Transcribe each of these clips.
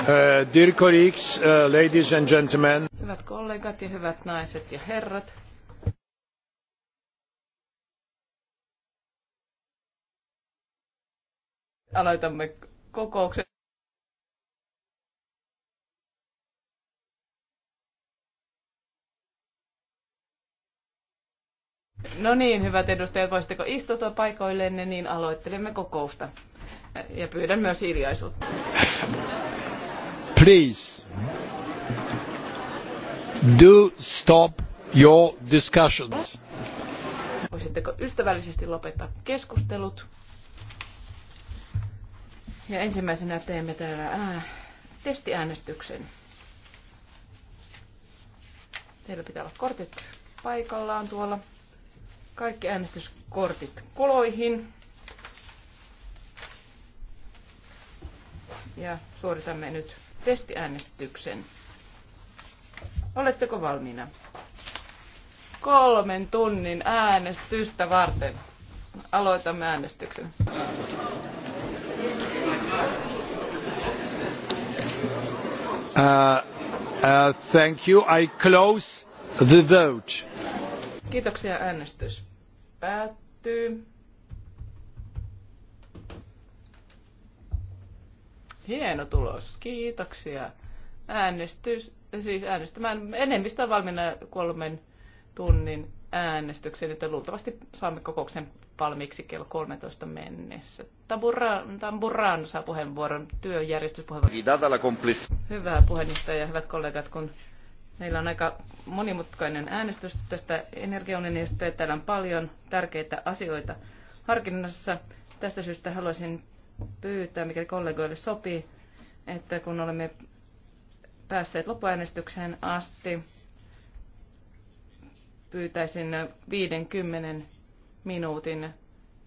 Uh, dear colleagues, uh, ladies and gentlemen. Hyvät kollegat ja hyvät naiset ja herrat. Aloitamme kokouksen. No niin, hyvät edustajat, voisitteko istutua paikoillenne, niin aloittelemme kokousta. Ja pyydän myös hiljaisuutta please do stop your discussions. Voisitteko ystävällisesti lopettaa keskustelut? Ja ensimmäisenä teemme täällä ää, testiäänestyksen. Teillä pitää olla kortit paikallaan tuolla. Kaikki äänestyskortit koloihin. Ja suoritamme nyt testiäänestyksen. Oletteko valmiina? Kolmen tunnin äänestystä varten. Aloitamme äänestyksen. Uh, uh, thank you. I close the vote. Kiitoksia äänestys. Päättyy. Hieno tulos, kiitoksia. Äänestys, siis äänestämään enemmistö on valmiina kolmen tunnin äänestykseen, että luultavasti saamme kokouksen valmiiksi kello 13 mennessä. Tamburan, Tamburan saa puheenvuoron, työjärjestyspuheenvuoron. Hyvä puheenjohtaja ja hyvät kollegat, kun meillä on aika monimutkainen äänestys tästä energiaunionista ja täällä on paljon tärkeitä asioita harkinnassa. Tästä syystä haluaisin pyytää, mikäli kollegoille sopii, että kun olemme päässeet loppuäänestykseen asti, pyytäisin 50 minuutin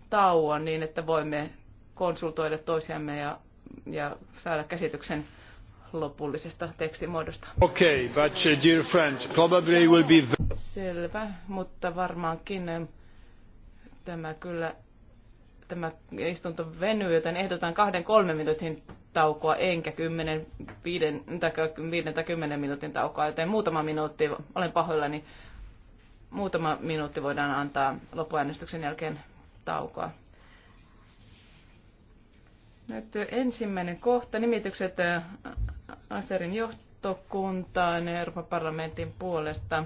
tauon niin, että voimme konsultoida toisiamme ja, ja saada käsityksen lopullisesta tekstimuodosta. Okay, but uh, dear friend, probably will be... Selvä, mutta varmaankin um, tämä kyllä tämä istunto venyy, joten ehdotan kahden kolmen minuutin taukoa, enkä kymmenen, viiden, tai viiden tai kymmenen minuutin taukoa, joten muutama minuutti, olen pahoillani, muutama minuutti voidaan antaa loppuäänestyksen jälkeen taukoa. Nyt ensimmäinen kohta, nimitykset äh, Aserin johtokuntaan Euroopan parlamentin puolesta.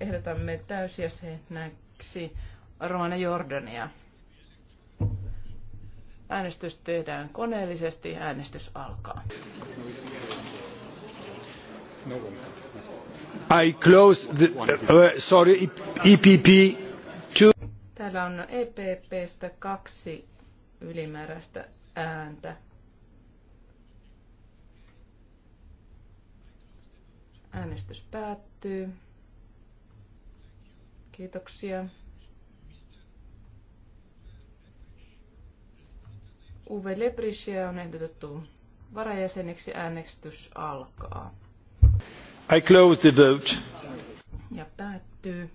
ehdotamme täysjäsenäksi Roana Jordania. Äänestys tehdään koneellisesti. Äänestys alkaa. I close the, uh, sorry, EPP e two. Täällä on EPPstä kaksi ylimääräistä ääntä. Äänestys päättyy. Kiitoksia. Uwe Lebrisiä on ehdotettu varajäseneksi. Äänestys alkaa. I close the vote. Ja päättyy.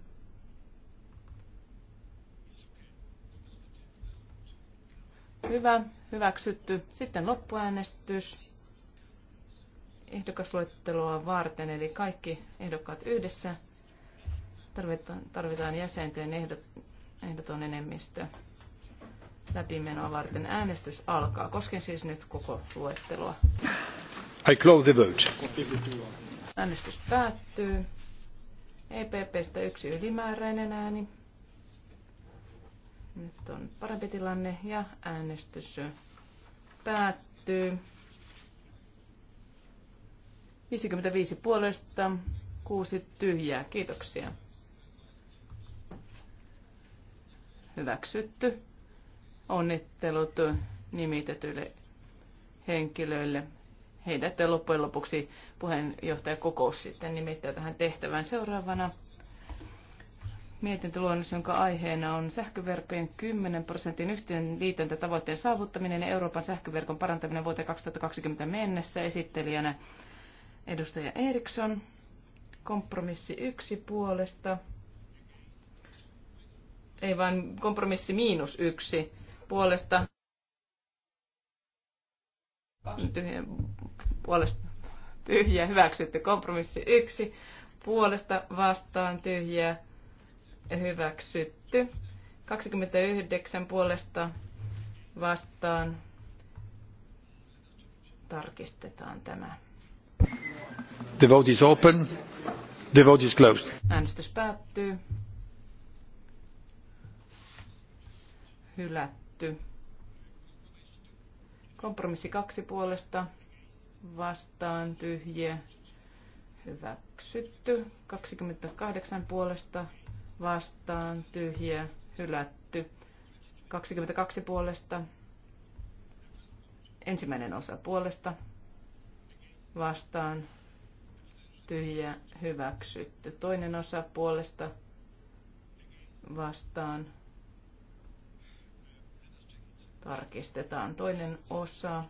Hyvä, hyväksytty. Sitten loppuäänestys ehdokasluetteloa varten, eli kaikki ehdokkaat yhdessä. Tarvitaan, tarvitaan jäsenten ehdot, ehdoton enemmistö läpimenoa varten. Äänestys alkaa. Kosken siis nyt koko luettelua. I close the vote. Äänestys päättyy. EPPstä yksi ylimääräinen ääni. Nyt on parempi tilanne ja äänestys päättyy. 55 puolesta, 6 tyhjää. Kiitoksia. hyväksytty. Onnittelut nimitetyille henkilöille. Heidät loppujen lopuksi puheenjohtajakokous sitten nimittää tähän tehtävään seuraavana. Mietintöluonnos, jonka aiheena on sähköverkkojen 10 prosentin yhteenliitäntä tavoitteen saavuttaminen ja Euroopan sähköverkon parantaminen vuoteen 2020 mennessä. Esittelijänä edustaja Eriksson. Kompromissi yksi puolesta ei vaan kompromissi miinus yksi puolesta. Tyhjä, puolesta tyhjä hyväksytty. Kompromissi yksi puolesta vastaan tyhjä hyväksytty. 29 puolesta vastaan tarkistetaan tämä. The vote is open. The vote is closed. Äänestys päättyy. hylätty. Kompromissi kaksi puolesta vastaan tyhjiä hyväksytty. 28 puolesta vastaan tyhjiä hylätty. 22 puolesta ensimmäinen osa puolesta vastaan tyhjä hyväksytty. Toinen osa puolesta vastaan tarkistetaan. Toinen osa.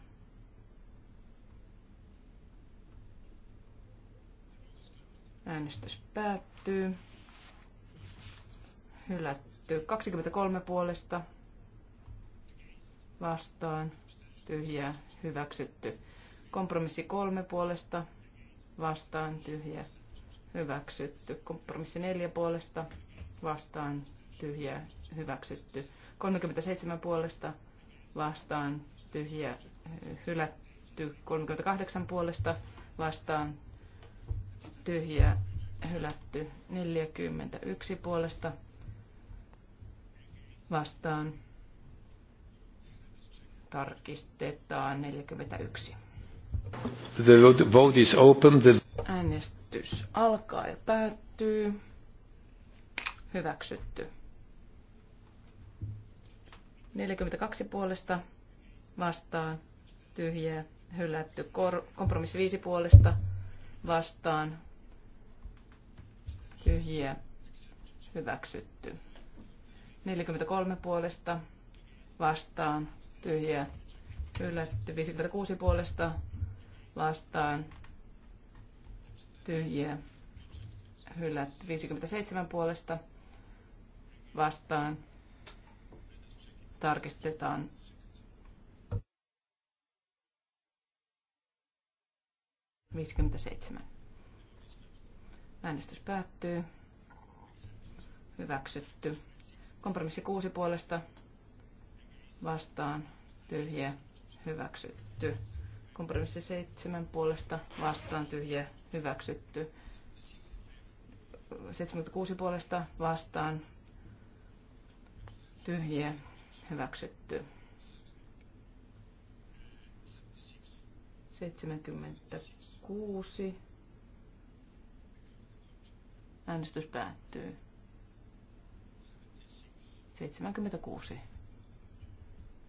Äänestys päättyy. Hylätty. 23 puolesta vastaan. Tyhjää. Hyväksytty. Kompromissi kolme puolesta vastaan. Tyhjää. Hyväksytty. Kompromissi neljä puolesta vastaan. Tyhjää. Hyväksytty. 37 puolesta vastaan tyhjä hylätty 38 puolesta vastaan tyhjä hylätty 41 puolesta vastaan tarkistetaan 41. The vote is open. The... Äänestys alkaa ja päättyy. Hyväksytty. 42 puolesta vastaan tyhjää hylätty. Kor- kompromissi 5 puolesta vastaan tyhjiä hyväksytty. 43 puolesta vastaan tyhjiä hylätty. 56 puolesta vastaan tyhjiä hylätty. 57 puolesta vastaan tarkistetaan. Viisikymmentäseitsemän. Äänestys päättyy. Hyväksytty. Kompromissi kuusi puolesta vastaan tyhjä hyväksytty. Kompromissi seitsemän puolesta vastaan tyhjä hyväksytty. 76 puolesta vastaan tyhjä hyväksytty. 76. Äänestys päättyy. 76.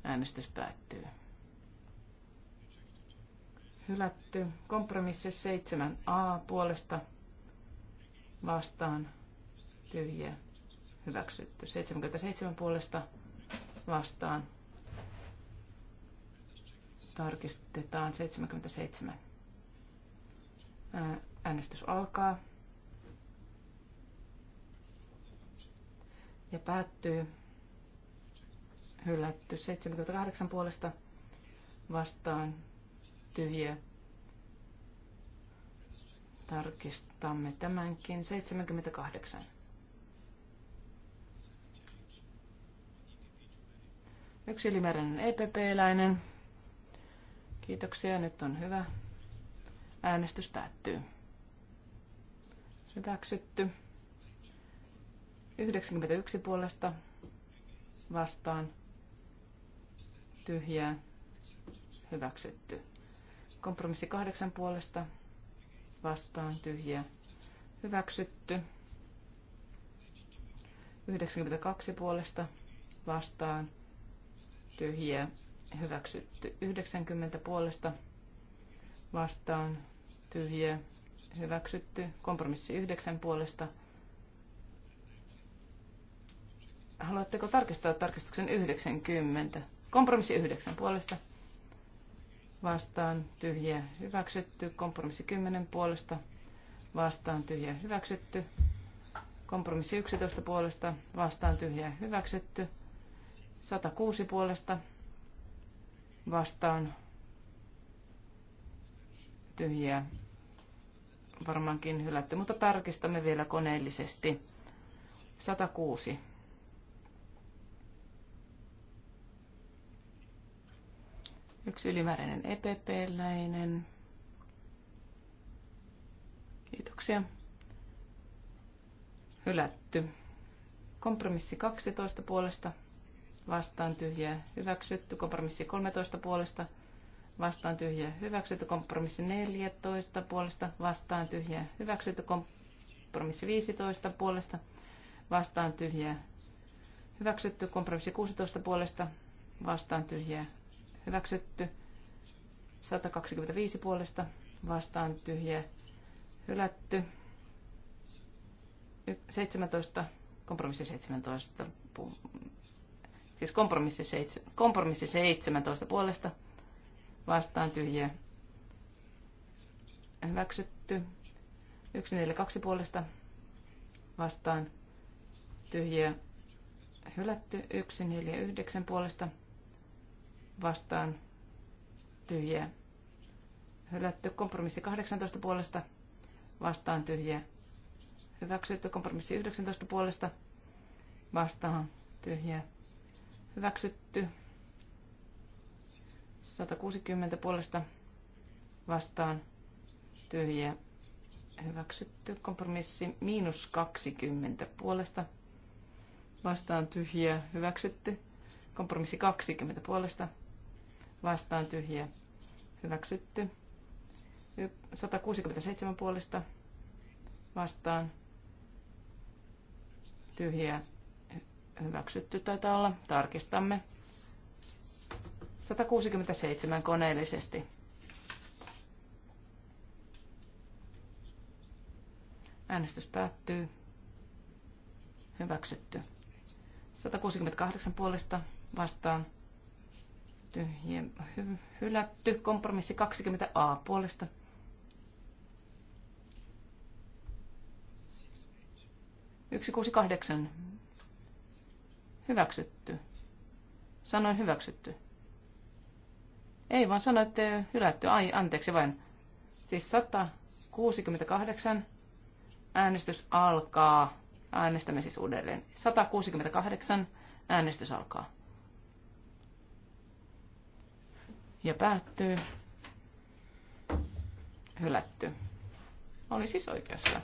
Äänestys päättyy. Hylätty. Kompromissi 7a puolesta vastaan tyhjä. Hyväksytty. 77 puolesta vastaan. Tarkistetaan 77. Äänestys alkaa. Ja päättyy. Hylätty 78 puolesta vastaan tyhjä. Tarkistamme tämänkin 78. Yksi ylimääräinen epp eläinen Kiitoksia, nyt on hyvä. Äänestys päättyy. Hyväksytty. 91 puolesta vastaan. Tyhjää. Hyväksytty. Kompromissi 8 puolesta vastaan. Tyhjää. Hyväksytty. 92 puolesta vastaan tyhjiä hyväksytty 90 puolesta vastaan tyhjiä hyväksytty kompromissi 9 puolesta. Haluatteko tarkistaa tarkistuksen 90? Kompromissi 9 puolesta vastaan tyhjiä hyväksytty kompromissi 10 puolesta vastaan tyhjiä hyväksytty kompromissi 11 puolesta vastaan tyhjiä hyväksytty 106 puolesta vastaan tyhjiä varmaankin hylätty, mutta tarkistamme vielä koneellisesti. 106. Yksi ylimääräinen EPP-läinen. Kiitoksia. Hylätty. Kompromissi 12 puolesta vastaan tyhjää hyväksytty. Kompromissi 13 puolesta vastaan tyhjää hyväksytty. Kompromissi 14 puolesta vastaan tyhjää hyväksytty. Kompromissi 15 puolesta vastaan tyhjää hyväksytty. Kompromissi 16 puolesta vastaan tyhjää hyväksytty. 125 puolesta vastaan tyhjää hylätty. 17, kompromissi 17 Siis kompromissi, seitse, kompromissi 17 puolesta vastaan tyhjä Hyväksytty. 142 puolesta vastaan tyhjä Hylätty. 149 puolesta vastaan tyhjä Hylätty. Kompromissi 18 puolesta vastaan tyhjä Hyväksytty. Kompromissi 19 puolesta vastaan tyhjiä hyväksytty. 160 puolesta vastaan tyhjiä hyväksytty. Kompromissi miinus 20 puolesta vastaan tyhjiä hyväksytty. Kompromissi 20 puolesta vastaan tyhjiä hyväksytty. 167 puolesta vastaan tyhjiä Hyväksytty taitaa olla. Tarkistamme. 167 koneellisesti. Äänestys päättyy. Hyväksytty. 168 puolesta vastaan. Tyhjä, hy, hylätty. Kompromissi 20a puolesta. Yksi kuusi kahdeksan Hyväksytty. Sanoin hyväksytty. Ei vaan sanoitte hylätty. Ai, anteeksi vain. Siis 168. Äänestys alkaa. Äänestämme siis uudelleen. 168. Äänestys alkaa. Ja päättyy. Hylätty. Oli siis oikeassa.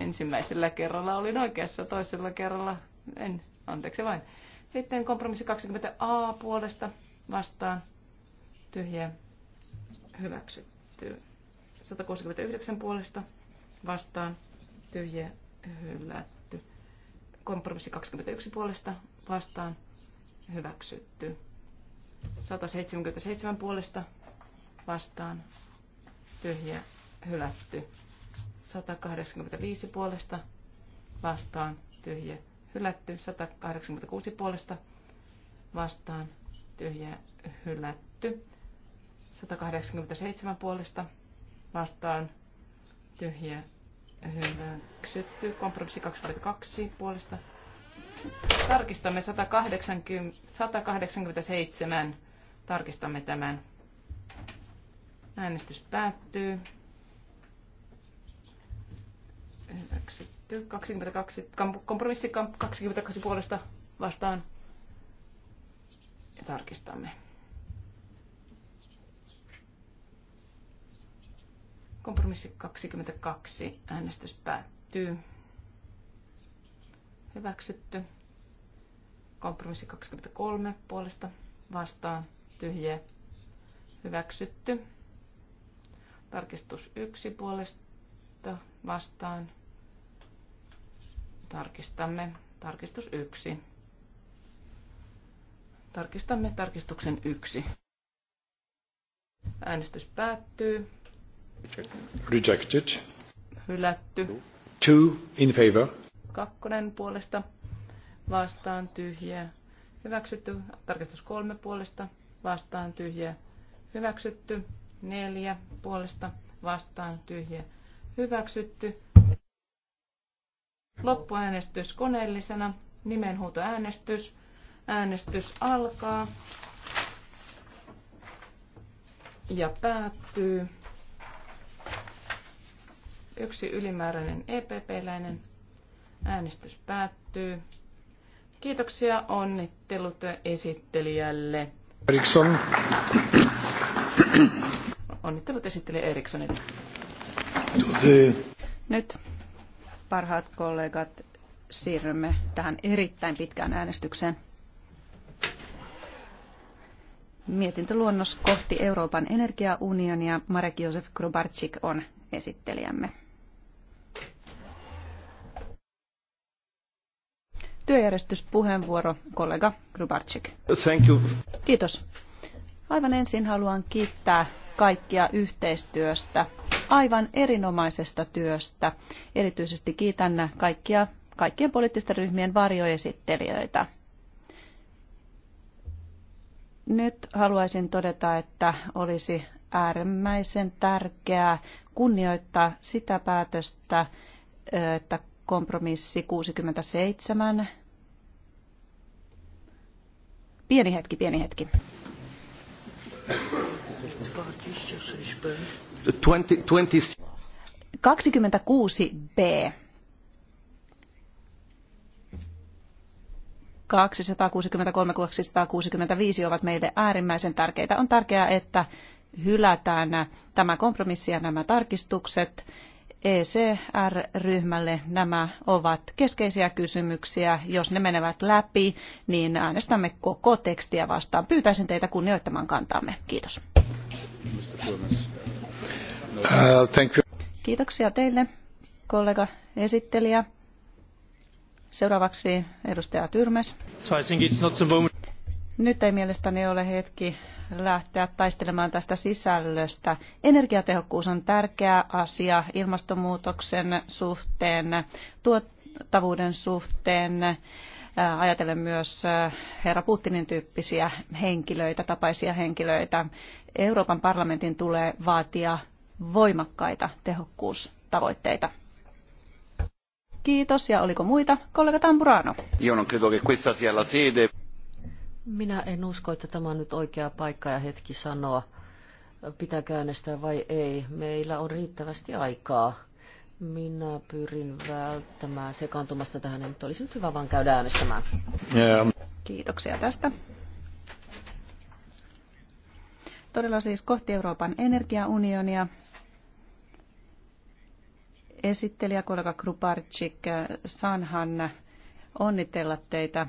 Ensimmäisellä kerralla olin oikeassa, toisella kerralla en. Anteeksi vain. Sitten kompromissi 20a puolesta vastaan. Tyhjä. Hyväksytty. 169 puolesta vastaan. Tyhjä. Hylätty. Kompromissi 21 puolesta vastaan. Hyväksytty. 177 puolesta vastaan. Tyhjä. Hylätty. 185 puolesta vastaan tyhjä hylätty. 186 puolesta vastaan tyhjä hylätty. 187 puolesta vastaan tyhjä hyväksytty. Kompromissi 22 puolesta. Tarkistamme 180, 187. Tarkistamme tämän. Äänestys päättyy. Hyväksytty. 22, kompromissi 22 puolesta vastaan. Ja tarkistamme. Kompromissi 22. Äänestys päättyy. Hyväksytty. Kompromissi 23 puolesta vastaan. Tyhjä. Hyväksytty. Tarkistus 1 puolesta vastaan. Tarkistamme tarkistus 1. Tarkistamme tarkistuksen 1. Äänestys päättyy. Rejected. Hylätty. Two in favor. Kakkonen puolesta. Vastaan tyhjä. Hyväksytty. Tarkistus kolme puolesta. Vastaan tyhjä. Hyväksytty. Neljä puolesta. Vastaan tyhjä. Hyväksytty. Loppuäänestys koneellisena. Nimenhuutoäänestys. Äänestys alkaa ja päättyy. Yksi ylimääräinen EPP-läinen äänestys päättyy. Kiitoksia onnittelut esittelijälle. Eriksson. Onnittelut esittelijä Erikssonille. Nyt Parhaat kollegat, siirrymme tähän erittäin pitkään äänestykseen. Mietintöluonnos kohti Euroopan energiaunionia. Marek Josef Grubarczyk on esittelijämme. Työjärjestyspuheenvuoro, kollega Grubarczyk. Thank you. Kiitos. Aivan ensin haluan kiittää kaikkia yhteistyöstä, aivan erinomaisesta työstä. Erityisesti kiitän kaikkia, kaikkien poliittisten ryhmien varjoesittelijöitä. Nyt haluaisin todeta, että olisi äärimmäisen tärkeää kunnioittaa sitä päätöstä, että kompromissi 67. Pieni hetki, pieni hetki. 26b. 263-265 ovat meille äärimmäisen tärkeitä. On tärkeää, että hylätään tämä kompromissi ja nämä tarkistukset. ECR-ryhmälle nämä ovat keskeisiä kysymyksiä. Jos ne menevät läpi, niin äänestämme koko tekstiä vastaan. Pyytäisin teitä kunnioittamaan kantaamme. Kiitos. Uh, Kiitoksia teille, kollega esittelijä. Seuraavaksi edustaja Tyrmäs. Nyt ei mielestäni ole hetki lähteä taistelemaan tästä sisällöstä. Energiatehokkuus on tärkeä asia ilmastonmuutoksen suhteen, tuottavuuden suhteen ajatellen myös herra Putinin tyyppisiä henkilöitä, tapaisia henkilöitä. Euroopan parlamentin tulee vaatia voimakkaita tehokkuustavoitteita. Kiitos ja oliko muita? Kollega Tamburano. Minä en usko, että tämä on nyt oikea paikka ja hetki sanoa, pitääkö äänestää vai ei. Meillä on riittävästi aikaa minä pyrin välttämään sekaantumasta tähän, mutta olisi nyt hyvä vaan käydä äänestämään. Yeah. Kiitoksia tästä. Todella siis kohti Euroopan energiaunionia. Esittelijä kollega Kruparczyk, saanhan onnitella teitä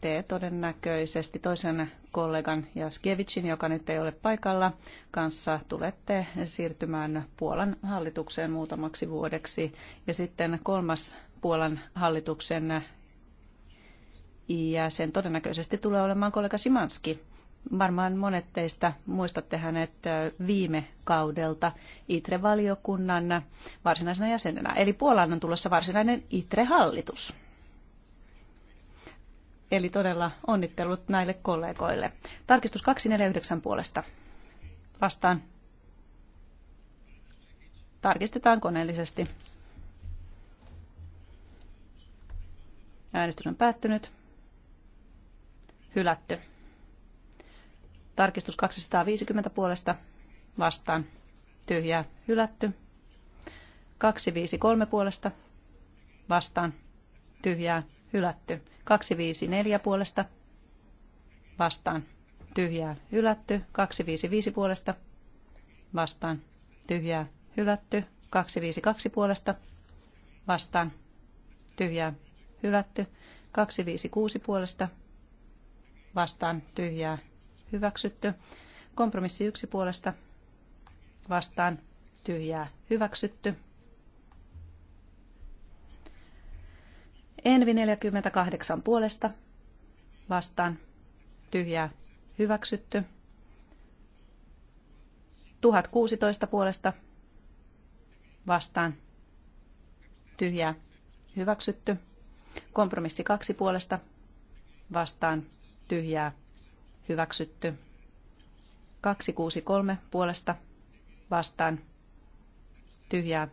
te todennäköisesti toisen kollegan Jaskevicin, joka nyt ei ole paikalla, kanssa tulette siirtymään Puolan hallitukseen muutamaksi vuodeksi. Ja sitten kolmas Puolan hallituksen jäsen todennäköisesti tulee olemaan kollega Simanski. Varmaan monet teistä muistatte hänet viime kaudelta ITRE-valiokunnan varsinaisena jäsenenä. Eli Puolaan on tulossa varsinainen ITRE-hallitus. Eli todella onnittelut näille kollegoille. Tarkistus 249 puolesta. Vastaan. Tarkistetaan koneellisesti. Äänestys on päättynyt. Hylätty. Tarkistus 250 puolesta. Vastaan. Tyhjää. Hylätty. 253 puolesta. Vastaan. Tyhjää hylätty. 254 puolesta vastaan tyhjää hylätty. 255 puolesta vastaan tyhjää hylätty. 252 puolesta vastaan tyhjää hylätty. 256 puolesta vastaan tyhjää hyväksytty. Kompromissi 1 puolesta vastaan tyhjää hyväksytty. Envi 48 puolesta vastaan tyhjää hyväksytty. 1016 puolesta vastaan tyhjää hyväksytty. Kompromissi kaksi puolesta vastaan tyhjää hyväksytty. 263 puolesta vastaan tyhjää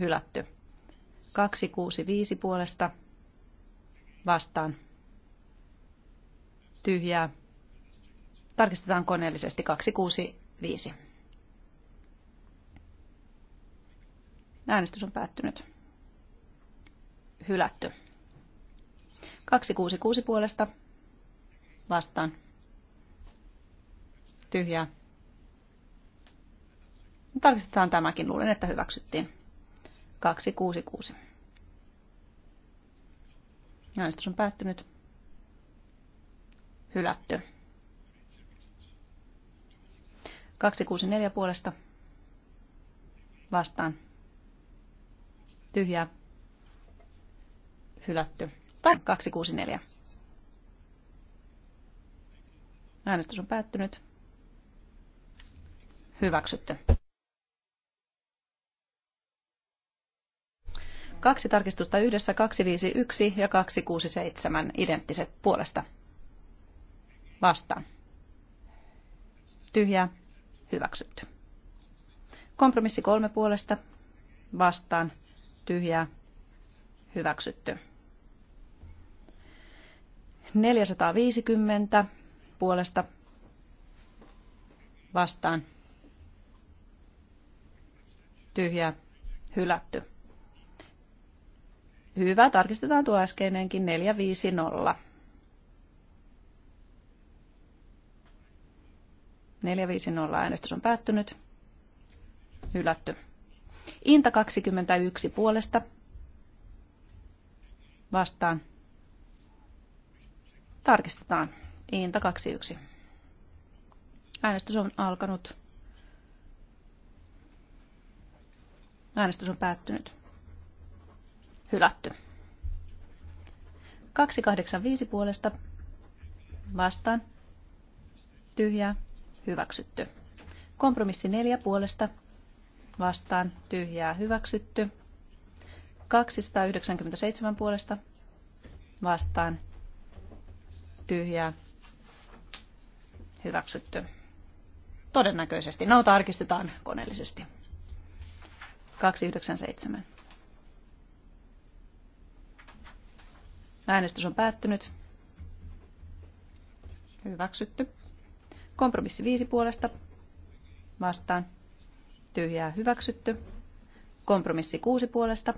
hylätty. 265 puolesta vastaan. Tyhjää. Tarkistetaan koneellisesti 265. Äänestys on päättynyt. Hylätty. 266 puolesta vastaan. Tyhjää. Tarkistetaan tämäkin. Luulen, että hyväksyttiin. 266. Äänestys on päättynyt. Hylätty. 264 puolesta. Vastaan. Tyhjää. Hylätty. Tai 264. Äänestys on päättynyt. Hyväksytty. Kaksi tarkistusta yhdessä, 251 ja 267 identtiset puolesta. Vastaan. tyhjä Hyväksytty. Kompromissi kolme puolesta. Vastaan. tyhjä Hyväksytty. 450 puolesta vastaan. tyhjä hylätty. Hyvä, tarkistetaan tuo äskeinenkin 450. 450 äänestys on päättynyt. Hylätty. Inta 21 puolesta. Vastaan. Tarkistetaan. Inta 21. Äänestys on alkanut. Äänestys on päättynyt. Hylätty. 285 puolesta vastaan. Tyhjää. Hyväksytty. Kompromissi 4 puolesta vastaan. Tyhjää. Hyväksytty. 297 puolesta vastaan. Tyhjää. Hyväksytty. Todennäköisesti. No, tarkistetaan koneellisesti. 297. Äänestys on päättynyt. Hyväksytty. Kompromissi viisi puolesta. Vastaan. Tyhjää hyväksytty. Kompromissi kuusi puolesta.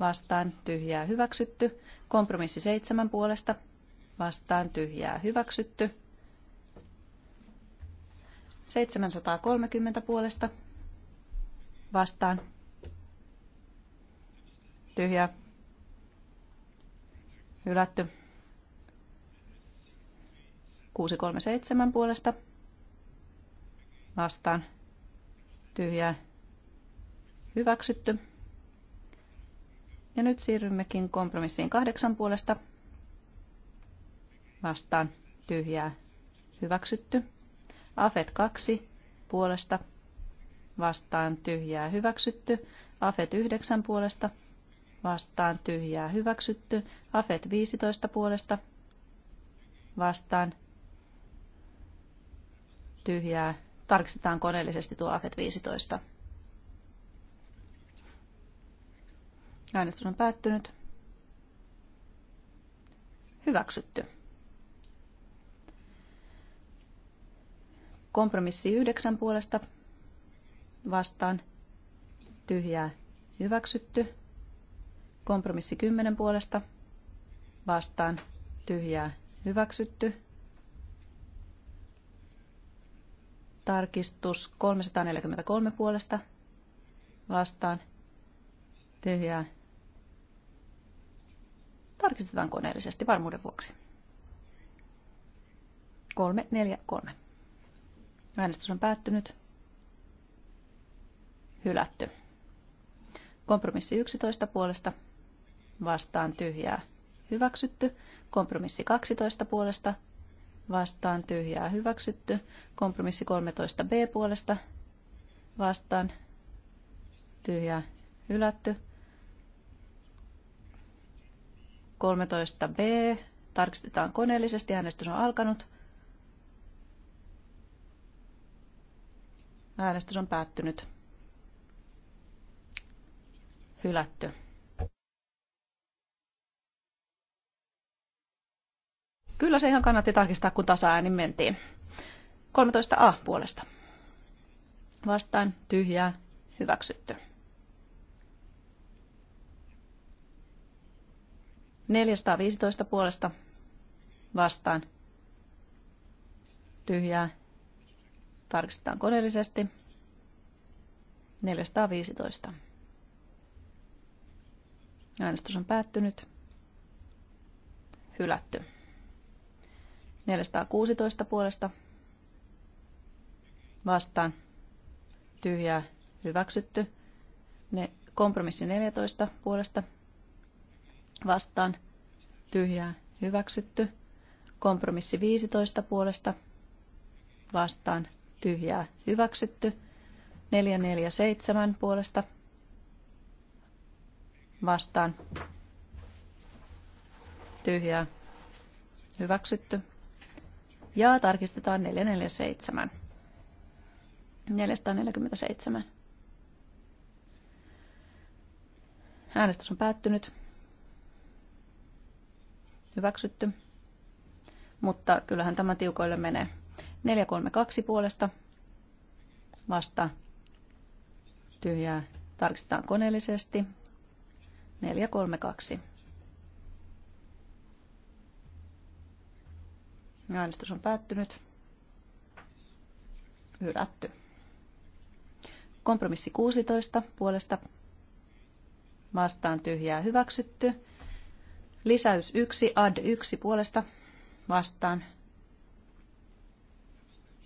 Vastaan. Tyhjää hyväksytty. Kompromissi seitsemän puolesta. Vastaan. Tyhjää hyväksytty. 730 puolesta. Vastaan. Tyhjää Hylätty. 637 puolesta. Vastaan. Tyhjää. Hyväksytty. Ja nyt siirrymmekin kompromissiin kahdeksan puolesta. Vastaan. Tyhjää. Hyväksytty. Afet 2 puolesta. Vastaan. Tyhjää. Hyväksytty. Afet 9 puolesta vastaan tyhjää hyväksytty. Afet 15 puolesta vastaan tyhjää. Tarkistetaan koneellisesti tuo Afet 15. Äänestys on päättynyt. Hyväksytty. Kompromissi 9 puolesta vastaan tyhjää hyväksytty. Kompromissi 10 puolesta vastaan tyhjää hyväksytty. Tarkistus 343 puolesta vastaan tyhjää. Tarkistetaan koneellisesti varmuuden vuoksi. 3, 4, 3. Äänestys on päättynyt. Hylätty. Kompromissi 11 puolesta vastaan tyhjää hyväksytty. Kompromissi 12 puolesta vastaan tyhjää hyväksytty. Kompromissi 13b puolesta vastaan tyhjää hylätty. 13b tarkistetaan koneellisesti. Äänestys on alkanut. Äänestys on päättynyt. Hylätty. Kyllä se ihan kannatti tarkistaa, kun tasa-äänin mentiin. 13a puolesta. Vastaan tyhjää hyväksytty. 415 puolesta vastaan tyhjää tarkistetaan koneellisesti. 415. Äänestys on päättynyt. Hylätty. 416 puolesta vastaan tyhjää hyväksytty. Ne, kompromissi 14 puolesta vastaan tyhjää hyväksytty. Kompromissi 15 puolesta vastaan tyhjää hyväksytty. 447 puolesta vastaan tyhjää hyväksytty ja tarkistetaan 447. 447. Äänestys on päättynyt. Hyväksytty. Mutta kyllähän tämä tiukoille menee. 432 puolesta vasta tyhjää tarkistetaan koneellisesti. 432. Äänestys on päättynyt. Hylätty. Kompromissi 16 puolesta vastaan tyhjää hyväksytty. Lisäys 1, add 1 puolesta vastaan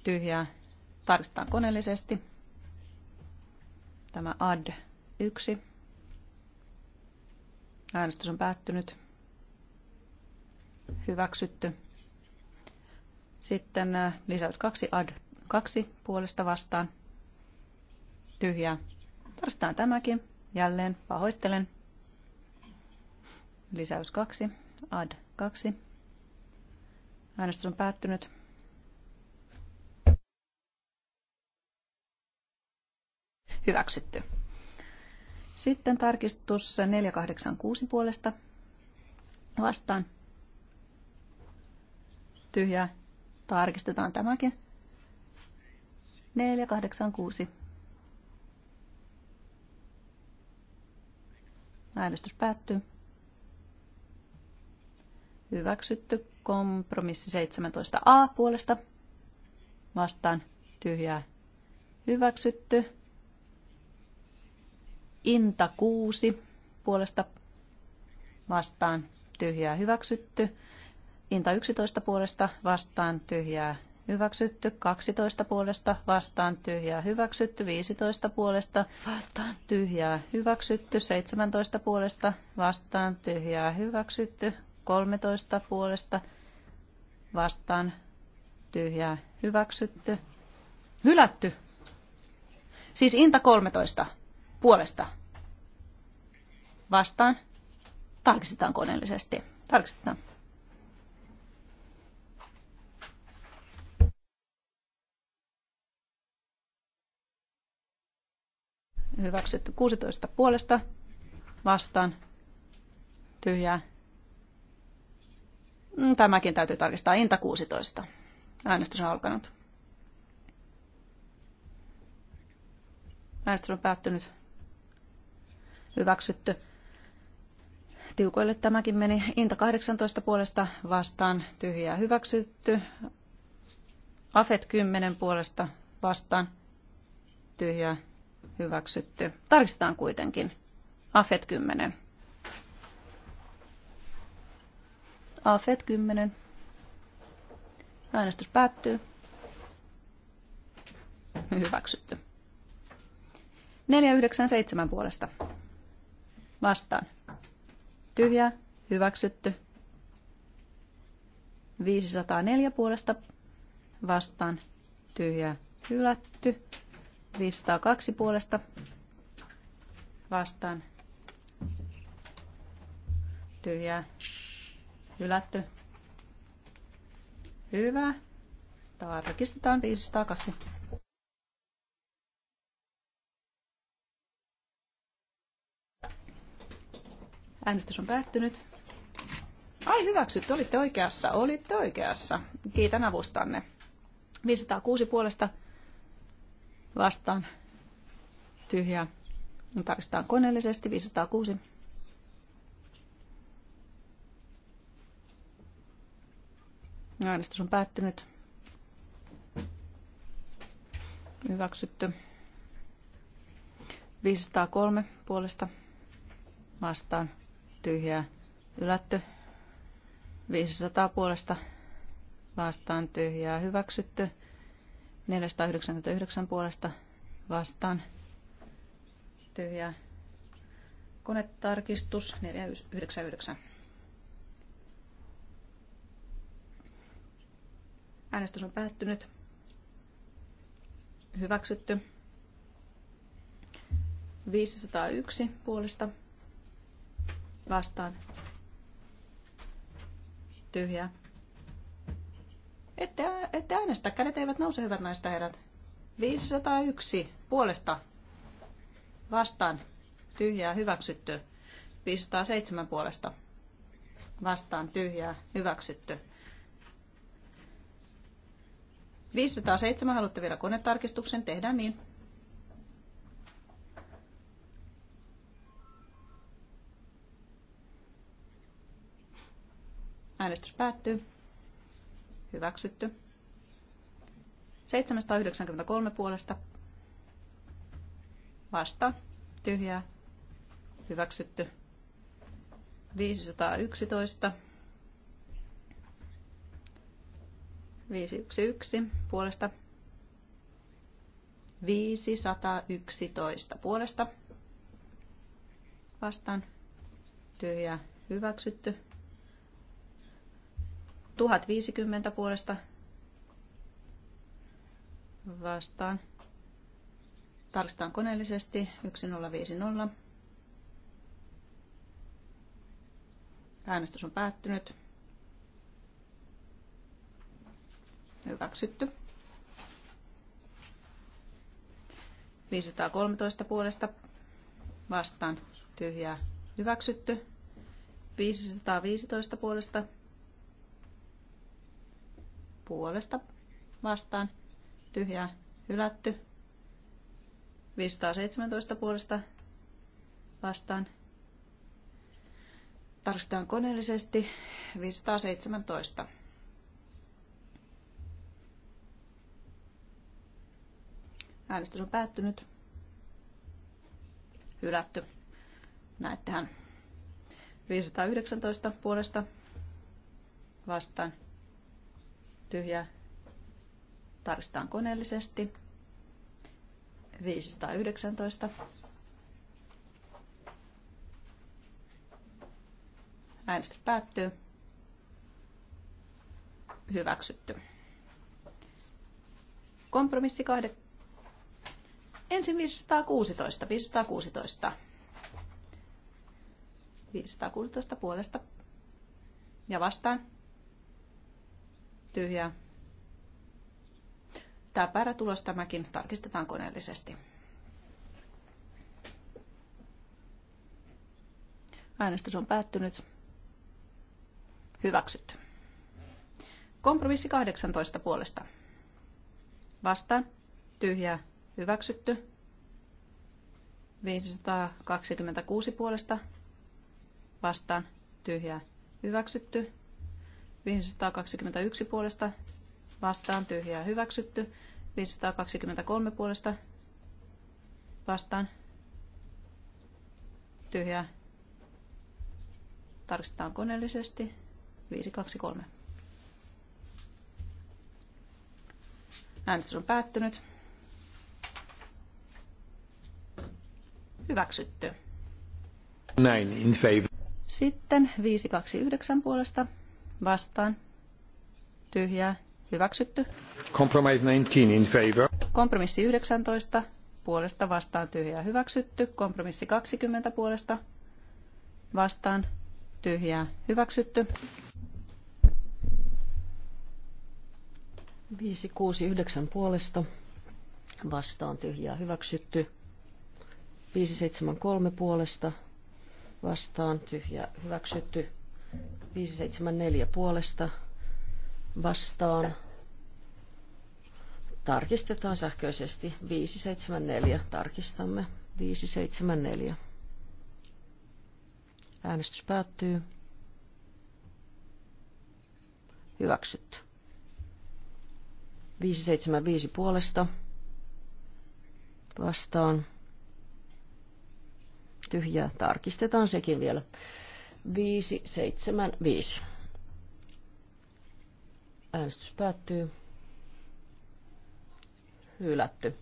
tyhjää. Tarkistetaan koneellisesti. Tämä add 1. Äänestys on päättynyt. Hyväksytty. Sitten äh, lisäys 2 ad 2 puolesta vastaan. Tyhjää. Tarvitaan tämäkin. Jälleen pahoittelen. Lisäys 2. Ad 2. Äänestys on päättynyt. Hyväksytty. Sitten tarkistus 486 puolesta vastaan. Tyhjää Tarkistetaan tämäkin. 4, 8, 6. Äänestys päättyy. Hyväksytty. Kompromissi 17a puolesta. Vastaan tyhjää. Hyväksytty. Inta 6 puolesta. Vastaan tyhjää. Hyväksytty. Inta 11 puolesta vastaan tyhjää hyväksytty, 12 puolesta vastaan tyhjää hyväksytty, 15 puolesta vastaan tyhjää hyväksytty, 17 puolesta vastaan tyhjää hyväksytty, 13 puolesta vastaan tyhjää hyväksytty, hylätty. Siis Inta 13 puolesta vastaan. Tarkistetaan koneellisesti. Tarkistetaan. hyväksytty 16 puolesta vastaan tyhjää. Mm, tämäkin täytyy tarkistaa. Inta 16. Äänestys on alkanut. Äänestys on päättynyt. Hyväksytty. Tiukoille tämäkin meni. Inta 18 puolesta vastaan tyhjää hyväksytty. Afet 10 puolesta vastaan tyhjää hyväksytty. Tarkistetaan kuitenkin. AFET 10. AFET 10. Äänestys päättyy. Hyväksytty. 497 puolesta. Vastaan. Tyhjä. Hyväksytty. 504 puolesta. Vastaan. Tyhjä. Hylätty. 502 puolesta vastaan. Tyhjää. Hylätty. Hyvä. Tarkistetaan 502. Äänestys on päättynyt. Ai hyväksytty, olitte oikeassa, olitte oikeassa. Kiitän avustanne. 506 puolesta vastaan tyhjää. Tarkistetaan koneellisesti 506. Äänestys on päättynyt. Hyväksytty. 503 puolesta vastaan tyhjää ylätty. 500 puolesta vastaan tyhjää hyväksytty. 499 puolesta vastaan. Tyhjä Konetarkistus 499. Äänestys on päättynyt. Hyväksytty. 501 puolesta vastaan. tyhjä ette, ette äänestä, kädet eivät nouse, hyvät naista herrat. 501 puolesta vastaan tyhjää hyväksytty. 507 puolesta vastaan tyhjää hyväksytty. 507 haluatte vielä konetarkistuksen, tehdään niin. Äänestys päättyy. Hyväksytty. 793 puolesta. Vasta. Tyhjää. Hyväksytty. 511. 511 puolesta. 511 puolesta. Vastaan. Tyhjää. Hyväksytty. 1050 puolesta vastaan. Tarkistetaan koneellisesti 1050. Äänestys on päättynyt. Hyväksytty. 513 puolesta vastaan tyhjää hyväksytty. 515 puolesta puolesta vastaan tyhjä hylätty. 517 puolesta vastaan. Tarkistetaan koneellisesti 517. Äänestys on päättynyt. Hylätty. Näettehän. 519 puolesta vastaan tyhjä tarvitaan koneellisesti. 519. Äänestys päättyy. Hyväksytty. Kompromissi kahde. Ensin 516. 516. 516 puolesta. Ja vastaan tyhjää. Tämä päärätulos tämäkin tarkistetaan koneellisesti. Äänestys on päättynyt. Hyväksytty. Kompromissi 18 puolesta. Vastaan. Tyhjää. Hyväksytty. 526 puolesta. Vastaan. Tyhjää. Hyväksytty. 521 puolesta vastaan tyhjää hyväksytty. 523 puolesta vastaan tyhjää. Tarkistetaan koneellisesti. 523. Äänestys on päättynyt. Hyväksytty. Näin in favor. Sitten 529 puolesta vastaan, tyhjää, hyväksytty. Compromise 19 in favor. Kompromissi 19, puolesta vastaan, tyhjää, hyväksytty. Kompromissi 20, puolesta vastaan, tyhjää, hyväksytty. 5, puolesta vastaan tyhjää hyväksytty. 573 puolesta vastaan tyhjää hyväksytty. 574 puolesta vastaan. Tarkistetaan sähköisesti. 574. Tarkistamme. 574. Äänestys päättyy. Hyväksytty. 575 puolesta. Vastaan. Tyhjää. Tarkistetaan sekin vielä. 575. Äänestys päättyy. Hylätty.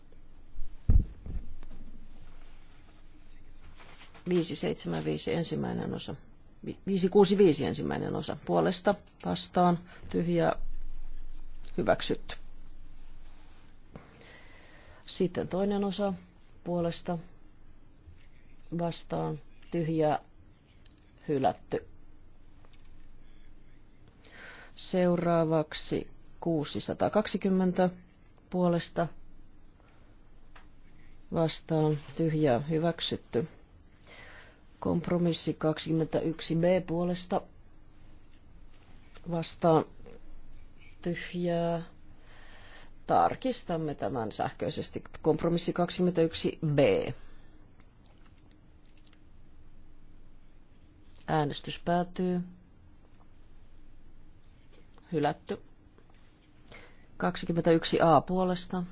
575 ensimmäinen osa. 565 ensimmäinen osa. Puolesta vastaan tyhjä hyväksytty. Sitten toinen osa puolesta vastaan tyhjä hylätty. Seuraavaksi 620 puolesta vastaan tyhjä hyväksytty. Kompromissi 21b puolesta vastaan tyhjää. Tarkistamme tämän sähköisesti. Kompromissi 21b. Äänestys päätyy. Hylätty. 21a puolesta.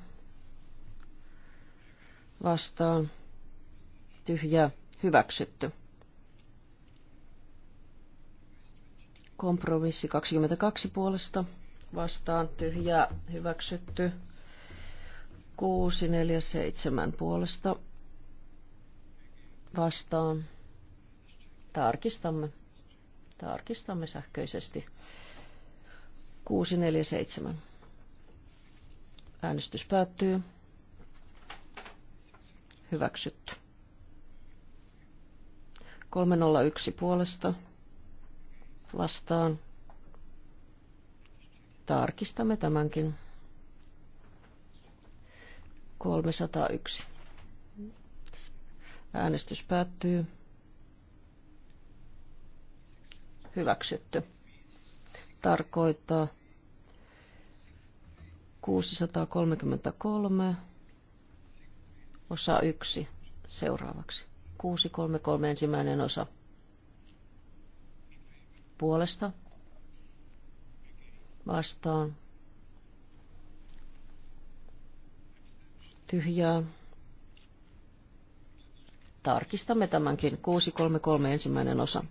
Vastaan. Tyhjä. Hyväksytty. Kompromissi 22 puolesta. Vastaan. Tyhjä. Hyväksytty. 647 puolesta. Vastaan Tarkistamme. Tarkistamme sähköisesti. 647. Äänestys päättyy. Hyväksytty. 301 puolesta vastaan. Tarkistamme tämänkin. 301. Äänestys päättyy. hyväksytty. Tarkoittaa 633, osa 1 seuraavaksi. 633 ensimmäinen osa puolesta vastaan tyhjää. Tarkistamme tämänkin 633 ensimmäinen osa.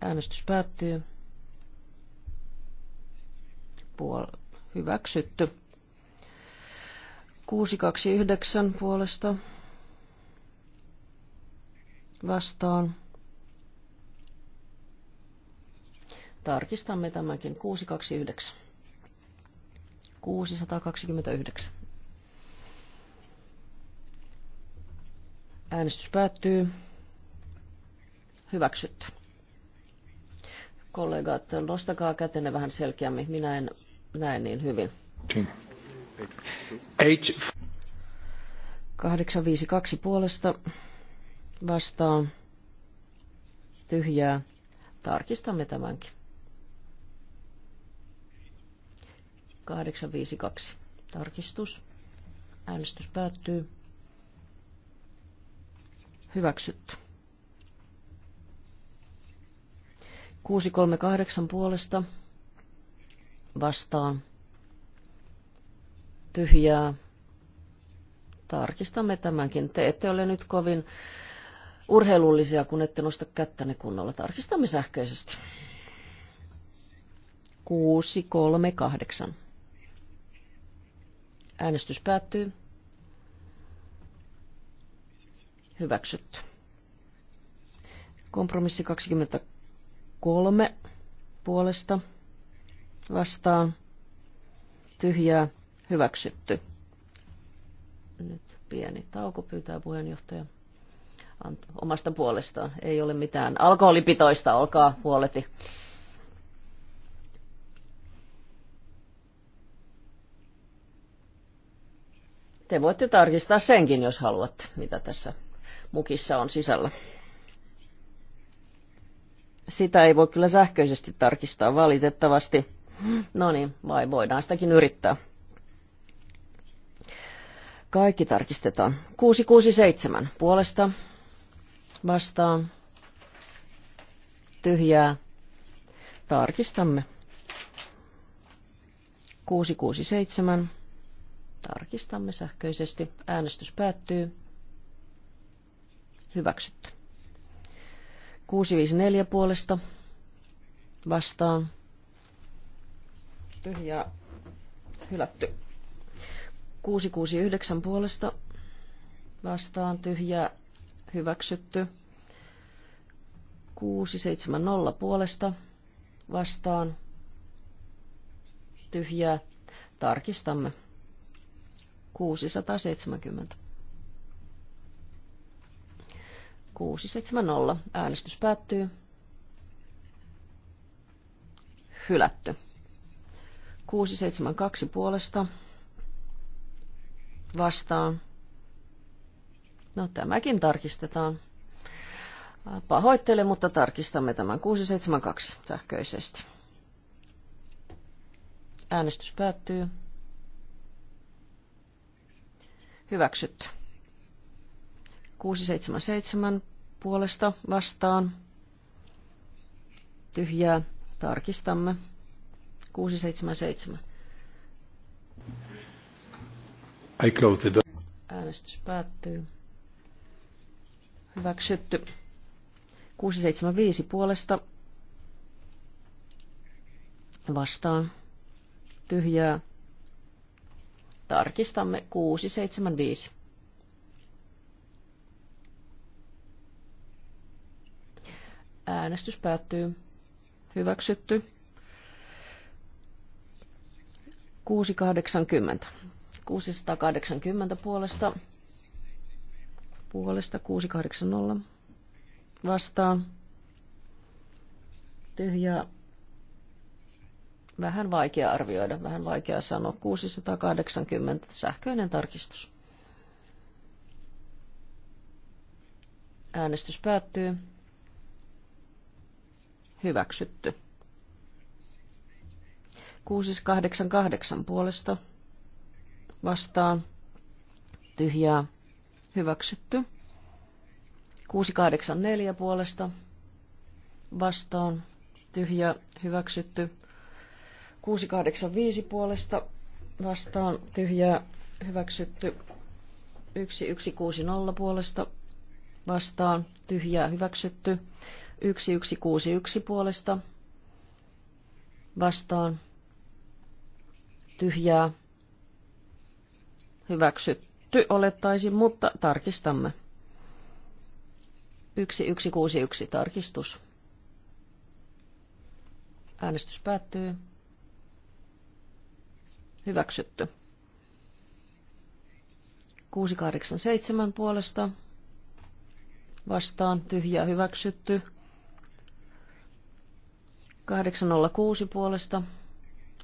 Äänestys päättyy. Puol- hyväksytty. 629 puolesta vastaan. Tarkistamme tämänkin. 629. 629. Äänestys päättyy. Hyväksytty. Kollegat, nostakaa kätenne vähän selkeämmin. Minä en näe niin hyvin. 852 puolesta vastaan tyhjää. Tarkistamme tämänkin. 852. Tarkistus. Äänestys päättyy. Hyväksytty. 638 puolesta vastaan tyhjää. Tarkistamme tämänkin. Te ette ole nyt kovin urheilullisia, kun ette nosta kättäne kunnolla. Tarkistamme sähköisesti. 638. Äänestys päättyy. Hyväksytty. Kompromissi 22. Kolme puolesta vastaan tyhjää hyväksytty. Nyt pieni tauko pyytää puheenjohtaja omasta puolestaan. Ei ole mitään alkoholipitoista, olkaa huoleti. Te voitte tarkistaa senkin, jos haluatte, mitä tässä mukissa on sisällä. Sitä ei voi kyllä sähköisesti tarkistaa valitettavasti. No niin, vai voidaan sitäkin yrittää. Kaikki tarkistetaan. 667 puolesta vastaan. Tyhjää. Tarkistamme. 667. Tarkistamme sähköisesti. Äänestys päättyy. Hyväksytty. 654 puolesta vastaan. Tyhjä hylätty. 669 puolesta vastaan Tyhjä hyväksytty. 670 puolesta vastaan tyhjää tarkistamme. 670. 670. Äänestys päättyy. Hylätty. 672 puolesta. Vastaan. No tämäkin tarkistetaan. Pahoittelen, mutta tarkistamme tämän 672 sähköisesti. Äänestys päättyy. Hyväksytty. 677 puolesta vastaan. Tyhjää. Tarkistamme. 677. Äänestys päättyy. Hyväksytty. 675 puolesta. Vastaan. Tyhjää. Tarkistamme 675. Äänestys päättyy. Hyväksytty. 680. 680 puolesta. Puolesta 680. Vastaan. tyhjä Vähän vaikea arvioida, vähän vaikea sanoa. 680 sähköinen tarkistus. Äänestys päättyy. Hyväksytty. 688 puolesta vastaan tyhjää hyväksytty. 684 puolesta vastaan tyhjää hyväksytty. 685 puolesta vastaan tyhjää hyväksytty. 1160 puolesta vastaan tyhjää hyväksytty. 1161 puolesta vastaan tyhjää hyväksytty olettaisin, mutta tarkistamme. 1161 tarkistus. Äänestys päättyy. Hyväksytty. 687 puolesta. Vastaan tyhjää hyväksytty. 806 puolesta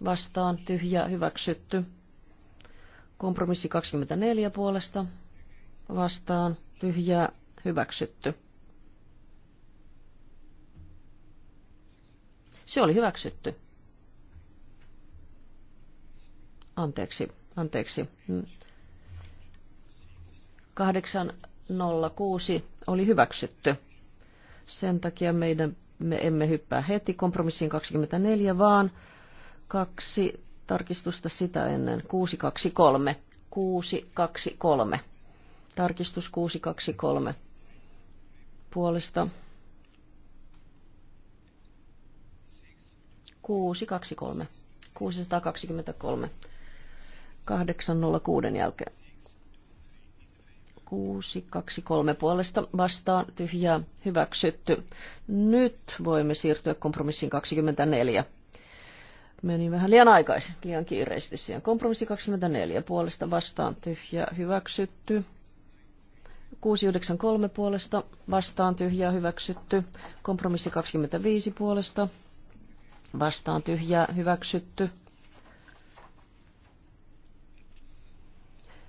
vastaan tyhjä hyväksytty. Kompromissi 24 puolesta vastaan tyhjä hyväksytty. Se oli hyväksytty. Anteeksi, anteeksi. 806 oli hyväksytty. Sen takia meidän me emme hyppää heti kompromissiin 24, vaan kaksi tarkistusta sitä ennen. 623. 623. Tarkistus 623 puolesta. 623. 623. 806 jälkeen 6, 2, 3 puolesta vastaan tyhjää hyväksytty. Nyt voimme siirtyä kompromissiin 24. Meni vähän liian aikaisin, liian kiireisesti siihen. Kompromissi 24 puolesta vastaan tyhjää hyväksytty. 693 puolesta vastaan tyhjää hyväksytty. Kompromissi 25 puolesta vastaan tyhjää hyväksytty.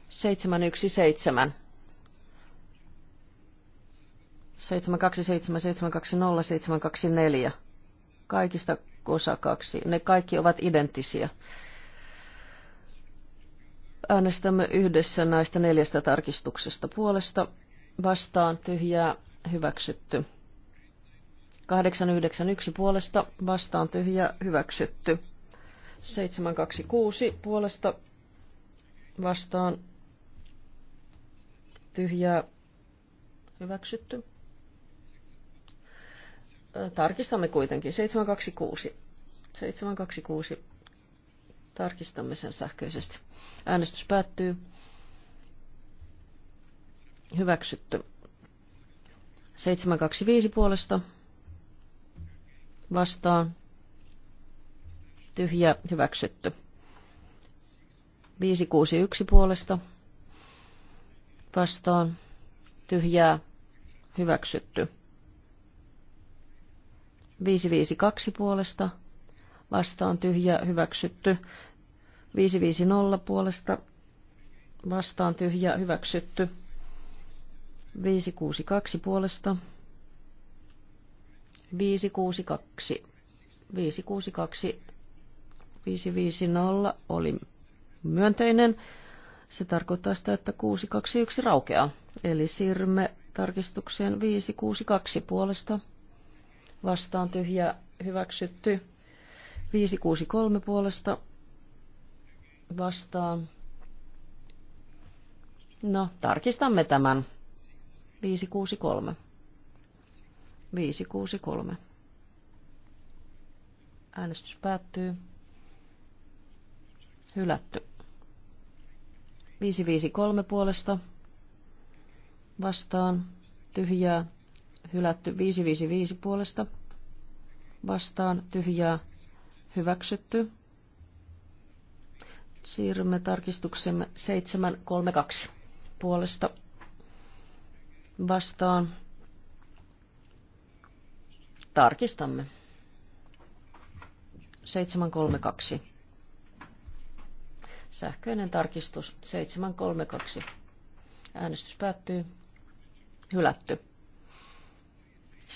717 727720724. Kaikista osa kaksi. Ne kaikki ovat identtisiä. Äänestämme yhdessä näistä neljästä tarkistuksesta puolesta. Vastaan tyhjää hyväksytty. 891 puolesta vastaan tyhjä hyväksytty. 726 puolesta vastaan tyhjää hyväksytty. Tarkistamme kuitenkin. 726. 726. Tarkistamme sen sähköisesti. Äänestys päättyy. Hyväksytty. 725 puolesta. Vastaan. Tyhjä. Hyväksytty. 561 puolesta. Vastaan. Tyhjää. Hyväksytty. 552 puolesta vastaan tyhjä hyväksytty. 550 puolesta vastaan tyhjä hyväksytty. 562 puolesta. 562. 562. 550 oli myönteinen. Se tarkoittaa sitä, että 621 raukeaa. Eli siirrymme tarkistukseen 562 puolesta vastaan tyhjä hyväksytty. 563 puolesta vastaan. No, tarkistamme tämän. 563. 563. Äänestys päättyy. Hylätty. 553 puolesta vastaan tyhjää hylätty 555 puolesta, vastaan tyhjää hyväksytty. Siirrymme tarkistuksemme 732 puolesta vastaan. Tarkistamme. 732. Sähköinen tarkistus 732. Äänestys päättyy. Hylätty.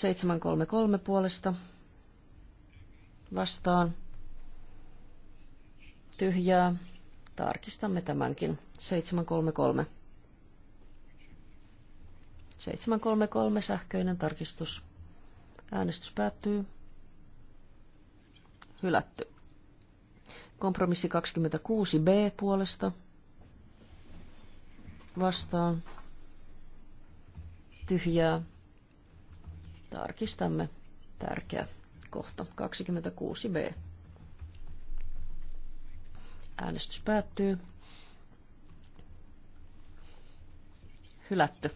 733 puolesta vastaan tyhjää. Tarkistamme tämänkin. 733. 733 sähköinen tarkistus. Äänestys päättyy. Hylätty. Kompromissi 26b puolesta. Vastaan. Tyhjää. Tarkistamme. Tärkeä kohta 26b. Äänestys päättyy. Hylätty.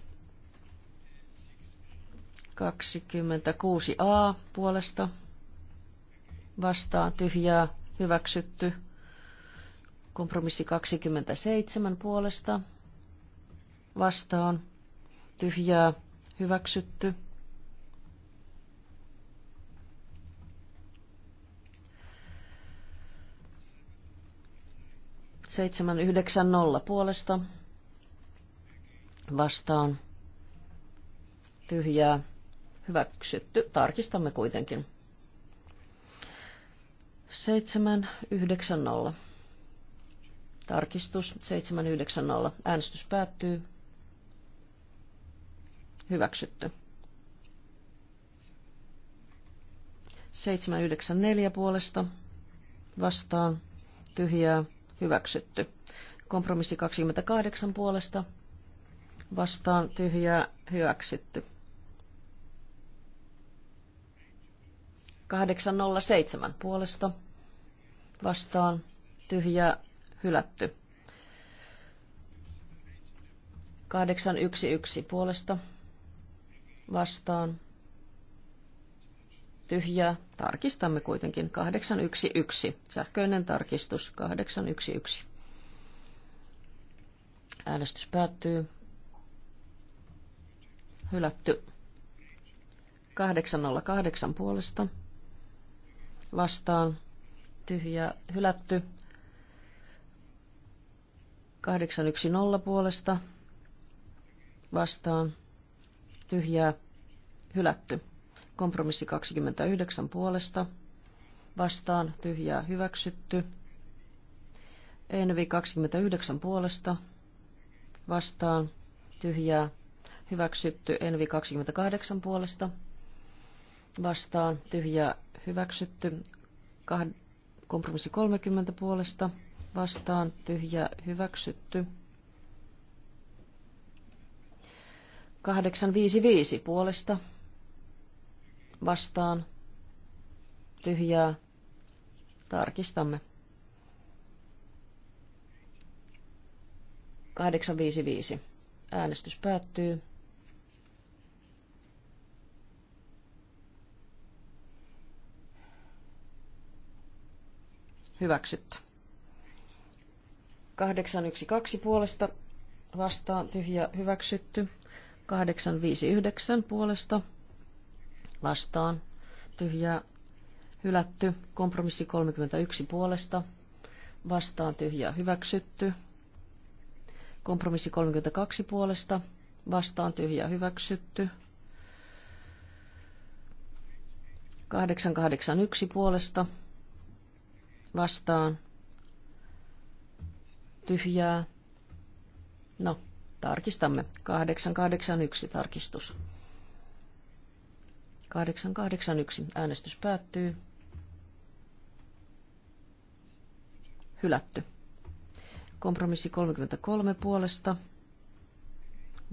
26a puolesta vastaan tyhjää hyväksytty. Kompromissi 27 puolesta vastaan tyhjää hyväksytty. 790 puolesta vastaan tyhjää hyväksytty. Tarkistamme kuitenkin. 790. Tarkistus 790. Äänestys päättyy. Hyväksytty. 794 puolesta vastaan tyhjää hyväksytty. Kompromissi 28 puolesta vastaan tyhjää hyväksytty. 807 puolesta vastaan tyhjää hylätty. 811 puolesta vastaan tyhjää. Tarkistamme kuitenkin 811. Sähköinen tarkistus 811. Äänestys päättyy. Hylätty. 808 puolesta. Vastaan. Tyhjää. Hylätty. 810 puolesta. Vastaan. Tyhjää. Hylätty. Kompromissi 29 puolesta. Vastaan tyhjää hyväksytty. Envi 29 puolesta. Vastaan tyhjää hyväksytty. Envi 28 puolesta. Vastaan tyhjää hyväksytty. Kompromissi 30 puolesta. Vastaan tyhjää hyväksytty. 855 puolesta vastaan, tyhjää, tarkistamme. 855. Äänestys päättyy. Hyväksytty. 812 puolesta vastaan tyhjä hyväksytty. 859 puolesta vastaan, tyhjää, hylätty. Kompromissi 31 puolesta, vastaan, tyhjää, hyväksytty. Kompromissi 32 puolesta, vastaan, tyhjää, hyväksytty. 881 puolesta, vastaan, tyhjää. No, tarkistamme. 881 tarkistus. 881. Äänestys päättyy. Hylätty. Kompromissi 33 puolesta.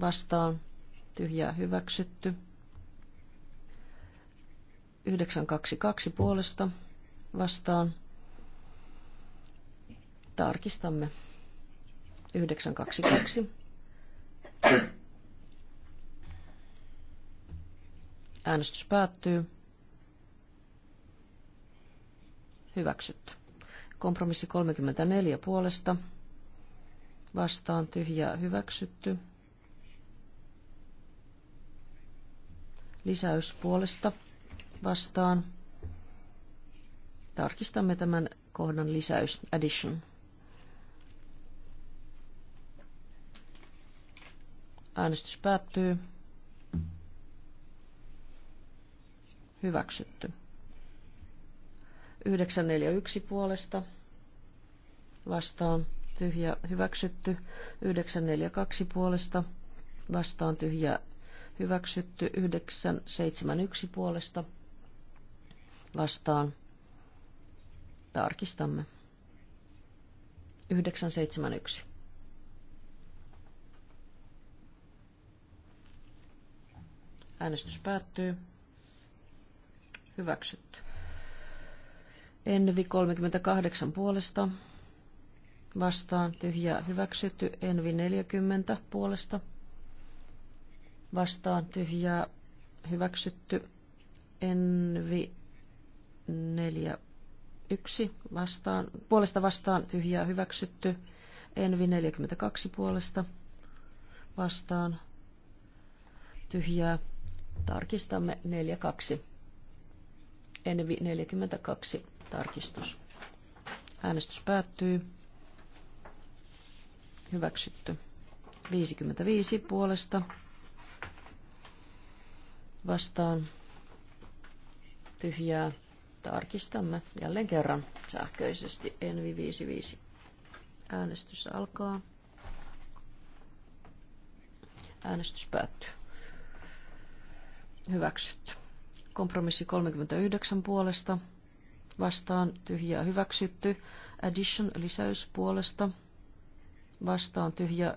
Vastaan. Tyhjää hyväksytty. 922 puolesta. Vastaan. Tarkistamme. 922. Äänestys päättyy. Hyväksytty. Kompromissi 34 puolesta. Vastaan tyhjä hyväksytty. Lisäys puolesta vastaan. Tarkistamme tämän kohdan lisäys, addition. Äänestys päättyy. Hyväksytty. 941 puolesta vastaan tyhjä hyväksytty. 942 puolesta vastaan tyhjä hyväksytty. 971 puolesta vastaan tarkistamme. 971. Äänestys päättyy. Hyväksytty. Envi 38 puolesta. Vastaan tyhjää hyväksytty. Envi 40 puolesta. Vastaan tyhjää hyväksytty. Envi 4 1 vastaan, puolesta vastaan tyhjää hyväksytty. Envi 42 puolesta vastaan tyhjää. Tarkistamme 42. Ennen 42 tarkistus. Äänestys päättyy. Hyväksytty. 55 puolesta. Vastaan. Tyhjää. Tarkistamme jälleen kerran sähköisesti Envi 55. Äänestys alkaa. Äänestys päättyy. Hyväksytty. Kompromissi 39 puolesta. Vastaan tyhjää hyväksytty. Addition lisäys puolesta. Vastaan tyhjä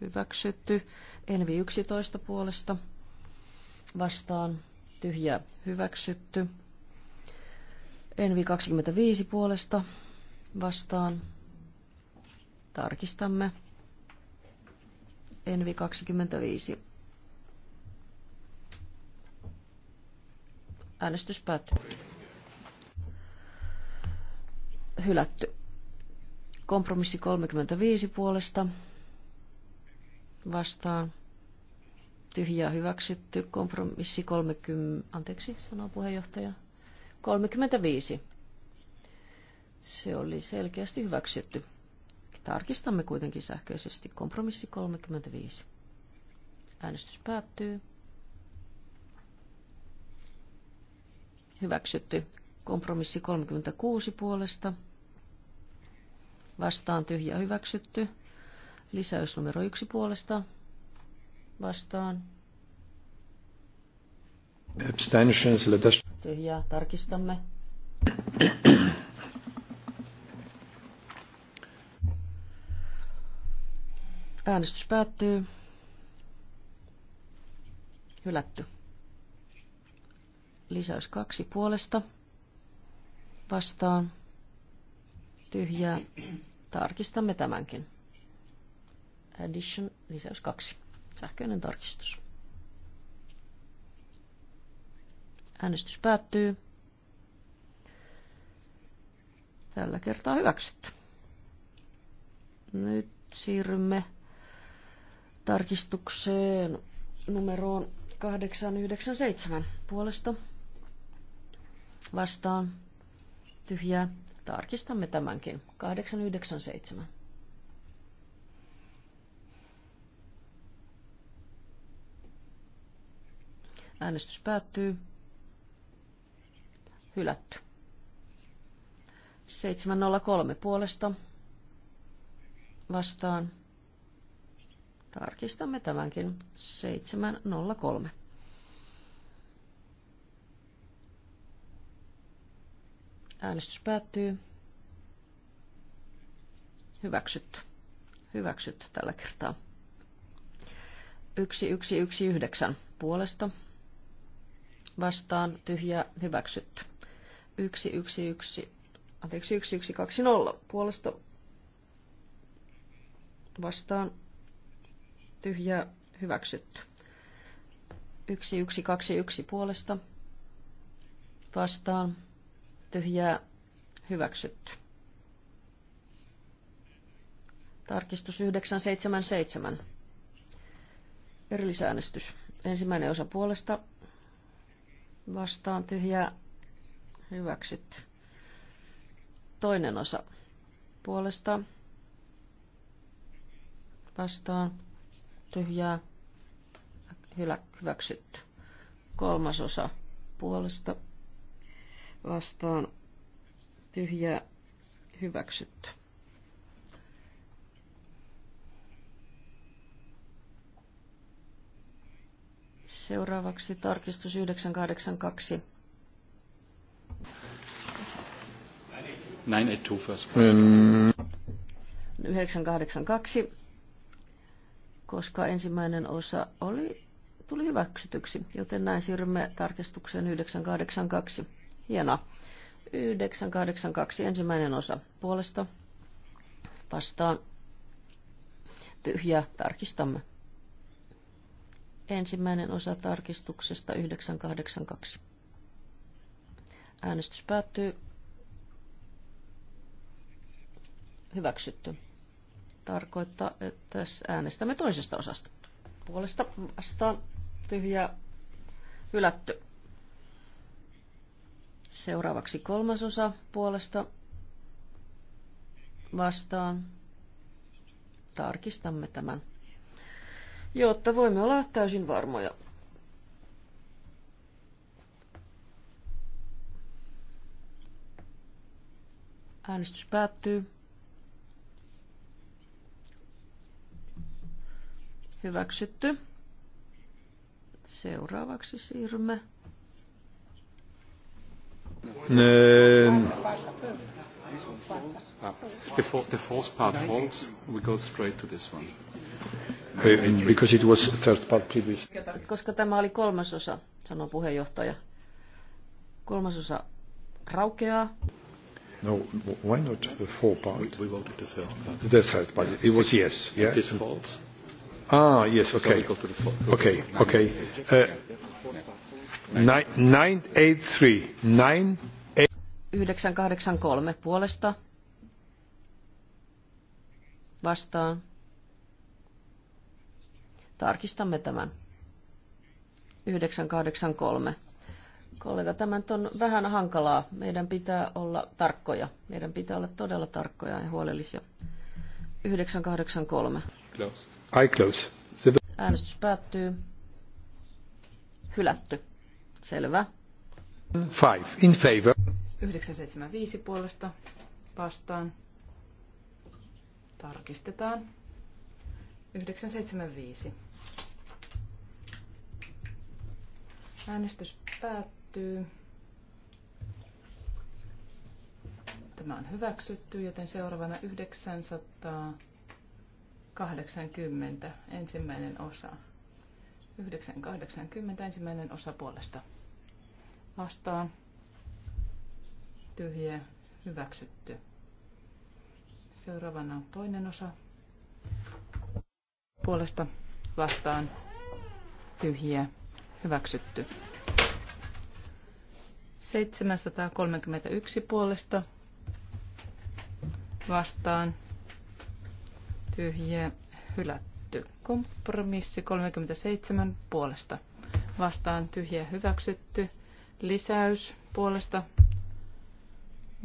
hyväksytty. Envi 11 puolesta. Vastaan tyhjä hyväksytty. Envi 25 puolesta vastaan. Tarkistamme. Envi 25. Äänestys päättyy. Hylätty. Kompromissi 35 puolesta. Vastaan. Tyhjää hyväksytty. Kompromissi 30... Anteeksi, sanoo puheenjohtaja. 35. Se oli selkeästi hyväksytty. Tarkistamme kuitenkin sähköisesti kompromissi 35. Äänestys päättyy. Hyväksytty. Kompromissi 36 puolesta. Vastaan tyhjä hyväksytty. Lisäys numero 1 puolesta. Vastaan. Abstentions, us... Tyhjää, tarkistamme. Äänestys päättyy. Hylätty. Lisäys kaksi puolesta. Vastaan. Tyhjää. Tarkistamme tämänkin. Addition, lisäys kaksi. Sähköinen tarkistus. Äänestys päättyy. Tällä kertaa hyväksytty. Nyt siirrymme tarkistukseen numeroon 897 puolesta vastaan, tyhjää, tarkistamme tämänkin, 897. Äänestys päättyy. Hylätty. 703 puolesta vastaan. Tarkistamme tämänkin. 703. Äänestys päättyy. Hyväksytty. Hyväksytty tällä kertaa. 1119 puolesta. Vastaan tyhjä hyväksytty. 111, anteeksi 1120 puolesta. Vastaan tyhjä hyväksytty. 1121 puolesta. Vastaan tyhjää hyväksytty. Tarkistus 977. Erillisäänestys. Ensimmäinen osa puolesta vastaan tyhjää hyväksytty. Toinen osa puolesta vastaan tyhjää hyväksytty. Kolmas osa puolesta vastaan tyhjä hyväksytty. Seuraavaksi tarkistus 982. Näin 982, mm. koska ensimmäinen osa oli, tuli hyväksytyksi, joten näin siirrymme tarkistukseen 982. Hienoa. 982 ensimmäinen osa puolesta vastaan tyhjä tarkistamme. Ensimmäinen osa tarkistuksesta 982. Äänestys päättyy. Hyväksytty. Tarkoittaa, että äänestämme toisesta osasta. Puolesta vastaan tyhjä hylätty. Seuraavaksi kolmasosa puolesta vastaan. Tarkistamme tämän, jotta voimme olla täysin varmoja. Äänestys päättyy. Hyväksytty. Seuraavaksi siirrymme Uh, the fourth part falls, we go straight to this one. Uh, because it was third part previous. Koska tämä oli kolmasosa, sanoo puheenjohtaja. Kolmasosa raukeaa. No, why not the four part? We, voted the third part. The third part. It was yes. Yeah. This falls. Ah, yes, okay. So we go to the fourth. Okay, okay. Uh, 983. puolesta. Vastaan. Tarkistamme tämän. 983. Kollega, tämä on vähän hankalaa. Meidän pitää olla tarkkoja. Meidän pitää olla todella tarkkoja ja huolellisia. 983. Closed. I close. Äänestys päättyy. Hylätty. Selvä. Five in favor. 975 puolesta vastaan. Tarkistetaan. 975. Äänestys päättyy. Tämä on hyväksytty, joten seuraavana 980 ensimmäinen osa. 980 ensimmäinen osa puolesta. Vastaan. Tyhjä. Hyväksytty. Seuraavana toinen osa. Puolesta vastaan. Tyhjä. Hyväksytty. 731 puolesta vastaan. Tyhjä. Hylätty hyväksytty. Kompromissi 37 puolesta. Vastaan tyhjä hyväksytty. Lisäys puolesta.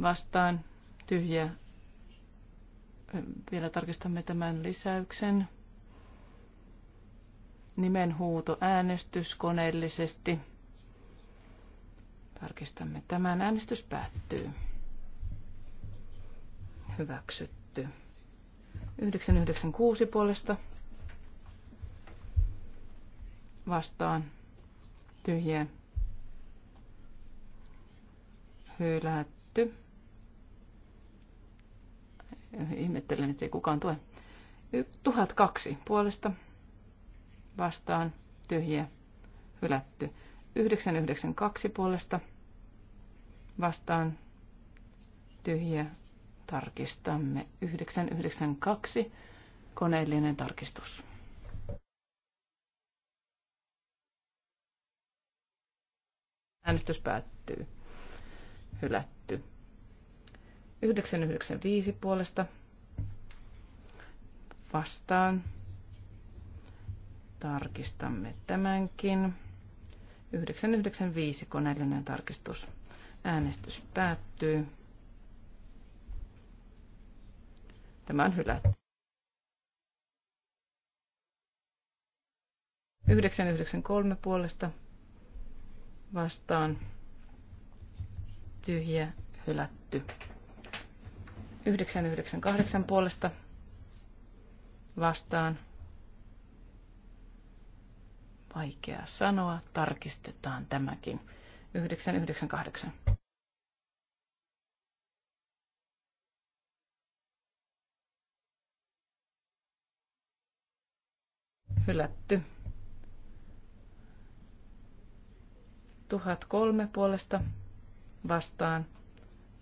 Vastaan tyhjä. Vielä tarkistamme tämän lisäyksen. Nimenhuuto äänestys koneellisesti. Tarkistamme tämän. Äänestys päättyy. Hyväksytty. 996 puolesta vastaan tyhjä hylätty. Ihmettelen, että ei kukaan tue. 1002 puolesta vastaan tyhjä hylätty. 992 puolesta vastaan tyhjä tarkistamme. 992 koneellinen tarkistus. Äänestys päättyy. Hylätty. 995 puolesta vastaan. Tarkistamme tämänkin. 995 koneellinen tarkistus. Äänestys päättyy. Tämä on hylätty. 993 puolesta vastaan tyhjä hylätty. 998 puolesta vastaan vaikea sanoa, tarkistetaan tämäkin. 998. Hylätty. 1003 puolesta vastaan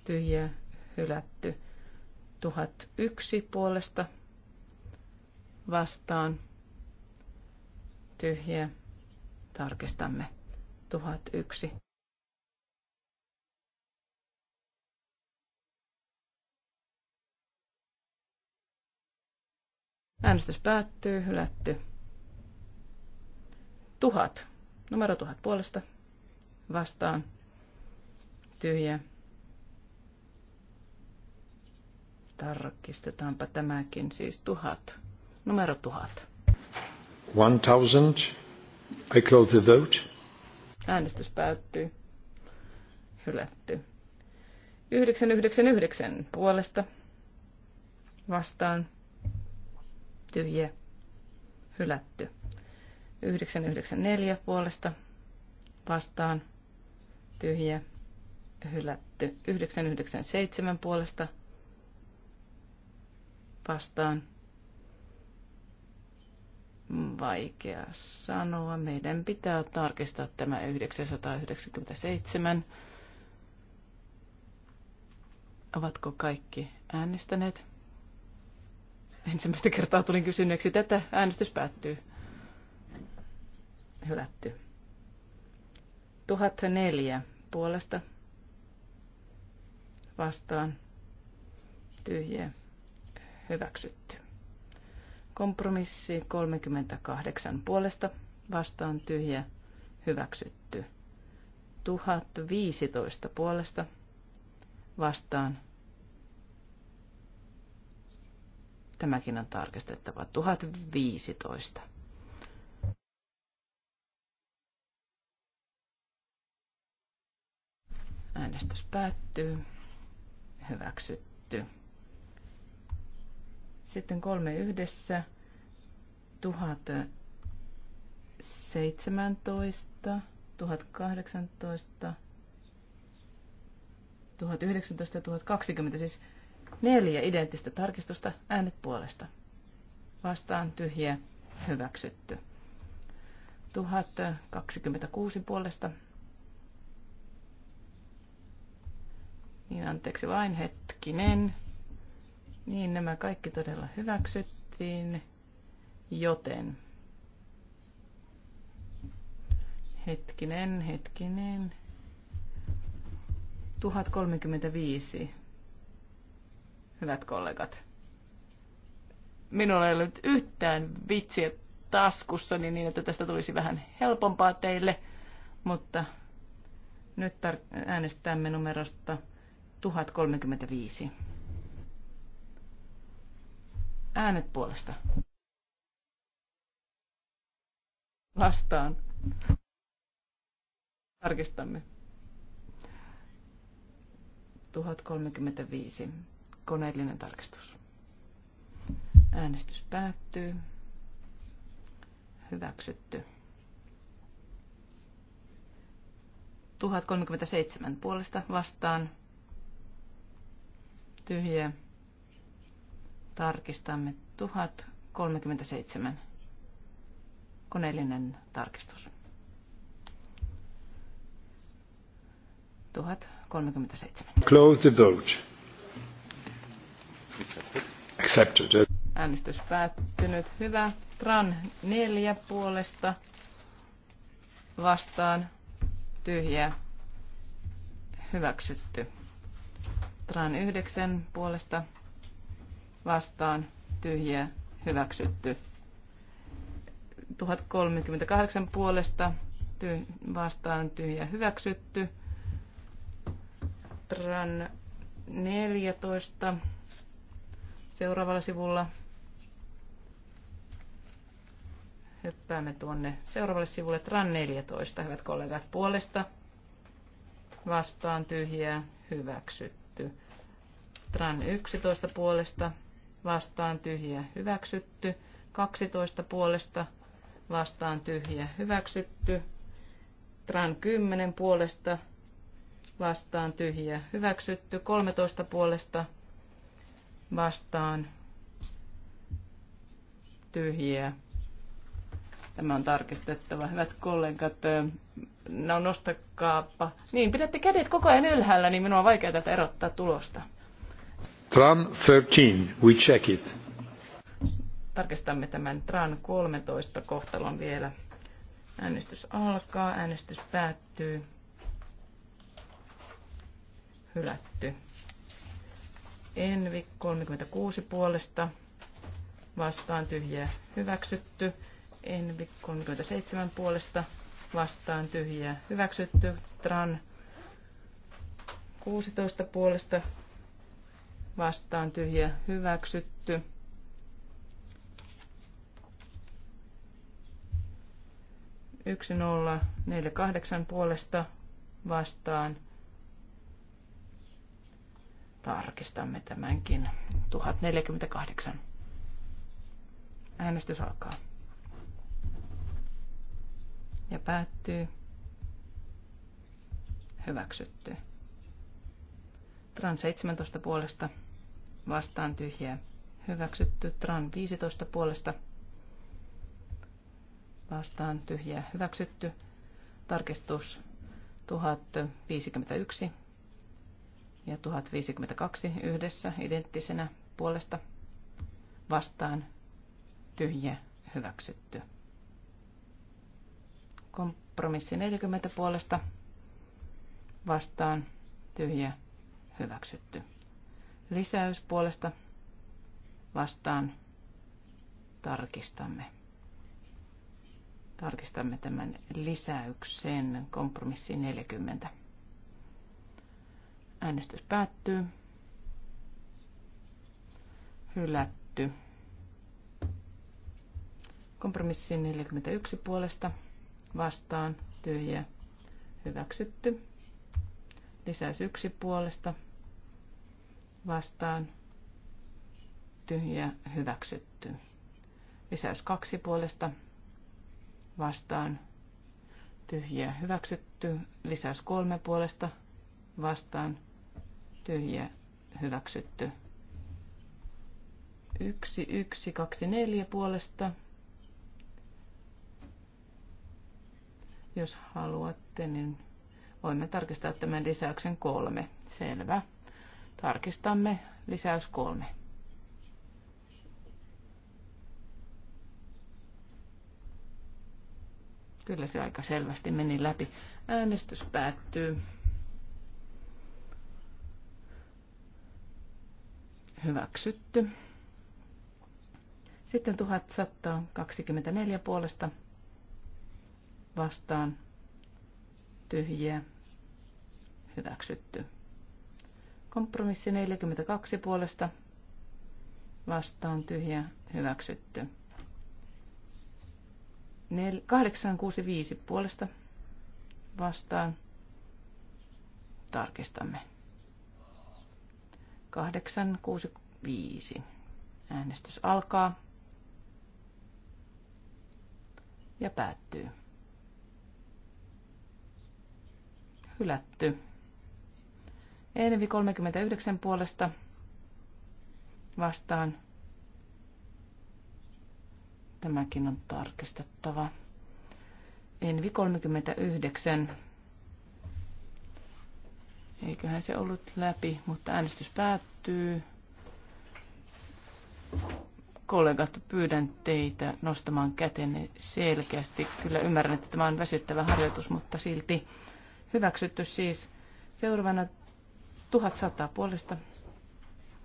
tyhjä hylätty. 1001 puolesta vastaan tyhjä. Tarkistamme 1001. Äänestys päättyy, hylätty. Tuhat. Numero tuhat puolesta vastaan tyhjä. Tarkistetaanpa tämäkin siis tuhat. Numero tuhat. one thousand I close the vote. Äänestys päättyy. Hylätty. 999 puolesta vastaan tyhjä. Hylätty. 994 puolesta vastaan tyhjä, hylätty. 997 puolesta vastaan. Vaikea sanoa. Meidän pitää tarkistaa tämä 997. Ovatko kaikki äänestäneet? Ensimmäistä kertaa tulin kysynneeksi tätä. Äänestys päättyy. Hylätty. 1004 puolesta vastaan tyhjä hyväksytty. Kompromissi 38 puolesta vastaan tyhjä hyväksytty. 1015 puolesta vastaan. Tämäkin on tarkistettava. 1015. Äänestys päättyy. Hyväksytty. Sitten kolme yhdessä. 1017, 1018, 1019 ja 1020, siis neljä identtistä tarkistusta äänet puolesta. Vastaan tyhjä, hyväksytty. 1026 puolesta Niin anteeksi vain hetkinen. Niin nämä kaikki todella hyväksyttiin, joten hetkinen, hetkinen. 1035. Hyvät kollegat. Minulla ei nyt yhtään vitsiä taskussani niin, että tästä tulisi vähän helpompaa teille, mutta nyt tar- äänestämme numerosta 1035. 1035. Äänet puolesta. Vastaan. Tarkistamme. 1035. Koneellinen tarkistus. Äänestys päättyy. Hyväksytty. 1037 puolesta vastaan tyhjä. Tarkistamme 1037. Koneellinen tarkistus. 1037. Close the vote. Accepted. Äänestys päättynyt. Hyvä. Tran neljä puolesta vastaan tyhjä hyväksytty. Tran 9 puolesta vastaan tyhjiä hyväksytty. 1038 puolesta ty- vastaan tyhjä hyväksytty. Tran 14 seuraavalla sivulla. Hyppäämme tuonne seuraavalle sivulle Tran 14, hyvät kollegat, puolesta vastaan tyhjää hyväksytty hyväksytty. Tran 11 puolesta vastaan tyhjä hyväksytty. 12 puolesta vastaan tyhjä hyväksytty. Tran 10 puolesta vastaan tyhjä hyväksytty. 13 puolesta vastaan tyhjiä Tämä on tarkistettava. Hyvät kollegat, no nostakaapa. Niin, pidätte kädet koko ajan ylhäällä, niin minua on vaikea tästä erottaa tulosta. Tran 13, we check it. Tarkistamme tämän Tran 13 kohtalon vielä. Äänestys alkaa, äänestys päättyy. Hylätty. Envi 36 puolesta vastaan tyhjä hyväksytty. Envi 37 puolesta vastaan tyhjää hyväksytty. Tran 16 puolesta vastaan tyhjä hyväksytty. Yksi nolla neljä kahdeksan puolesta vastaan. Tarkistamme tämänkin. 1048. Äänestys alkaa ja päättyy. Hyväksytty. Tran 17 puolesta vastaan tyhjää. Hyväksytty. Tran 15 puolesta vastaan tyhjää. Hyväksytty. Tarkistus 1051 ja 1052 yhdessä identtisenä puolesta vastaan tyhjä hyväksytty. Kompromissi 40 puolesta vastaan tyhjä hyväksytty. Lisäys puolesta vastaan tarkistamme. Tarkistamme tämän lisäyksen kompromissi 40. Äänestys päättyy. Hylätty. Kompromissi 41 puolesta vastaan tyhjä hyväksytty. Lisäys yksi puolesta vastaan tyhjä hyväksytty. Lisäys kaksi puolesta vastaan tyhjä hyväksytty. Lisäys kolme puolesta vastaan tyhjä hyväksytty. Yksi yksi kaksi neljä puolesta Jos haluatte, niin voimme tarkistaa tämän lisäyksen kolme. Selvä. Tarkistamme lisäys kolme. Kyllä se aika selvästi meni läpi. Äänestys päättyy. Hyväksytty. Sitten 1124 puolesta vastaan tyhjiä hyväksytty. Kompromissi 42 puolesta vastaan tyhjä hyväksytty. 865 puolesta vastaan tarkistamme. 865. Äänestys alkaa ja päättyy. hylätty. Enevi 39 puolesta vastaan. Tämäkin on tarkistettava. Envi 39. Eiköhän se ollut läpi, mutta äänestys päättyy. Kollegat, pyydän teitä nostamaan kätenne selkeästi. Kyllä ymmärrän, että tämä on väsyttävä harjoitus, mutta silti Hyväksytty siis. Seuraavana 1100 puolesta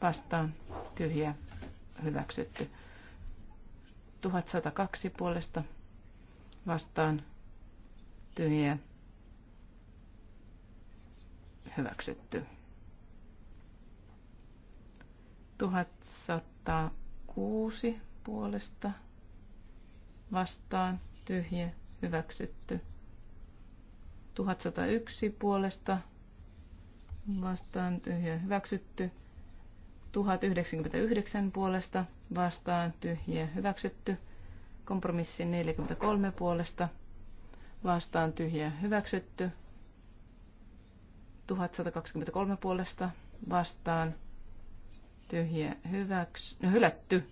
vastaan tyhjä hyväksytty. 1102 puolesta vastaan tyhjä hyväksytty. 1106 puolesta vastaan tyhjä hyväksytty. 1101 puolesta vastaan tyhjä hyväksytty. 1099 puolesta vastaan tyhjä hyväksytty. Kompromissi 43 puolesta vastaan tyhjä hyväksytty. 1123 puolesta vastaan tyhjä hyväks, no, hylätty.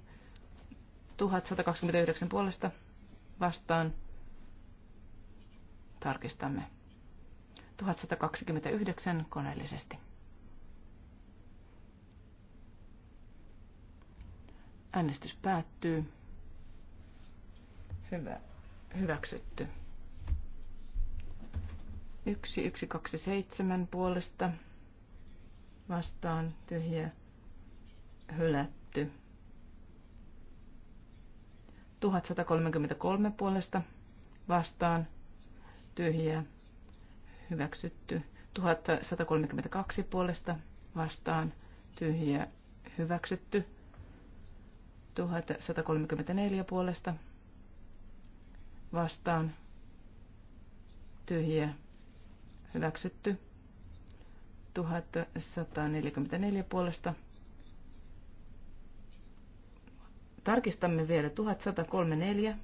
1129 puolesta vastaan tarkistamme. 1129 koneellisesti. Äänestys päättyy. Hyvä. Hyväksytty. 1127 puolesta vastaan tyhjä hylätty. 1133 puolesta vastaan tyhjä hyväksytty. 1132 puolesta vastaan tyhjä hyväksytty. 1134 puolesta vastaan tyhjä hyväksytty. 1144 puolesta tarkistamme vielä 1134.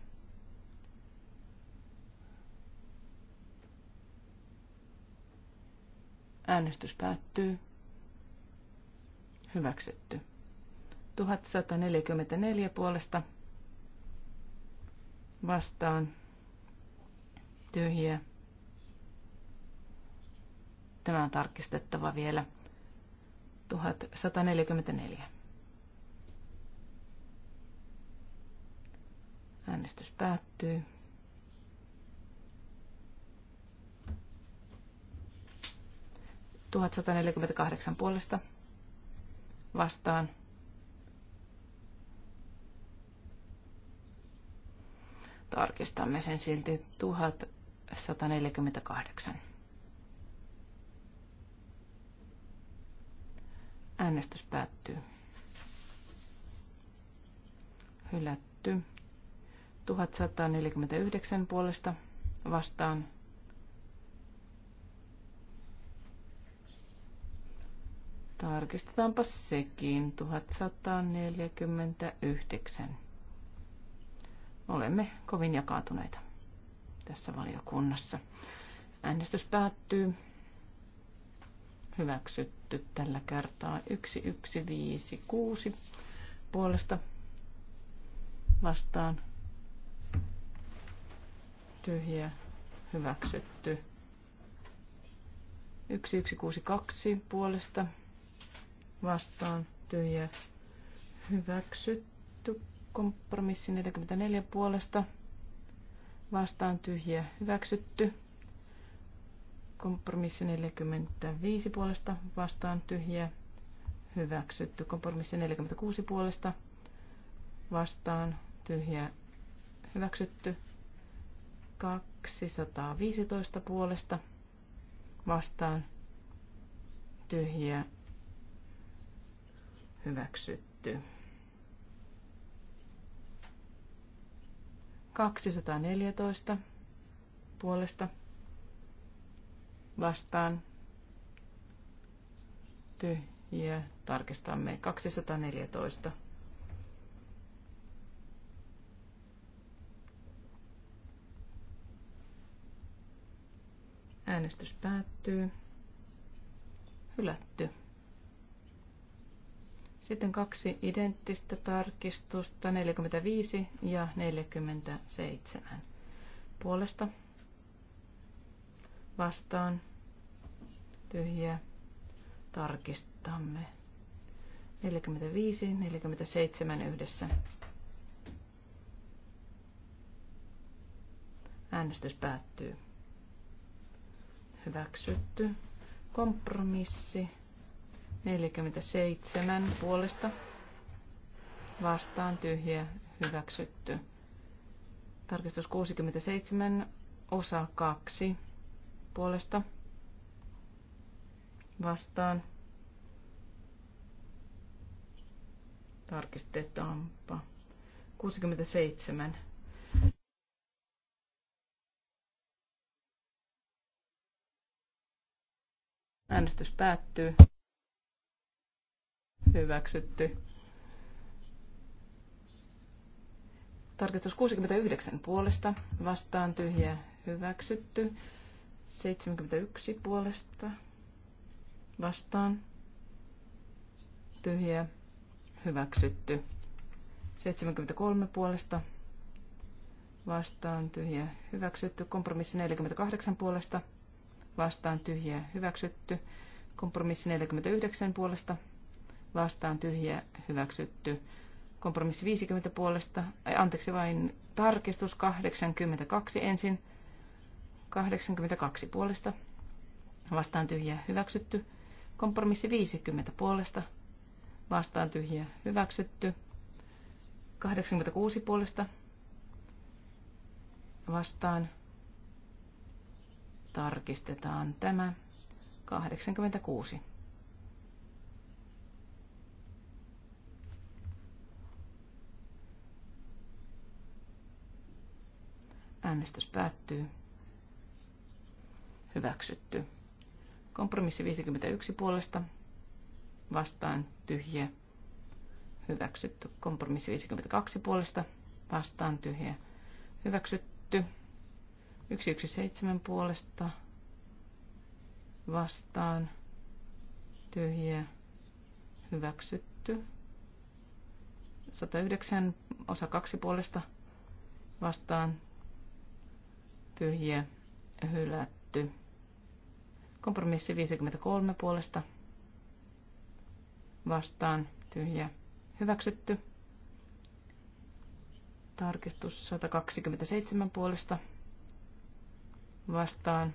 Äänestys päättyy. Hyväksytty. 1144 puolesta vastaan tyhjiä. Tämä on tarkistettava vielä. 1144. Äänestys päättyy. 1148 puolesta vastaan. Tarkistamme sen silti 1148. Äänestys päättyy. Hylätty. 1149 puolesta vastaan Tarkistetaanpa sekin. 1149. Olemme kovin jakaantuneita tässä valiokunnassa. Äänestys päättyy. Hyväksytty tällä kertaa 1156 puolesta vastaan. Tyhjä hyväksytty. 1162 puolesta vastaan tyhjä hyväksytty. Kompromissi 44 puolesta vastaan tyhjä hyväksytty. Kompromissi 45 puolesta vastaan tyhjä hyväksytty. Kompromissi 46 puolesta vastaan tyhjä hyväksytty. 215 puolesta vastaan tyhjä hyväksytty. 214 puolesta vastaan tyhjiä. Tarkistamme 214. Äänestys päättyy. Hylätty. Sitten kaksi identtistä tarkistusta, 45 ja 47. Puolesta vastaan tyhjä tarkistamme. 45, 47 yhdessä. Äänestys päättyy. Hyväksytty. Kompromissi 47 puolesta vastaan tyhjä hyväksytty. Tarkistus 67 osa 2 puolesta vastaan. Tarkistetaanpa. 67. Äänestys päättyy hyväksytty. Tarkistus 69 puolesta, vastaan tyhjä, hyväksytty. 71 puolesta, vastaan tyhjä, hyväksytty. 73 puolesta, vastaan tyhjä, hyväksytty. Kompromissi 48 puolesta, vastaan tyhjä, hyväksytty. Kompromissi 49 puolesta, vastaan tyhjä hyväksytty. Kompromissi 50 puolesta, ei, eh, anteeksi vain tarkistus 82 ensin. 82 puolesta vastaan tyhjä hyväksytty. Kompromissi 50 puolesta vastaan tyhjä hyväksytty. 86 puolesta vastaan tarkistetaan tämä 86. Äänestys päättyy. Hyväksytty. Kompromissi 51 puolesta. Vastaan tyhjä. Hyväksytty. Kompromissi 52 puolesta. Vastaan tyhjä. Hyväksytty. 117 puolesta. Vastaan tyhjä. Hyväksytty. 109 osa 2 puolesta vastaan tyhjiä hylätty. Kompromissi 53 puolesta vastaan tyhjä hyväksytty. Tarkistus 127 puolesta vastaan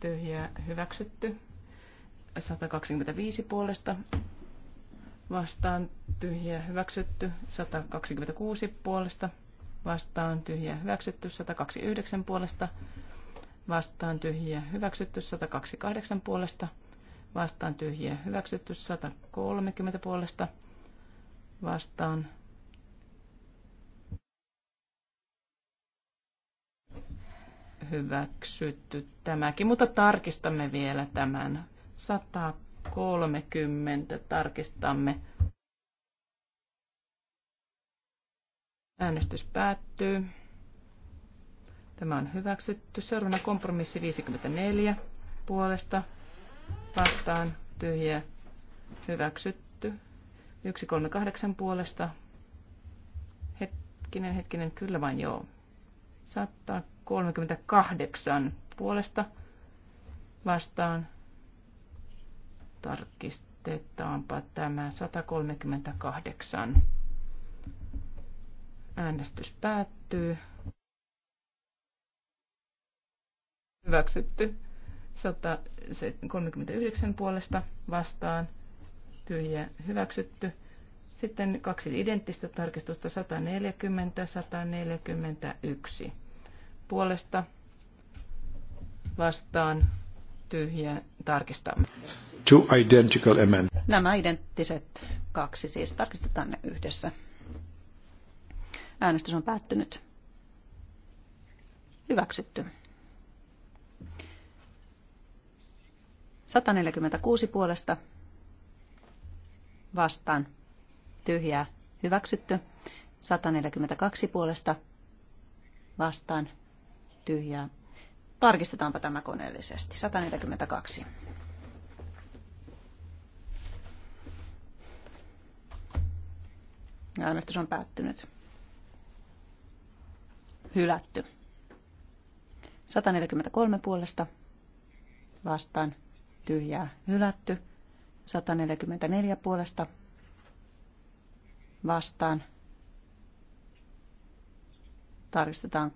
tyhjä hyväksytty. 125 puolesta vastaan tyhjä hyväksytty. 126 puolesta vastaan, vastaan tyhjä hyväksytty 129 puolesta, vastaan tyhjä hyväksytty 128 puolesta, vastaan tyhjä hyväksytty 130 puolesta, vastaan hyväksytty tämäkin, mutta tarkistamme vielä tämän 130 tarkistamme Äänestys päättyy. Tämä on hyväksytty. Seuraavana kompromissi 54 puolesta vastaan tyhjä hyväksytty. 138 puolesta. Hetkinen, hetkinen, kyllä vain joo. 138 puolesta vastaan tarkistetaanpa tämä 138. Äänestys päättyy. Hyväksytty. 139 puolesta vastaan. Tyhjä hyväksytty. Sitten kaksi identtistä tarkistusta 140 141 puolesta vastaan tyhjä tarkistamme. Two identical amendments. Nämä identtiset kaksi siis tarkistetaan ne yhdessä. Äänestys on päättynyt. Hyväksytty. 146 puolesta vastaan. Tyhjää. Hyväksytty. 142 puolesta vastaan. Tyhjää. Tarkistetaanpa tämä koneellisesti. 142. Äänestys on päättynyt hylätty. 143 puolesta vastaan tyhjää hylätty. 144 puolesta vastaan tarkistetaan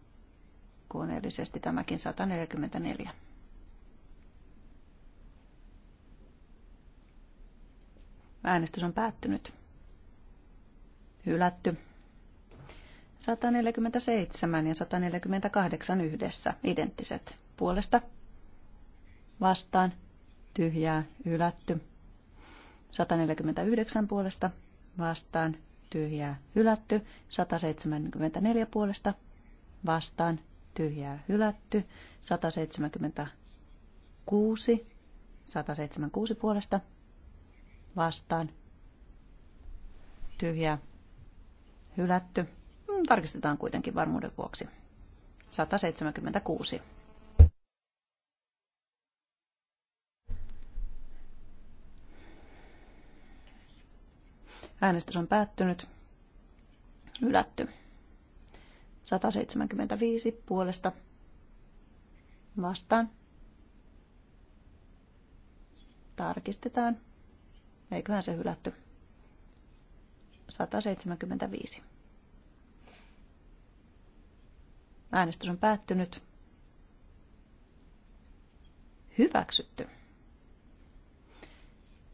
koneellisesti tämäkin 144. Äänestys on päättynyt. Hylätty. 147 ja 148 yhdessä, identtiset. Puolesta, vastaan, tyhjää, hylätty. 149 puolesta, vastaan, tyhjää, hylätty. 174 puolesta, vastaan, tyhjää, hylätty. 176, 176 puolesta, vastaan, tyhjää, hylätty tarkistetaan kuitenkin varmuuden vuoksi. 176. Äänestys on päättynyt. Ylätty. 175 puolesta vastaan. Tarkistetaan. Eiköhän se hylätty. 175. Äänestys on päättynyt. Hyväksytty.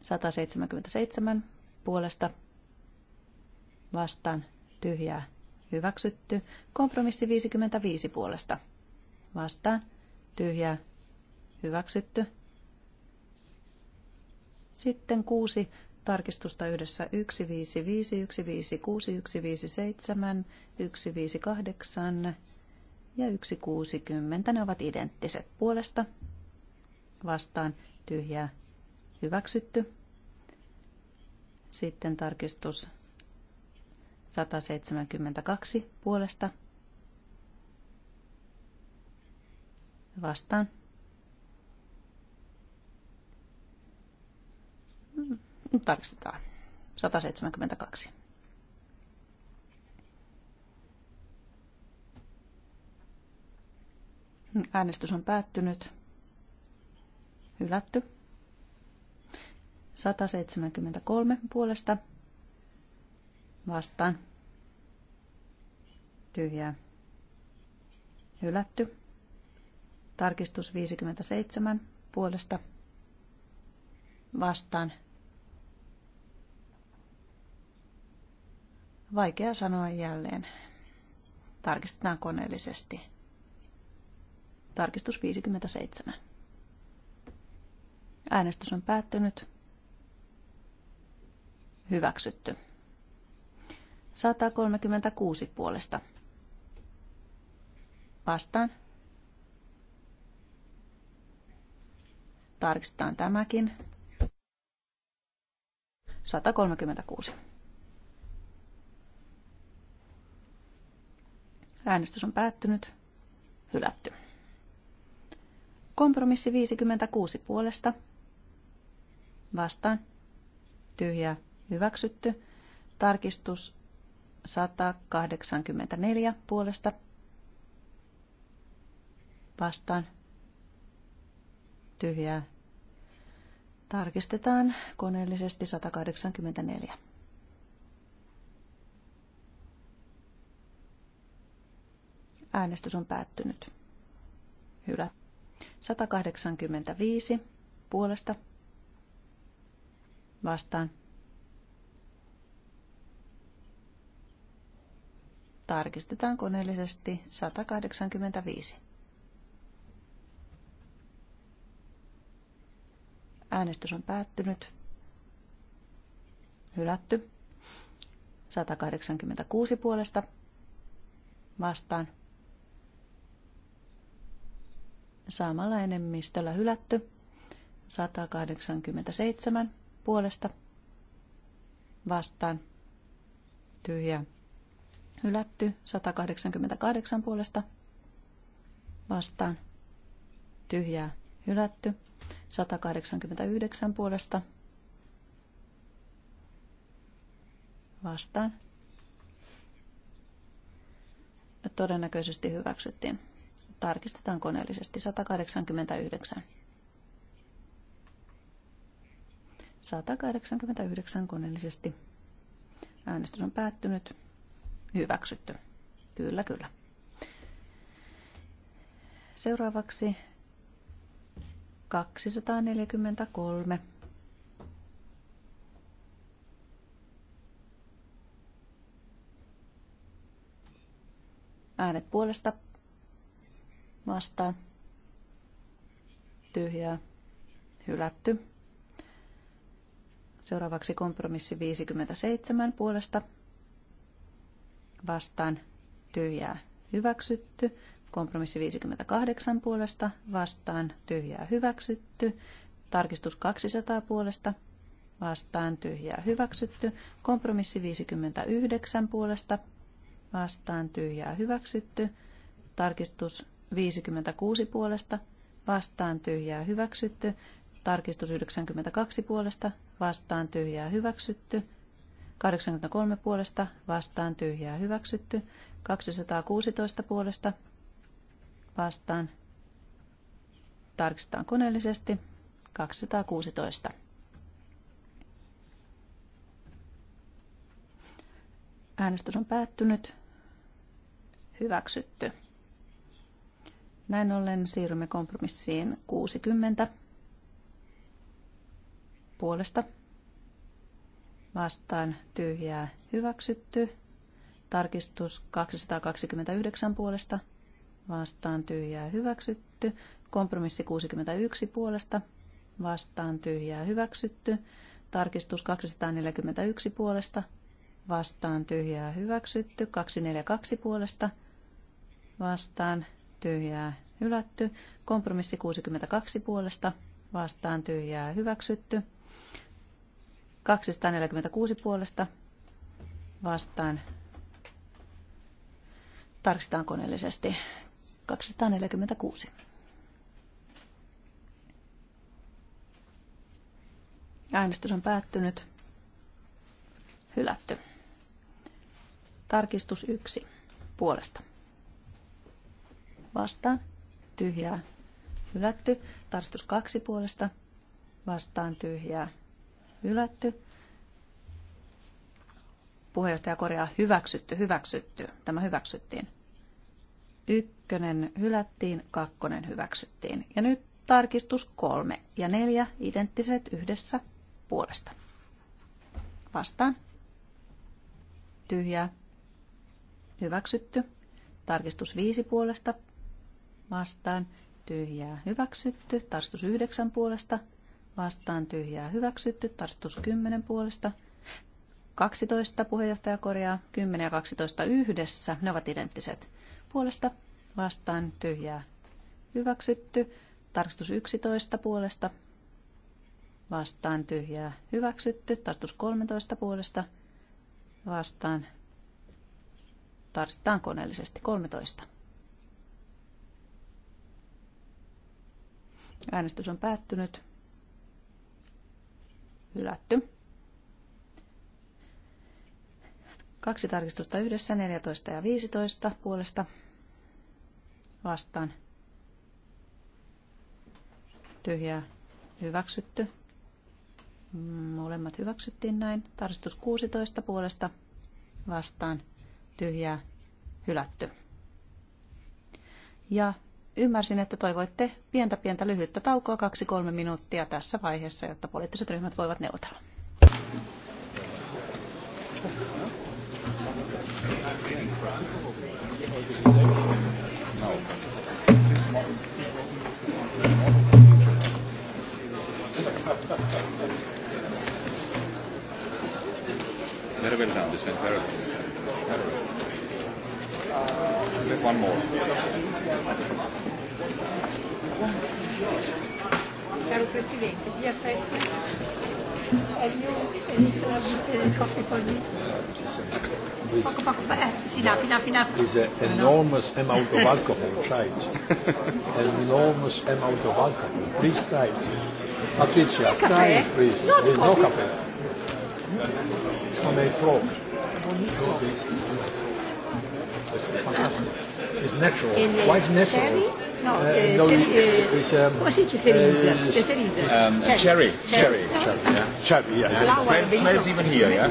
177 puolesta vastaan tyhjää hyväksytty. Kompromissi 55 puolesta vastaan tyhjää hyväksytty. Sitten kuusi tarkistusta yhdessä 155, 156, 157, 158, ja 1,60. Ne ovat identtiset puolesta. Vastaan tyhjää hyväksytty. Sitten tarkistus 172 puolesta. Vastaan. Mm, tarkistetaan. 172. Äänestys on päättynyt. Hylätty. 173 puolesta. Vastaan. Tyhjää. Hylätty. Tarkistus 57 puolesta. Vastaan. Vaikea sanoa jälleen. Tarkistetaan koneellisesti. Tarkistus 57. Äänestys on päättynyt. Hyväksytty. 136 puolesta. Vastaan. Tarkistetaan tämäkin. 136. Äänestys on päättynyt. Hylätty. Kompromissi 56 puolesta. Vastaan. tyhjä Hyväksytty. Tarkistus 184 puolesta. Vastaan. Tyhjää. Tarkistetaan koneellisesti 184. Äänestys on päättynyt. Hylätty. 185 puolesta vastaan. Tarkistetaan koneellisesti 185. Äänestys on päättynyt. Hylätty. 186 puolesta vastaan. Saamalla enemmistöllä hylätty. 187 puolesta vastaan. Tyhjä. Hylätty. 188 puolesta vastaan. Tyhjää. Hylätty. 189 puolesta vastaan. Todennäköisesti hyväksyttiin. Tarkistetaan koneellisesti 189. 189 koneellisesti. Äänestys on päättynyt. Hyväksytty. Kyllä, kyllä. Seuraavaksi 243. Äänet puolesta vastaan tyhjää hylätty. Seuraavaksi kompromissi 57 puolesta vastaan tyhjää hyväksytty. Kompromissi 58 puolesta vastaan tyhjää hyväksytty. Tarkistus 200 puolesta vastaan tyhjää hyväksytty. Kompromissi 59 puolesta vastaan tyhjää hyväksytty. Tarkistus 56 puolesta vastaan tyhjää hyväksytty. Tarkistus 92 puolesta vastaan tyhjää hyväksytty. 83 puolesta vastaan tyhjää hyväksytty. 216 puolesta vastaan. Tarkistetaan koneellisesti. 216. Äänestys on päättynyt. Hyväksytty. Näin ollen siirrymme kompromissiin 60 puolesta. Vastaan tyhjää hyväksytty. Tarkistus 229 puolesta. Vastaan tyhjää hyväksytty. Kompromissi 61 puolesta. Vastaan tyhjää hyväksytty. Tarkistus 241 puolesta. Vastaan tyhjää hyväksytty. 242 puolesta. Vastaan tyhjää hylätty. Kompromissi 62 puolesta vastaan tyhjää hyväksytty. 246 puolesta vastaan. Tarkistetaan koneellisesti. 246. Äänestys on päättynyt. Hylätty. Tarkistus 1 puolesta vastaan, tyhjää, hylätty. Tarkistus kaksi puolesta, vastaan, tyhjää, hylätty. Puheenjohtaja korjaa hyväksytty, hyväksytty. Tämä hyväksyttiin. Ykkönen hylättiin, kakkonen hyväksyttiin. Ja nyt tarkistus kolme ja neljä identtiset yhdessä puolesta. Vastaan. Tyhjää. Hyväksytty. Tarkistus viisi puolesta vastaan tyhjää hyväksytty, tarstus 9 puolesta vastaan tyhjää hyväksytty, tarstus 10 puolesta 12 puheenjohtaja korjaa, 10 ja 12 yhdessä, ne ovat identtiset. Puolesta vastaan tyhjää hyväksytty, tarkistus 11 puolesta vastaan tyhjää hyväksytty, tarkistus 13 puolesta vastaan tarkistetaan koneellisesti 13. Äänestys on päättynyt. Hylätty. Kaksi tarkistusta yhdessä, 14 ja 15 puolesta vastaan. Tyhjää hyväksytty. Molemmat hyväksyttiin näin. Tarkistus 16 puolesta vastaan. Tyhjää hylätty. Ja Ymmärsin, että toivoitte pientä pientä lyhyttä taukoa, kaksi kolme minuuttia tässä vaiheessa, jotta poliittiset ryhmät voivat neuvotella. Very well One more. Caro Presidente, dia festa. Have you any trouble coffee for Poco, poco, eh, enough, enough, enough. There's an enormous amount of alcohol, try an enormous amount of alcohol. Please try it. Patricia, try it, please. Not There's no cafe. It's on a frog. It's fantastic. It's natural. Quite natural. Cherry? No, eh, eh no eh, um, come si dice cerise? Uh, Um, cherry. Cherry. Cherry. Cherry, yeah. Cherry, yeah. yeah. It smells, smells even here, yeah?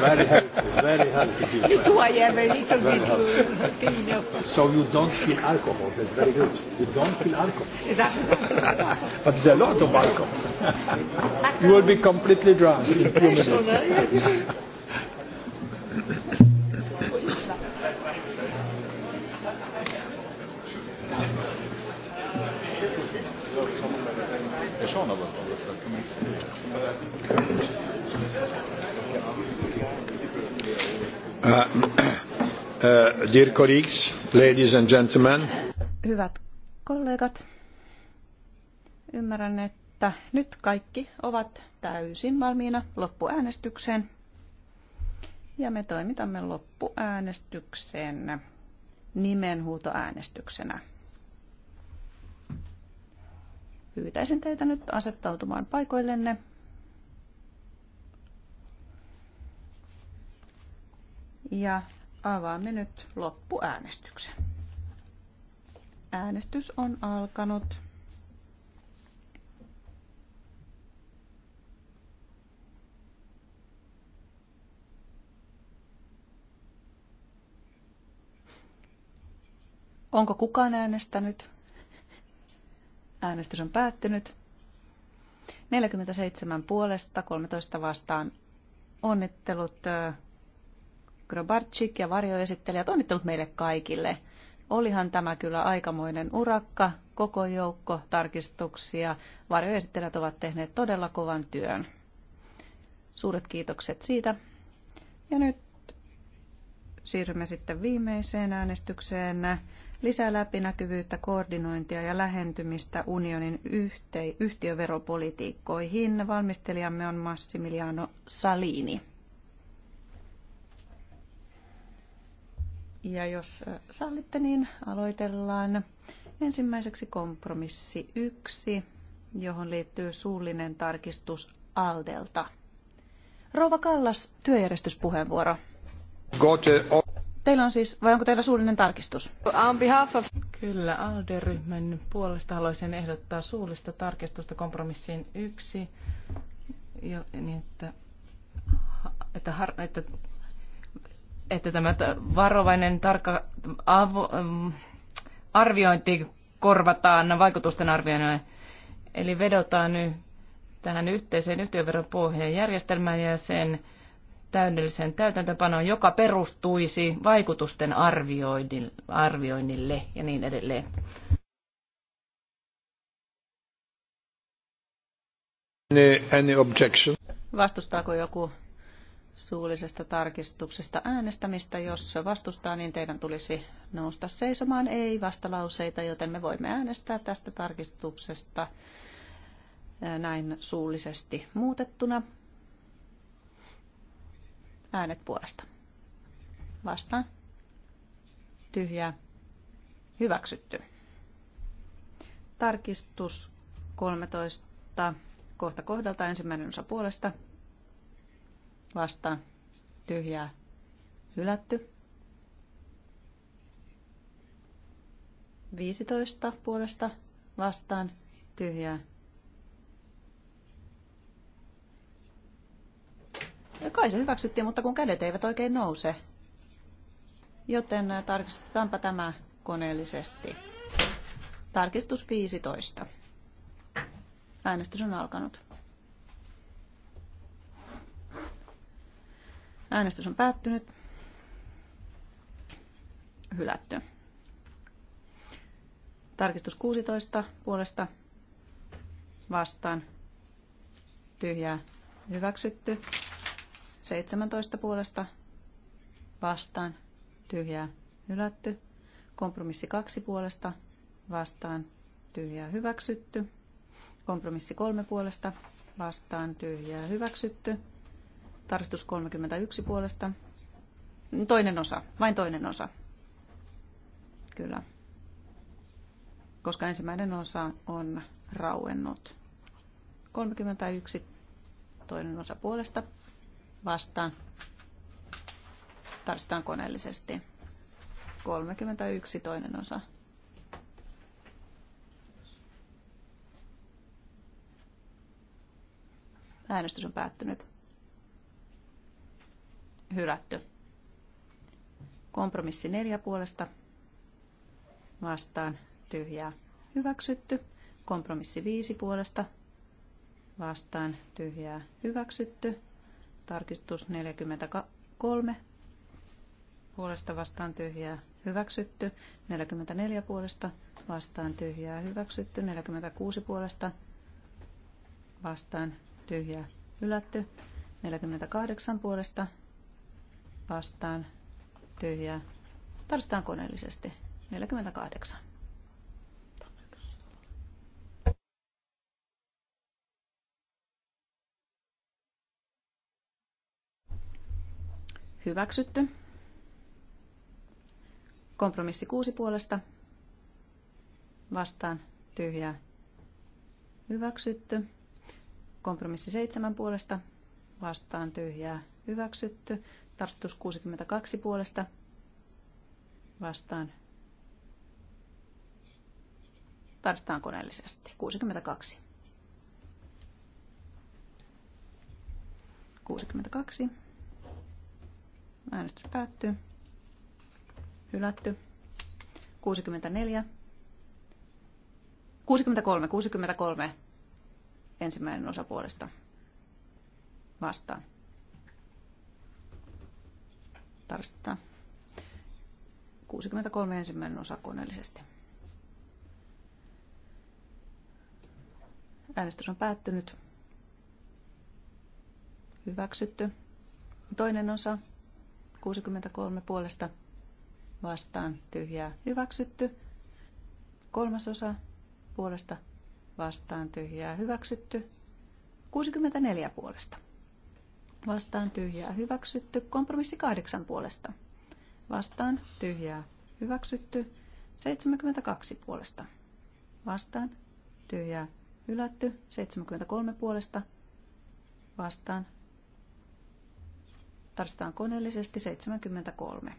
very healthy. Very healthy. Little I have a little bit of Uh, so you don't feel alcohol. That's very good. You don't feel alcohol. Exactly. but there's a lot of alcohol. Uh, you will be completely drunk in two minutes. Uh, uh, dear colleagues, ladies and gentlemen. Hyvät kollegat, ymmärrän, että nyt kaikki ovat täysin valmiina loppuäänestykseen. Ja me toimitamme loppuäänestyksen nimenhuutoäänestyksenä. Pyytäisin teitä nyt asettautumaan paikoillenne. Ja avaamme nyt loppuäänestyksen. Äänestys on alkanut. Onko kukaan äänestänyt? Äänestys on päättynyt. 47 puolesta, 13 vastaan. Onnittelut Grobarczyk ja varjoesittelijät, onnittelut meille kaikille. Olihan tämä kyllä aikamoinen urakka, koko joukko tarkistuksia. Varjoesittelijät ovat tehneet todella kovan työn. Suuret kiitokset siitä. Ja nyt siirrymme sitten viimeiseen äänestykseen lisää läpinäkyvyyttä, koordinointia ja lähentymistä unionin yhte- yhtiöveropolitiikkoihin. Valmistelijamme on Massimiliano Salini. Ja jos äh, sallitte, niin aloitellaan ensimmäiseksi kompromissi 1, johon liittyy suullinen tarkistus Aldelta. Rova Kallas, työjärjestyspuheenvuoro. Teillä on siis, vai onko teillä suullinen tarkistus? On behalf of... Kyllä, ALDE-ryhmän puolesta haluaisin ehdottaa suullista tarkistusta kompromissiin yksi, jo, niin että, että, har, että, että tämä varovainen tarkka avo, mm, arviointi korvataan vaikutusten arvioinnille. Eli vedotaan nyt tähän yhteiseen yhtiöveropohjan järjestelmään ja sen täydelliseen täytäntöpanoon, joka perustuisi vaikutusten arvioinnille ja niin edelleen. Any objection? Vastustaako joku suullisesta tarkistuksesta äänestämistä? Jos vastustaa, niin teidän tulisi nousta seisomaan ei-vastalauseita, joten me voimme äänestää tästä tarkistuksesta näin suullisesti muutettuna. Äänet puolesta. Vastaan. Tyhjää. Hyväksytty. Tarkistus 13. Kohta kohdalta ensimmäinen osa puolesta. Vastaan. Tyhjää. Hylätty. 15 puolesta vastaan tyhjää Kai se hyväksyttiin, mutta kun kädet eivät oikein nouse. Joten äh, tarkistetaanpa tämä koneellisesti. Tarkistus 15. Äänestys on alkanut. Äänestys on päättynyt. Hylätty. Tarkistus 16 puolesta vastaan. Tyhjää hyväksytty. 17 puolesta vastaan tyhjää hylätty. Kompromissi 2 puolesta vastaan tyhjää hyväksytty. Kompromissi 3 puolesta vastaan tyhjää hyväksytty. Tarkistus 31 puolesta. Toinen osa, vain toinen osa. Kyllä. Koska ensimmäinen osa on rauennut. 31 toinen osa puolesta vastaan. Tarvitaan koneellisesti. 31 toinen osa. Äänestys on päättynyt. Hylätty. Kompromissi neljä puolesta. Vastaan tyhjää. Hyväksytty. Kompromissi viisi puolesta. Vastaan tyhjää. Hyväksytty. Tarkistus 43 puolesta vastaan tyhjää hyväksytty, 44 puolesta vastaan tyhjää hyväksytty, 46 puolesta vastaan tyhjää hylätty, 48 puolesta vastaan tyhjää. Tarkistetaan koneellisesti 48. Hyväksytty. Kompromissi kuusi puolesta. Vastaan tyhjää. Hyväksytty. Kompromissi seitsemän puolesta. Vastaan tyhjää. Hyväksytty. Tarttus 62 puolesta. Vastaan. Tarttaan koneellisesti. 62. 62. Äänestys päättyy. Hylätty. 64. 63, 63 ensimmäinen osa puolesta vastaan. tarstaa. 63 ensimmäinen osa koneellisesti. Äänestys on päättynyt. Hyväksytty. Toinen osa 63 puolesta vastaan tyhjää hyväksytty. Kolmasosa puolesta vastaan tyhjää hyväksytty. 64 puolesta. Vastaan tyhjää hyväksytty. Kompromissi 8 puolesta. Vastaan tyhjää hyväksytty. 72 puolesta. Vastaan tyhjää hylätty. 73 puolesta. Vastaan Tarvitaan koneellisesti 73.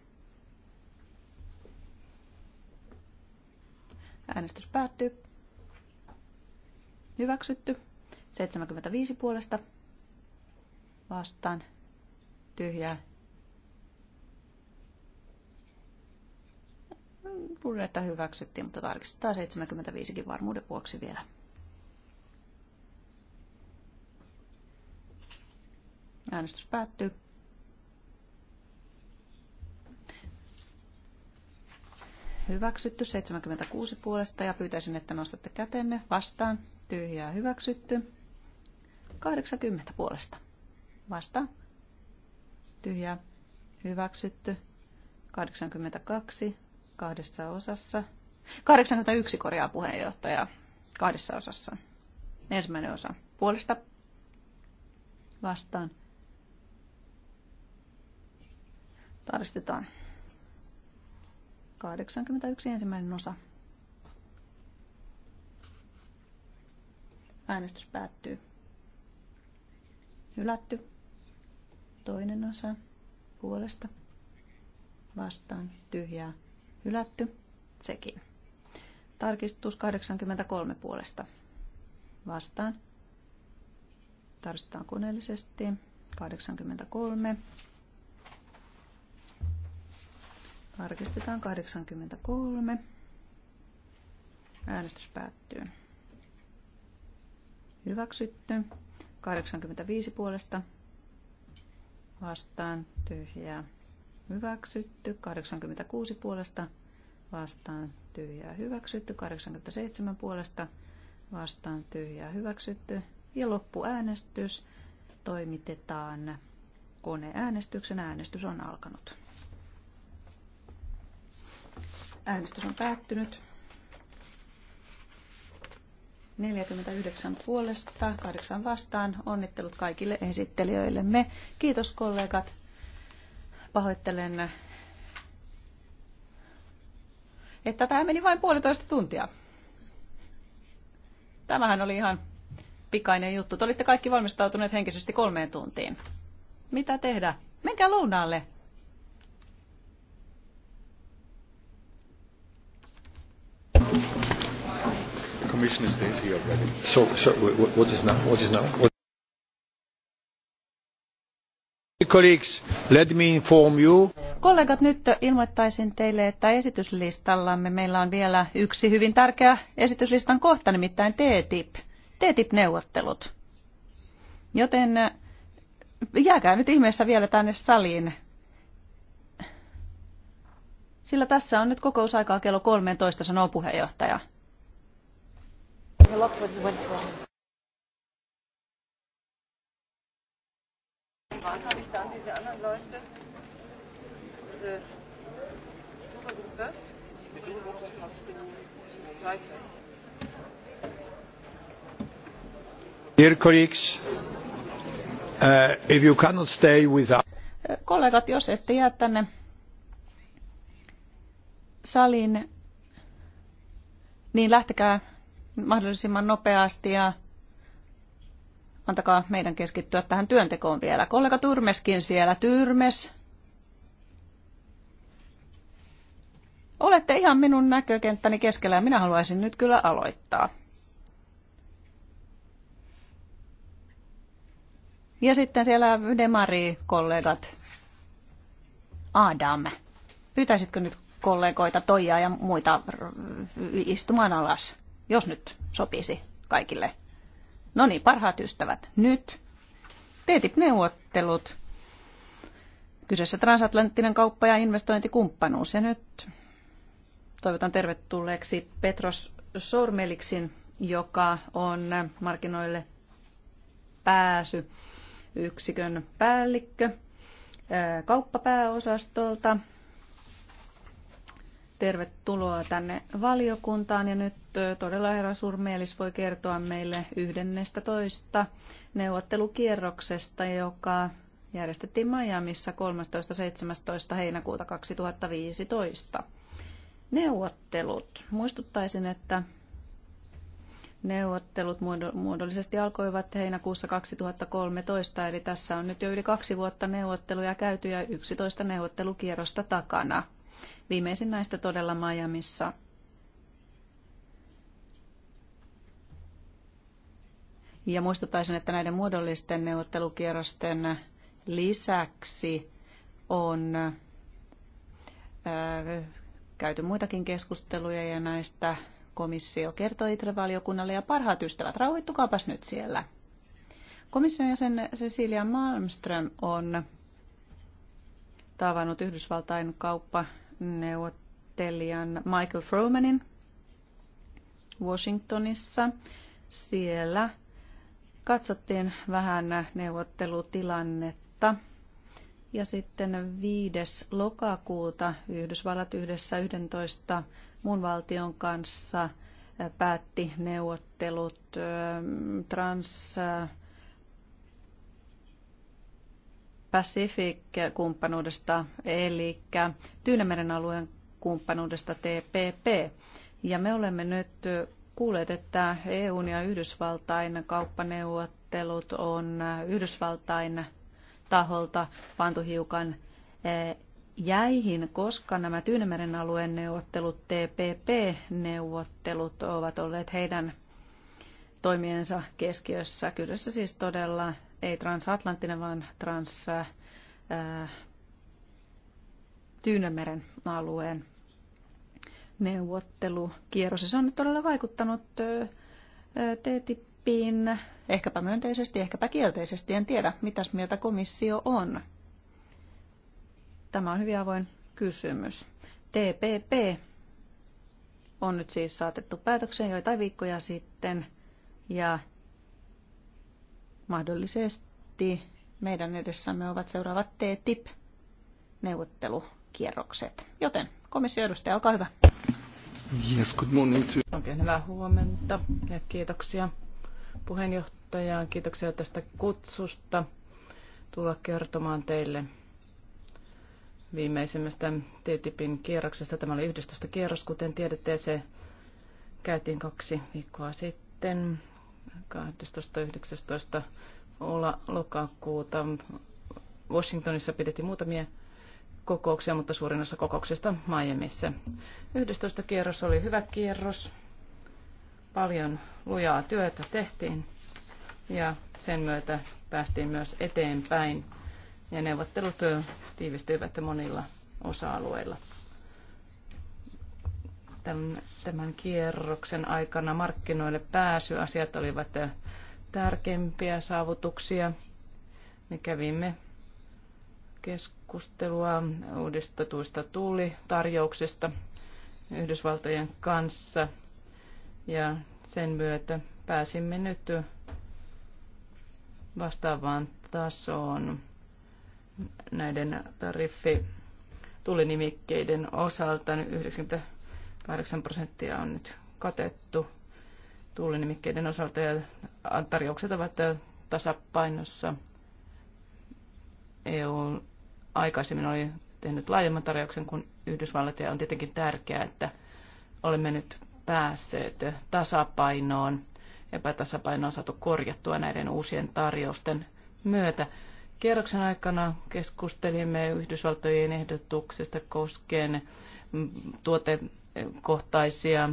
Äänestys päättyy. Hyväksytty. 75 puolesta. Vastaan. Tyhjää. Luulen, että hyväksyttiin, mutta tarkistetaan 75kin varmuuden vuoksi vielä. Äänestys päättyy. hyväksytty. 76 puolesta ja pyytäisin, että nostatte kätenne vastaan. Tyhjää hyväksytty. 80 puolesta. Vasta. Tyhjää hyväksytty. 82 kahdessa osassa. 81 korjaa puheenjohtaja kahdessa osassa. Ensimmäinen osa puolesta vastaan. Tarkistetaan. 81 ensimmäinen osa. Äänestys päättyy. Hylätty. Toinen osa. Puolesta. Vastaan. Tyhjää. Hylätty. Sekin. Tarkistus 83 puolesta. Vastaan. Tarkistetaan koneellisesti. 83. Tarkistetaan 83. Äänestys päättyy. Hyväksytty. 85 puolesta vastaan tyhjää. Hyväksytty. 86 puolesta vastaan tyhjää. Hyväksytty. 87 puolesta vastaan tyhjää. Hyväksytty. Ja loppuäänestys toimitetaan koneäänestyksen. Äänestys on alkanut. Äänestys on päättynyt. 49 puolesta, 8 vastaan. Onnittelut kaikille esittelijöillemme. Kiitos kollegat. Pahoittelen, että tämä meni vain puolitoista tuntia. Tämähän oli ihan pikainen juttu. Te olitte kaikki valmistautuneet henkisesti kolmeen tuntiin. Mitä tehdä? Menkää lounaalle. Commissioner stays here already. So, so what is now? What is now? What Kollegat, nyt ilmoittaisin teille, että esityslistallamme meillä on vielä yksi hyvin tärkeä esityslistan kohta, nimittäin TTIP. TTIP-neuvottelut. Joten eh, jääkää nyt ihmeessä vielä tänne saliin. Sillä tässä on nyt kokousaikaa kello 13, sanoo puheenjohtaja a lot when went from Wann habe ich dann diese anderen Leute, diese Supergruppe, diese Gruppe hast du Seite. Dear colleagues, uh, if you cannot stay with us. Kollegat, jos ette jää tänne salin, niin lähtekää mahdollisimman nopeasti ja antakaa meidän keskittyä tähän työntekoon vielä. Kollega Turmeskin siellä. Tyrmes. Olette ihan minun näkökenttäni keskellä ja minä haluaisin nyt kyllä aloittaa. Ja sitten siellä Demari-kollegat. Adam, pyytäisitkö nyt kollegoita Toijaa ja muita istumaan alas? jos nyt sopisi kaikille. No niin, parhaat ystävät, nyt TTIP-neuvottelut. Kyseessä transatlanttinen kauppa- ja investointikumppanuus. Ja nyt toivotan tervetulleeksi Petros Sormeliksin, joka on markkinoille pääsy yksikön päällikkö kauppapääosastolta Tervetuloa tänne valiokuntaan ja nyt todella herra Surmeelis voi kertoa meille toista neuvottelukierroksesta, joka järjestettiin Miamiissa 13.17. heinäkuuta 2015. Neuvottelut. Muistuttaisin, että neuvottelut muodollisesti alkoivat heinäkuussa 2013, eli tässä on nyt jo yli kaksi vuotta neuvotteluja käyty ja 11 neuvottelukierrosta takana – Viimeisin näistä todella Miamiissa Ja muistuttaisin, että näiden muodollisten neuvottelukierrosten lisäksi on käyty muitakin keskusteluja ja näistä komissio kertoi ITRE-valiokunnalle ja parhaat ystävät, rauhoittukaapas nyt siellä. Komission jäsen Cecilia Malmström on tavannut Yhdysvaltain kauppa- neuvottelijan Michael Frohmanin Washingtonissa. Siellä katsottiin vähän neuvottelutilannetta. Ja sitten 5. lokakuuta Yhdysvallat yhdessä 11 muun valtion kanssa päätti neuvottelut trans Pacific-kumppanuudesta, eli Tyynemeren alueen kumppanuudesta TPP. Ja me olemme nyt kuulleet, että EUn ja Yhdysvaltain kauppaneuvottelut on Yhdysvaltain taholta pantu hiukan eh, jäihin, koska nämä Tyynemeren alueen neuvottelut, TPP-neuvottelut, ovat olleet heidän toimiensa keskiössä. Kyseessä siis todella ei transatlanttinen, vaan trans ää, äh, Tyynemeren alueen neuvottelukierros. se on nyt todella vaikuttanut TTIPiin, ehkäpä myönteisesti, ehkäpä kielteisesti. En tiedä, mitäs mieltä komissio on. Tämä on hyvin avoin kysymys. TPP on nyt siis saatettu päätökseen joitain viikkoja sitten ja mahdollisesti meidän edessämme ovat seuraavat TTIP-neuvottelukierrokset. Joten komission edustaja, olkaa hyvä. Yes, good morning to... Oikein hyvää huomenta ja kiitoksia puheenjohtajaan. Kiitoksia tästä kutsusta tulla kertomaan teille viimeisimmästä TTIPin kierroksesta. Tämä oli 11 kierros, kuten tiedätte, se käytiin kaksi viikkoa sitten. 12.19. lokakuuta Washingtonissa pidettiin muutamia kokouksia, mutta suurin osa kokouksista Miamiissa. 11. kierros oli hyvä kierros. Paljon lujaa työtä tehtiin ja sen myötä päästiin myös eteenpäin ja neuvottelut tiivistyivät monilla osa-alueilla tämän kierroksen aikana markkinoille asiat olivat tärkeimpiä saavutuksia. Me kävimme keskustelua uudistetuista tarjouksista Yhdysvaltojen kanssa ja sen myötä pääsimme nyt vastaavaan tasoon näiden tariffi tulinimikkeiden osalta 90 8 prosenttia on nyt katettu tuulinimikkeiden osalta ja tarjoukset ovat tasapainossa. EU aikaisemmin oli tehnyt laajemman tarjouksen kuin Yhdysvallat ja on tietenkin tärkeää, että olemme nyt päässeet tasapainoon. Epätasapaino on saatu korjattua näiden uusien tarjousten myötä. Kierroksen aikana keskustelimme Yhdysvaltojen ehdotuksesta koskien tuote kohtaisia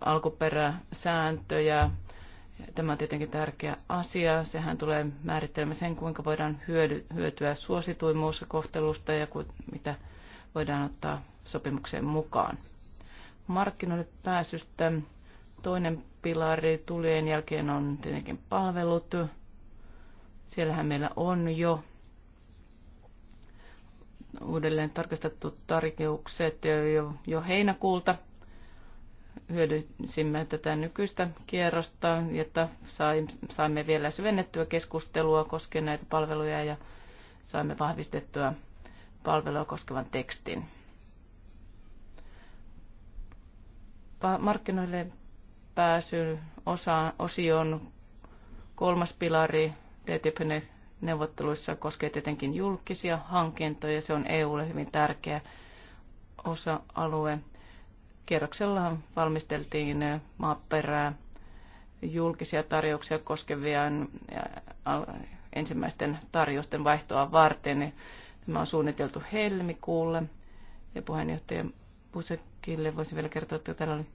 alkuperäsääntöjä. Tämä on tietenkin tärkeä asia. Sehän tulee määrittelemään sen, kuinka voidaan hyötyä suosituimuussa kohtelusta ja ku, mitä voidaan ottaa sopimukseen mukaan. Markkinoille pääsystä toinen pilari tulien jälkeen on tietenkin palvelut. Siellähän meillä on jo uudelleen tarkistettu tarkeukset jo, jo heinäkuulta. Hyödynsimme tätä nykyistä kierrosta, jotta saimme vielä syvennettyä keskustelua koskien näitä palveluja ja saimme vahvistettua palvelua koskevan tekstin. Markkinoille pääsy osa, osion kolmas pilari TTIPn neuvotteluissa koskee tietenkin julkisia hankintoja. Se on EUlle hyvin tärkeä osa-alue. Kierroksella valmisteltiin eh, maaperää julkisia tarjouksia koskevia eh, ensimmäisten tarjousten vaihtoa varten. Tämä on suunniteltu helmikuulle. Ja puheenjohtaja Pusekille voisi vielä kertoa, että täällä oli,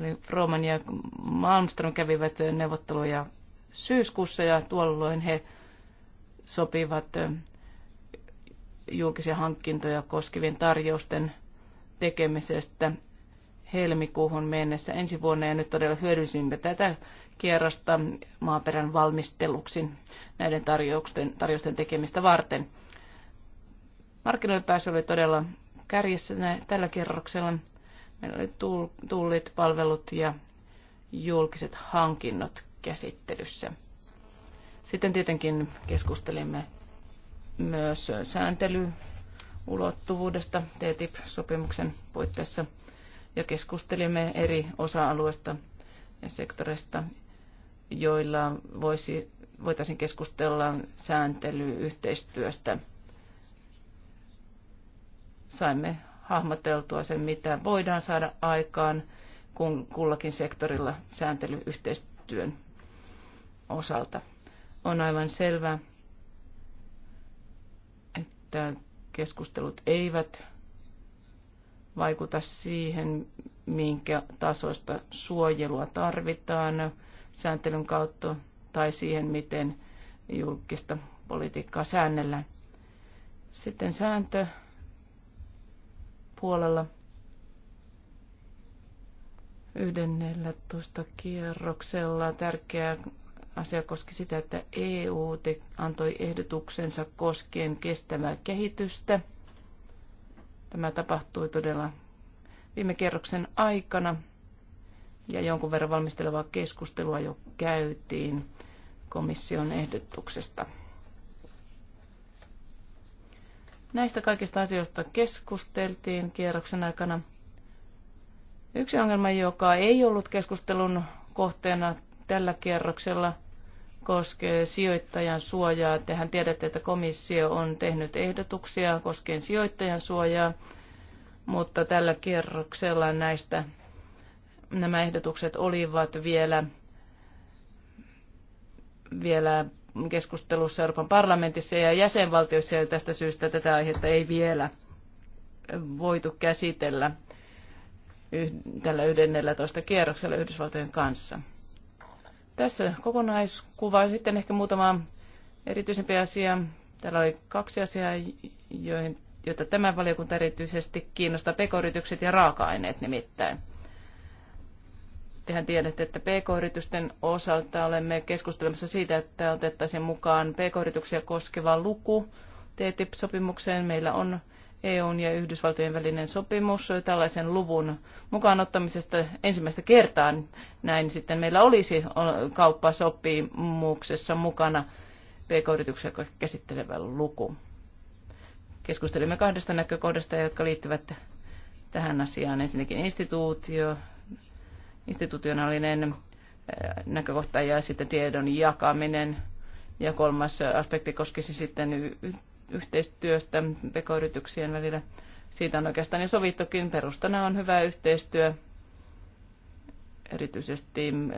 oli Roman ja Malmström kävivät eh, neuvotteluja syyskuussa ja tuolloin he sopivat julkisia hankintoja koskevien tarjousten tekemisestä helmikuuhun mennessä ensi vuonna ja nyt todella hyödynsimme tätä kierrosta maaperän valmisteluksi näiden tarjousten, tarjousten tekemistä varten. Markkinoille pääsy oli todella kärjessä tällä kierroksella. Meillä oli tullit, palvelut ja julkiset hankinnot käsittelyssä. Sitten tietenkin keskustelimme myös sääntelyulottuvuudesta TTIP-sopimuksen puitteissa ja keskustelimme eri osa-alueista ja sektoreista, joilla voisi, voitaisiin keskustella sääntelyyhteistyöstä. Saimme hahmoteltua sen, mitä voidaan saada aikaan kun kullakin sektorilla sääntelyyhteistyön osalta. On aivan selvä, että keskustelut eivät vaikuta siihen, minkä tasoista suojelua tarvitaan sääntelyn kautta tai siihen, miten julkista politiikkaa säännellään. Sitten sääntö puolella 11 kierroksella tärkeää asia koski sitä, että EU antoi ehdotuksensa koskien kestävää kehitystä. Tämä tapahtui todella viime kerroksen aikana ja jonkun verran valmistelevaa keskustelua jo käytiin komission ehdotuksesta. Näistä kaikista asioista keskusteltiin kierroksen aikana. Yksi ongelma, joka ei ollut keskustelun kohteena tällä kierroksella koskee sijoittajan suojaa. Tehän tiedätte, että komissio on tehnyt ehdotuksia koskien sijoittajan suojaa, mutta tällä kierroksella näistä nämä ehdotukset olivat vielä, vielä keskustelussa Euroopan parlamentissa ja jäsenvaltioissa ja tästä syystä tätä aihetta ei vielä voitu käsitellä tällä 11. kierroksella Yhdysvaltojen kanssa. Tässä kokonaiskuva. Sitten ehkä muutama erityisempi asia. Täällä oli kaksi asiaa, joihin, joita tämä valiokunta erityisesti kiinnostaa. PK-yritykset ja raaka-aineet nimittäin. Tehän tiedätte, että PK-yritysten osalta olemme keskustelemassa siitä, että otettaisiin mukaan PK-yrityksiä koskeva luku TTIP-sopimukseen. Meillä on EUn ja Yhdysvaltojen välinen sopimus tällaisen luvun mukaan ottamisesta ensimmäistä kertaa. Näin sitten meillä olisi kauppasopimuksessa mukana pk-yrityksiä käsittelevä luku. Keskustelimme kahdesta näkökohdasta, jotka liittyvät tähän asiaan. Ensinnäkin instituutio, institutionaalinen näkökohta ja sitten tiedon jakaminen. Ja kolmas aspekti koskisi sitten yhteistyöstä pk-yrityksien välillä. Siitä on oikeastaan jo sovittukin. Perustana on hyvä yhteistyö, erityisesti mm,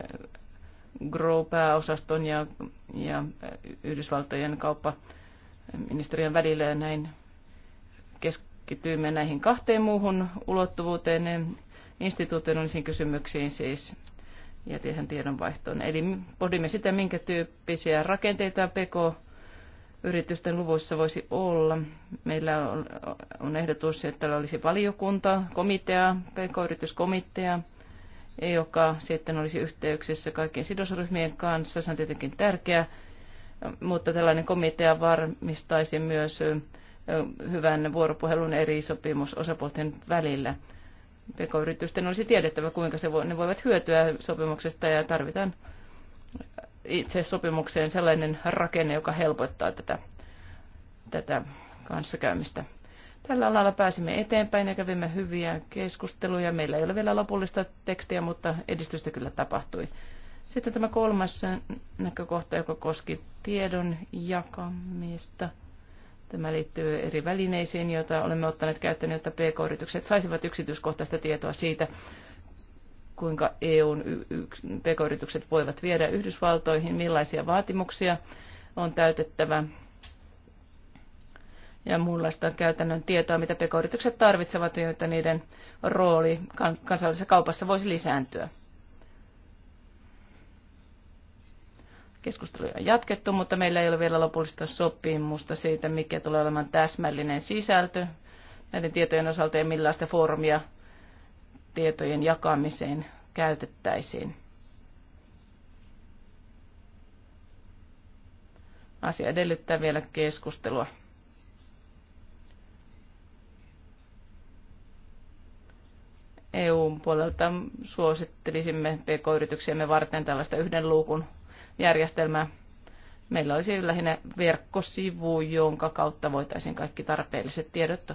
GROW-pääosaston ja, ja Yhdysvaltojen kauppaministeriön välillä ja näin keskityimme näihin kahteen muuhun ulottuvuuteen, institutionaalisiin kysymyksiin siis ja tiedon tiedonvaihtoon. Eli pohdimme sitä, minkä tyyppisiä rakenteita PK yritysten luvuissa voisi olla. Meillä on, on ehdotus, että täällä olisi valiokunta, komitea, pk-yrityskomitea, joka sitten olisi yhteyksissä kaikkien sidosryhmien kanssa. Se on tietenkin tärkeää, mutta tällainen komitea varmistaisi myös hyvän vuoropuhelun eri sopimusosapuolten välillä. PK-yritysten olisi tiedettävä, kuinka se vo, ne voivat hyötyä sopimuksesta ja tarvitaan itse sopimukseen sellainen rakenne, joka helpottaa tätä, tätä kanssakäymistä. Tällä alalla pääsimme eteenpäin ja kävimme hyviä keskusteluja. Meillä ei ole vielä lopullista tekstiä, mutta edistystä kyllä tapahtui. Sitten tämä kolmas näkökohta, joka koski tiedon jakamista. Tämä liittyy eri välineisiin, joita olemme ottaneet käyttöön, jotta pk-yritykset saisivat yksityiskohtaista tietoa siitä, kuinka EUn pk-yritykset voivat viedä Yhdysvaltoihin, millaisia vaatimuksia on täytettävä ja muunlaista käytännön tietoa, mitä pk-yritykset tarvitsevat, joita niiden rooli kansallisessa kaupassa voisi lisääntyä. Keskusteluja on jatkettu, mutta meillä ei ole vielä lopullista sopimusta siitä, mikä tulee olemaan täsmällinen sisältö näiden tietojen osalta ja millaista foorumia tietojen jakamiseen käytettäisiin. Asia edellyttää vielä keskustelua. EU-puolelta suosittelisimme pk-yrityksiämme varten tällaista yhden luukun järjestelmää. Meillä olisi lähinnä verkkosivu, jonka kautta voitaisiin kaikki tarpeelliset tiedot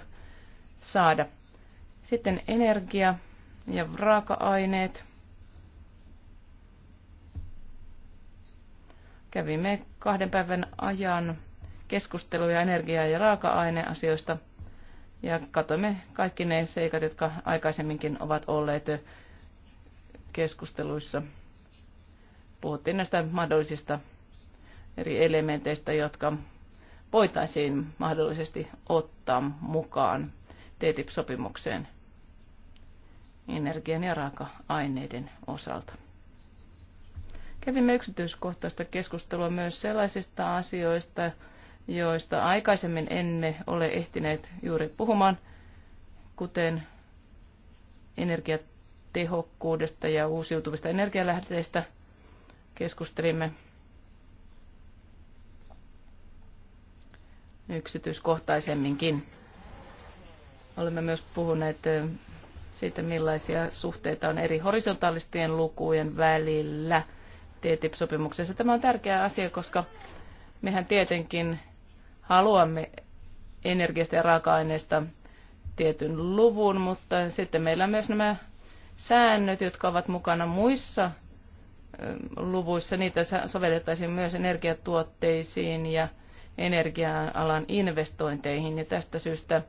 saada. Sitten energia ja raaka-aineet. Kävimme kahden päivän ajan keskusteluja energiaa ja raaka-aineasioista ja katsoimme kaikki ne seikat, jotka aikaisemminkin ovat olleet keskusteluissa. Puhuttiin näistä mahdollisista eri elementeistä, jotka voitaisiin mahdollisesti ottaa mukaan TTIP-sopimukseen – energian ja raaka-aineiden osalta. Kävimme yksityiskohtaista keskustelua myös sellaisista asioista, joista aikaisemmin emme ole ehtineet juuri puhumaan, kuten energiatehokkuudesta ja uusiutuvista energialähteistä keskustelimme yksityiskohtaisemminkin. Olemme myös puhuneet siitä, millaisia suhteita on eri horisontaalistien lukujen välillä TTIP-sopimuksessa. Tämä on tärkeä asia, koska mehän tietenkin haluamme energiasta ja raaka-aineista tietyn luvun, mutta sitten meillä on myös nämä säännöt, jotka ovat mukana muissa luvuissa. Niitä sovellettaisiin myös energiatuotteisiin ja energia-alan investointeihin. Ja tästä syystä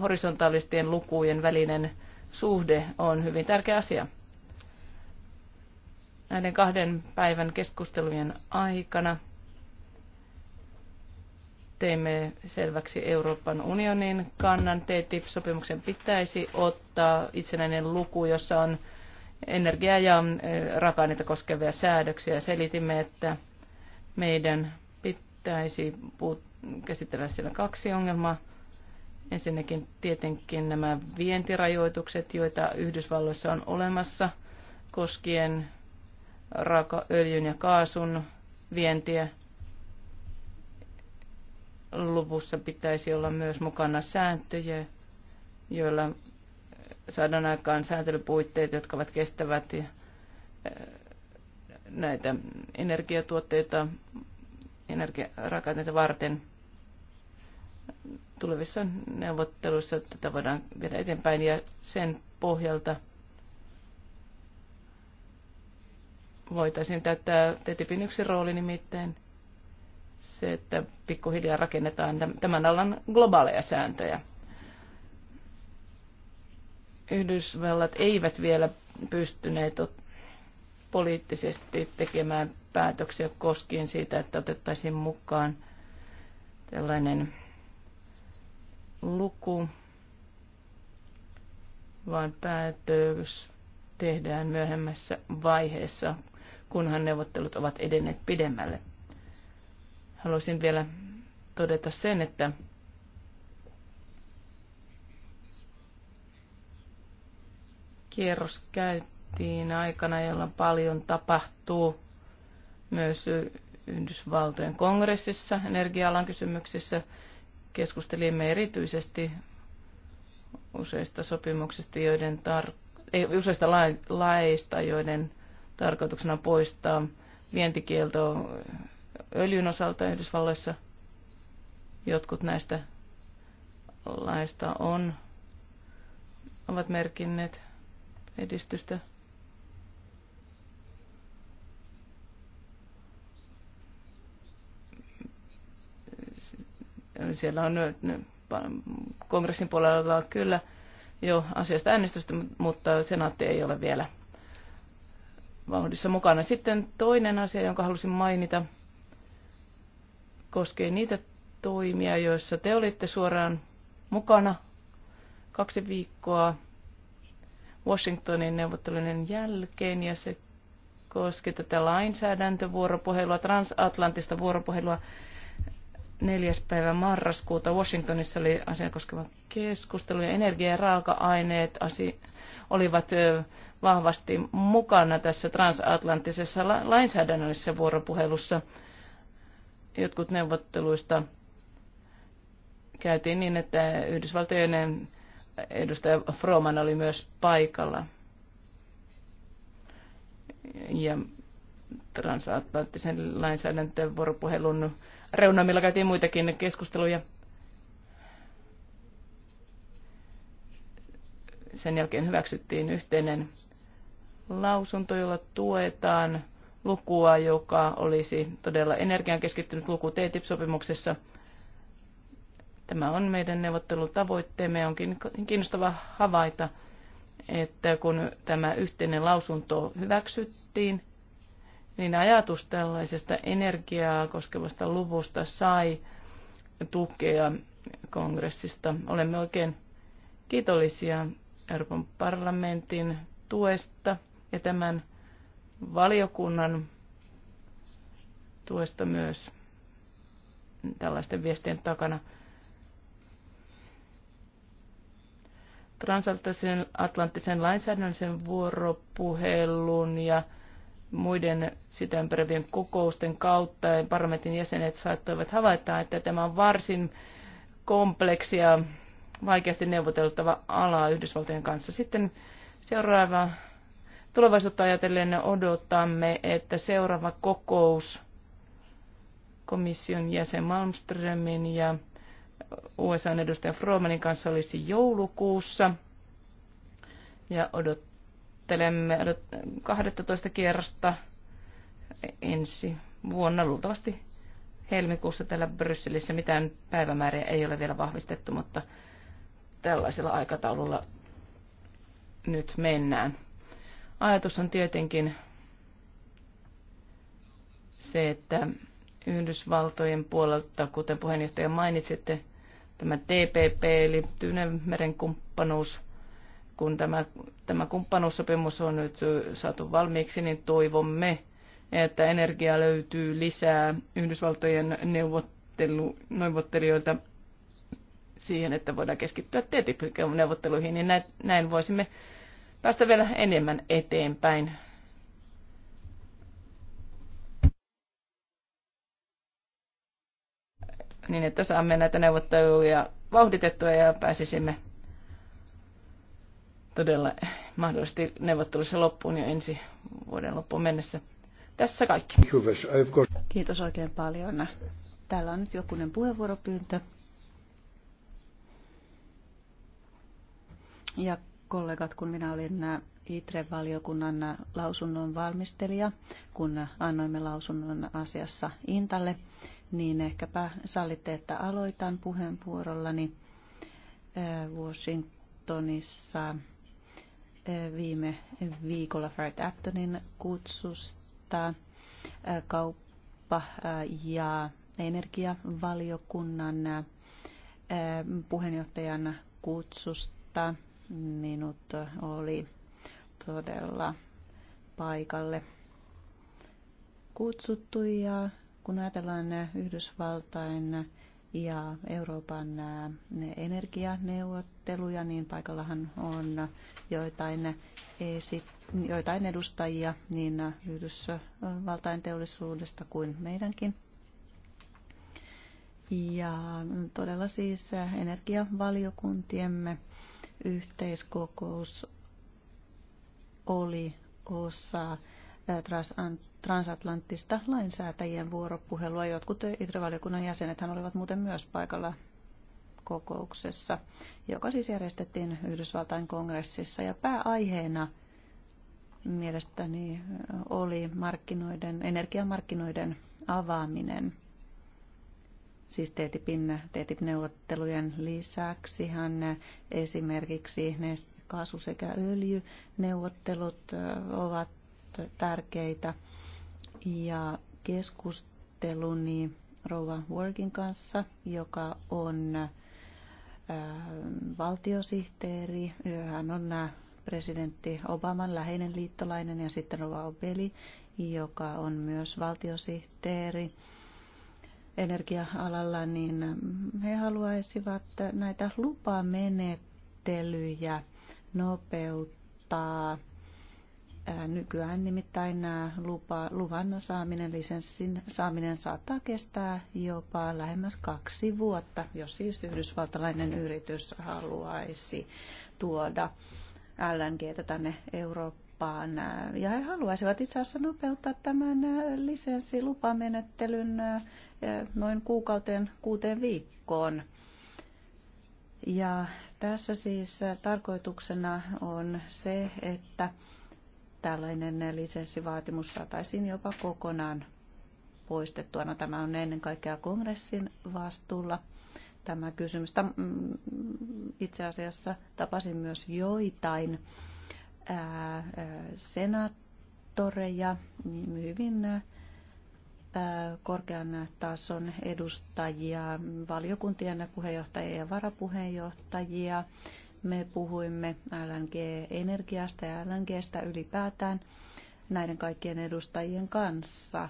horisontaalisten lukujen välinen suhde on hyvin tärkeä asia. Näiden kahden päivän keskustelujen aikana teimme selväksi Euroopan unionin kannan. TTIP-sopimuksen pitäisi ottaa itsenäinen luku, jossa on energiaa ja raaka koskevia säädöksiä. Selitimme, että meidän pitäisi käsitellä siellä kaksi ongelmaa. Ensinnäkin tietenkin nämä vientirajoitukset, joita Yhdysvalloissa on olemassa koskien raakaöljyn ja kaasun vientiä. Luvussa pitäisi olla myös mukana sääntöjä, joilla saadaan aikaan sääntelypuitteet, jotka ovat kestävät ja näitä energiatuotteita, energiarakenteita varten – tulevissa neuvotteluissa tätä voidaan viedä eteenpäin ja sen pohjalta voitaisiin täyttää TTIPin yksi rooli nimittäin se, että pikkuhiljaa rakennetaan tämän alan globaaleja sääntöjä. Yhdysvallat eivät vielä pystyneet poliittisesti tekemään päätöksiä koskien siitä, että otettaisiin mukaan tällainen luku, vaan päätös tehdään myöhemmässä vaiheessa, kunhan neuvottelut ovat edenneet pidemmälle. Haluaisin vielä todeta sen, että kierros käytiin aikana, jolla paljon tapahtuu myös Yhdysvaltojen kongressissa energia-alan kysymyksissä. Keskustelimme erityisesti useista sopimuksista, joiden tar- ei, useista laeista, joiden tarkoituksena poistaa vientikielto öljyn osalta Yhdysvalloissa. Jotkut näistä laista on, ovat merkinneet edistystä. Siellä on nyt kongressin puolella kyllä jo asiasta äänestystä, mutta senaatti ei ole vielä vauhdissa mukana. Sitten toinen asia, jonka halusin mainita, koskee niitä toimia, joissa te olitte suoraan mukana kaksi viikkoa Washingtonin neuvottelujen jälkeen ja se koski tätä lainsäädäntövuoropuhelua, transatlanttista vuoropuhelua neljäs päivä marraskuuta Washingtonissa oli asiaa koskeva keskustelu ja energia- ja raaka-aineet asi- olivat vahvasti mukana tässä transatlanttisessa la- lainsäädännöllisessä vuoropuhelussa. Jotkut neuvotteluista käytiin niin, että Yhdysvaltojen edustaja Froman oli myös paikalla. Ja transatlanttisen lainsäädäntövuoropuhelun vuoropuhelun reunoimilla käytiin muitakin keskusteluja. Sen jälkeen hyväksyttiin yhteinen lausunto, jolla tuetaan lukua, joka olisi todella energian keskittynyt luku TTIP-sopimuksessa. Tämä on meidän neuvottelutavoitteemme. Onkin kiinnostava havaita, että kun tämä yhteinen lausunto hyväksyttiin, niin ajatus tällaisesta energiaa koskevasta luvusta sai tukea kongressista. Olemme oikein kiitollisia Euroopan parlamentin tuesta ja tämän valiokunnan tuesta myös tällaisten viestien takana. Transatlanttisen lainsäädännöllisen vuoropuhelun ja muiden sitä ympäröivien kokousten kautta ja parlamentin jäsenet saattoivat havaita, että tämä on varsin kompleksi ja vaikeasti neuvoteltava ala Yhdysvaltojen kanssa. Sitten seuraava tulevaisuutta ajatellen odotamme, että seuraava kokous komission jäsen Malmströmin ja USAn edustajan Fromanin kanssa olisi joulukuussa. Ja odot, odottelemme 12 kierrosta ensi vuonna luultavasti helmikuussa täällä Brysselissä. Mitään päivämääriä ei ole vielä vahvistettu, mutta tällaisella aikataululla nyt mennään. Ajatus on tietenkin se, että Yhdysvaltojen puolelta, kuten puheenjohtaja mainitsitte, tämä TPP eli Tyynemeren kumppanuus kun tämä, tämä kumppanuussopimus on nyt saatu valmiiksi, niin toivomme, että energiaa löytyy lisää Yhdysvaltojen neuvottelu, neuvottelijoilta siihen, että voidaan keskittyä TTIP-neuvotteluihin, niin näin, näin voisimme päästä vielä enemmän eteenpäin. Niin, että saamme näitä neuvotteluja vauhditettua ja pääsisimme todella mahdollisesti neuvottelussa loppuun jo ensi vuoden loppuun mennessä. Tässä kaikki. Kiitos oikein paljon. Täällä on nyt jokunen puheenvuoropyyntö. Ja kollegat, kun minä olin äh, ITRE-valiokunnan äh, lausunnon valmistelija, kun äh, annoimme lausunnon asiassa Intalle, niin ehkäpä sallitte, että aloitan puheenvuorollani Washingtonissa viime viikolla Fred Aptonin kutsusta kauppa- ja energiavaliokunnan puheenjohtajan kutsusta. Minut oli todella paikalle kutsuttu ja kun ajatellaan Yhdysvaltain ja Euroopan äh, energianeuvotteluja, niin paikallahan on joitain, esit, joitain edustajia niin äh, Yhdysvaltain teollisuudesta kuin meidänkin. Ja todella siis äh, energiavaliokuntiemme yhteiskokous oli osa Trans transatlanttista lainsäätäjien vuoropuhelua. Jotkut ITRE-valiokunnan jäsenet olivat muuten myös paikalla kokouksessa, joka siis järjestettiin Yhdysvaltain kongressissa. Ja pääaiheena mielestäni oli markkinoiden, energiamarkkinoiden avaaminen. Siis TTIP-neuvottelujen hän esimerkiksi ne kaasu- sekä öljyneuvottelut ovat tärkeitä ja keskusteluni Rouva Workin kanssa, joka on äh, valtiosihteeri. Hän on äh, presidentti Obaman läheinen liittolainen ja sitten Rouva Obeli, joka on myös valtiosihteeri energia-alalla, niin ähm, he haluaisivat näitä lupamenettelyjä nopeuttaa Nykyään nimittäin lupa, luvan saaminen, lisenssin saaminen saattaa kestää jopa lähemmäs kaksi vuotta, jos siis yhdysvaltalainen yritys haluaisi tuoda LNG tänne Eurooppaan. Ja he haluaisivat itse asiassa nopeuttaa tämän lisenssilupamenettelyn noin kuukauteen kuuteen viikkoon. Ja tässä siis tarkoituksena on se, että tällainen lisenssivaatimus saataisiin jopa kokonaan poistettua. No, tämä on ennen kaikkea kongressin vastuulla tämä kysymys. Mm, itse asiassa tapasin myös joitain senaattoreja, hyvin korkean tason edustajia, valiokuntien puheenjohtajia ja varapuheenjohtajia, me puhuimme LNG-energiasta ja LNGstä ylipäätään näiden kaikkien edustajien kanssa.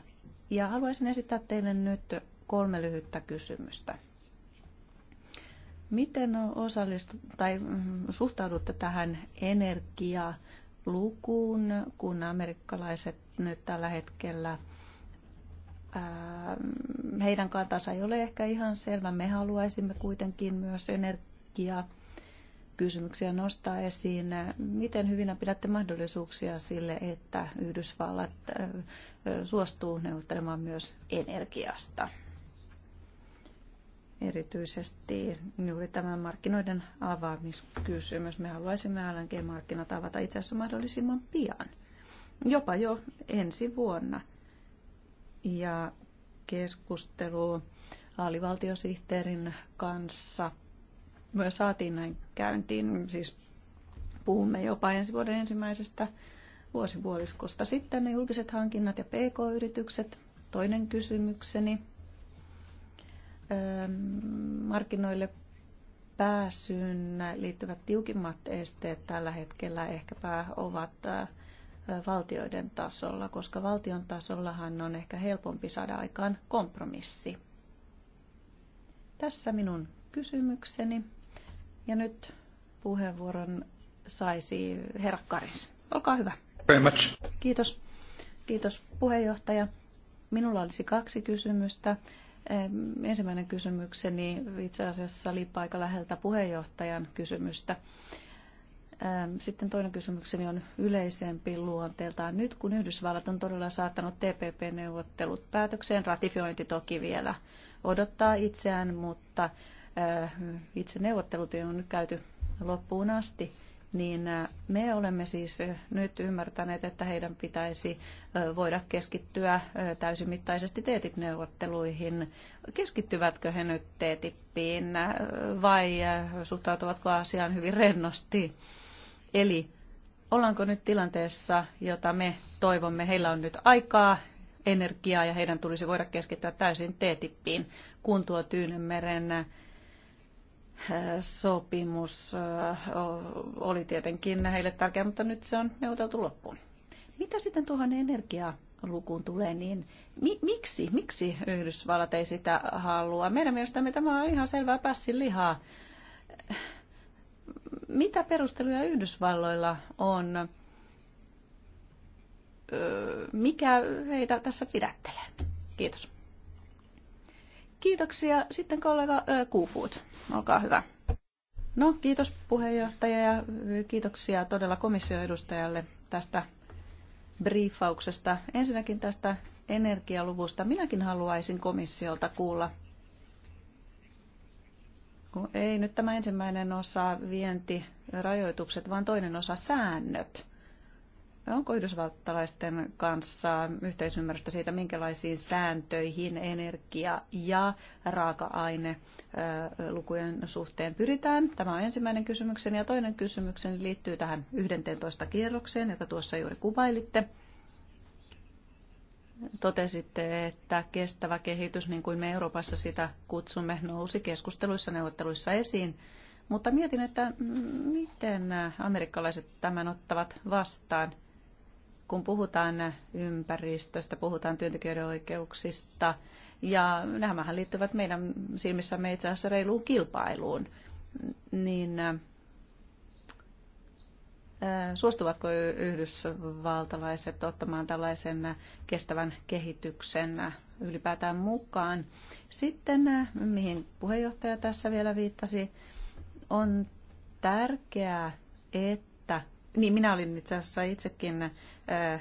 Ja haluaisin esittää teille nyt kolme lyhyttä kysymystä. Miten osallistu- tai mm, suhtaudutte tähän energialukuun, kun amerikkalaiset nyt tällä hetkellä heidän kantansa ei ole ehkä ihan selvä. Me haluaisimme kuitenkin myös energiaa kysymyksiä nostaa esiin. Miten hyvinä pidätte mahdollisuuksia sille, että Yhdysvallat suostuu neuvottelemaan myös energiasta? Erityisesti juuri tämä markkinoiden avaamiskysymys. Me haluaisimme LNG-markkinat avata itse asiassa mahdollisimman pian, jopa jo ensi vuonna. Ja keskustelu alivaltiosihteerin kanssa – saatiin näin käyntiin. Siis puhumme jopa ensi vuoden ensimmäisestä vuosipuoliskosta. Sitten ne julkiset hankinnat ja pk-yritykset. Toinen kysymykseni. Markkinoille pääsyyn liittyvät tiukimmat esteet tällä hetkellä ehkäpä ovat valtioiden tasolla, koska valtion tasollahan on ehkä helpompi saada aikaan kompromissi. Tässä minun kysymykseni. Ja nyt puheenvuoron saisi herra Karis. Olkaa hyvä. Very much. Kiitos. Kiitos puheenjohtaja. Minulla olisi kaksi kysymystä. Ensimmäinen kysymykseni itse asiassa liippaa aika läheltä puheenjohtajan kysymystä. Sitten toinen kysymykseni on yleisempi luonteeltaan. Nyt kun Yhdysvallat on todella saattanut TPP-neuvottelut päätökseen, ratifiointi toki vielä odottaa itseään, mutta Äh, itse neuvottelutyö on nyt käyty loppuun asti, niin äh, me olemme siis äh, nyt ymmärtäneet, että heidän pitäisi voida keskittyä täysimittaisesti TTIP-neuvotteluihin. E Keskittyvätkö he nyt TTIPiin e vai suhtautuvatko asiaan hyvin rennosti? Eli ollaanko nyt tilanteessa, jota me toivomme, heillä on nyt aikaa, energiaa ja heidän tulisi voida keskittyä täysin TTIPiin, e kun tuo Tyynemeren sopimus oli tietenkin heille tärkeä, mutta nyt se on neuvoteltu loppuun. Mitä sitten tuohon energialukuun tulee, niin mi- miksi, miksi Yhdysvallat ei sitä halua? Meidän mielestämme tämä on ihan selvää pässin lihaa. Mitä perusteluja Yhdysvalloilla on? Mikä heitä tässä pidättelee? Kiitos. Kiitoksia. Sitten kollega Kuufuut, olkaa hyvä. No, kiitos puheenjohtaja ja kiitoksia todella komissioedustajalle tästä briefauksesta. Ensinnäkin tästä energialuvusta. Minäkin haluaisin komissiolta kuulla. Ei nyt tämä ensimmäinen osa vientirajoitukset, vaan toinen osa säännöt. Onko yhdysvaltalaisten kanssa yhteisymmärrystä siitä, minkälaisiin sääntöihin energia- ja raaka-aine lukujen suhteen pyritään? Tämä on ensimmäinen kysymykseni. Ja toinen kysymykseni liittyy tähän 11 kierrokseen, jota tuossa juuri kuvailitte totesitte, että kestävä kehitys, niin kuin me Euroopassa sitä kutsumme, nousi keskusteluissa neuvotteluissa esiin. Mutta mietin, että miten amerikkalaiset tämän ottavat vastaan kun puhutaan ympäristöstä, puhutaan työntekijöiden oikeuksista, ja nämähän liittyvät meidän silmissämme itse asiassa reiluun kilpailuun, niin suostuvatko yhdysvaltalaiset ottamaan tällaisen kestävän kehityksen ylipäätään mukaan? Sitten, mihin puheenjohtaja tässä vielä viittasi, on tärkeää, että niin, minä olin itse asiassa itsekin, äh,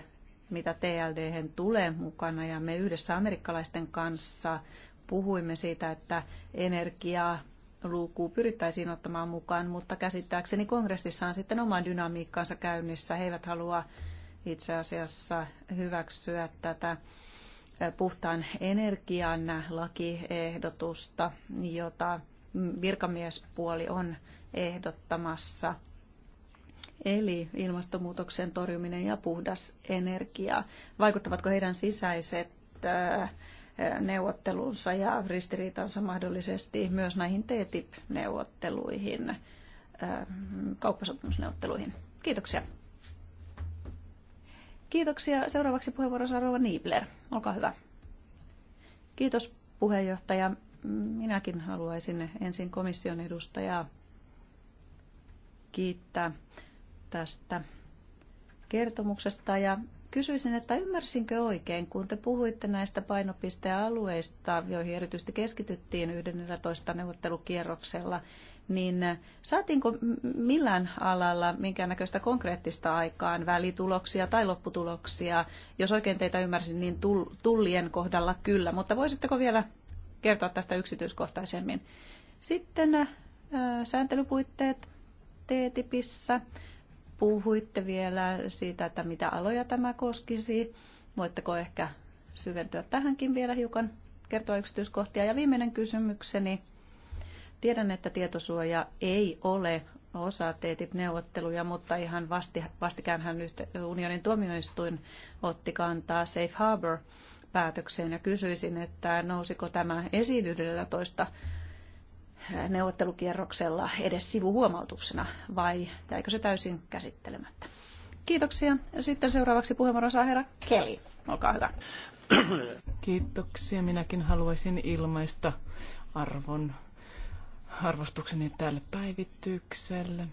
mitä tld tulee mukana, ja me yhdessä amerikkalaisten kanssa puhuimme siitä, että energiaa luukuun pyrittäisiin ottamaan mukaan, mutta käsittääkseni kongressissa on sitten oma dynamiikkaansa käynnissä. He eivät halua itse asiassa hyväksyä tätä äh, puhtaan energian lakiehdotusta, jota virkamiespuoli on ehdottamassa – eli ilmastonmuutoksen torjuminen ja puhdas energia. Vaikuttavatko heidän sisäiset äh, äh, neuvottelunsa ja ristiriitansa mahdollisesti myös näihin TTIP-neuvotteluihin, äh, kauppasopimusneuvotteluihin? Kiitoksia. Kiitoksia. Seuraavaksi puheenvuoro saa Rova Niibler. Olkaa hyvä. Kiitos puheenjohtaja. Minäkin haluaisin ensin komission edustajaa kiittää tästä kertomuksesta ja kysyisin, että ymmärsinkö oikein, kun te puhuitte näistä painopistealueista, joihin erityisesti keskityttiin 11 neuvottelukierroksella, niin saatiinko millään alalla minkäännäköistä konkreettista aikaan välituloksia tai lopputuloksia? Jos oikein teitä ymmärsin, niin tullien kohdalla kyllä, mutta voisitteko vielä kertoa tästä yksityiskohtaisemmin? Sitten sääntelypuitteet TTIPissä puhuitte vielä siitä, että mitä aloja tämä koskisi. Voitteko ehkä syventyä tähänkin vielä hiukan, kertoa yksityiskohtia. Ja viimeinen kysymykseni. Tiedän, että tietosuoja ei ole osa TTIP-neuvotteluja, mutta ihan vasti, vastikään hän unionin tuomioistuin otti kantaa Safe Harbor päätökseen ja kysyisin, että nousiko tämä esiin 11 neuvottelukierroksella edes sivuhuomautuksena vai jäikö se täysin käsittelemättä? Kiitoksia. Sitten seuraavaksi puheenvuoro saa herra Keli. Olkaa hyvä. Kiitoksia. Minäkin haluaisin ilmaista arvon arvostukseni tälle päivitykselle.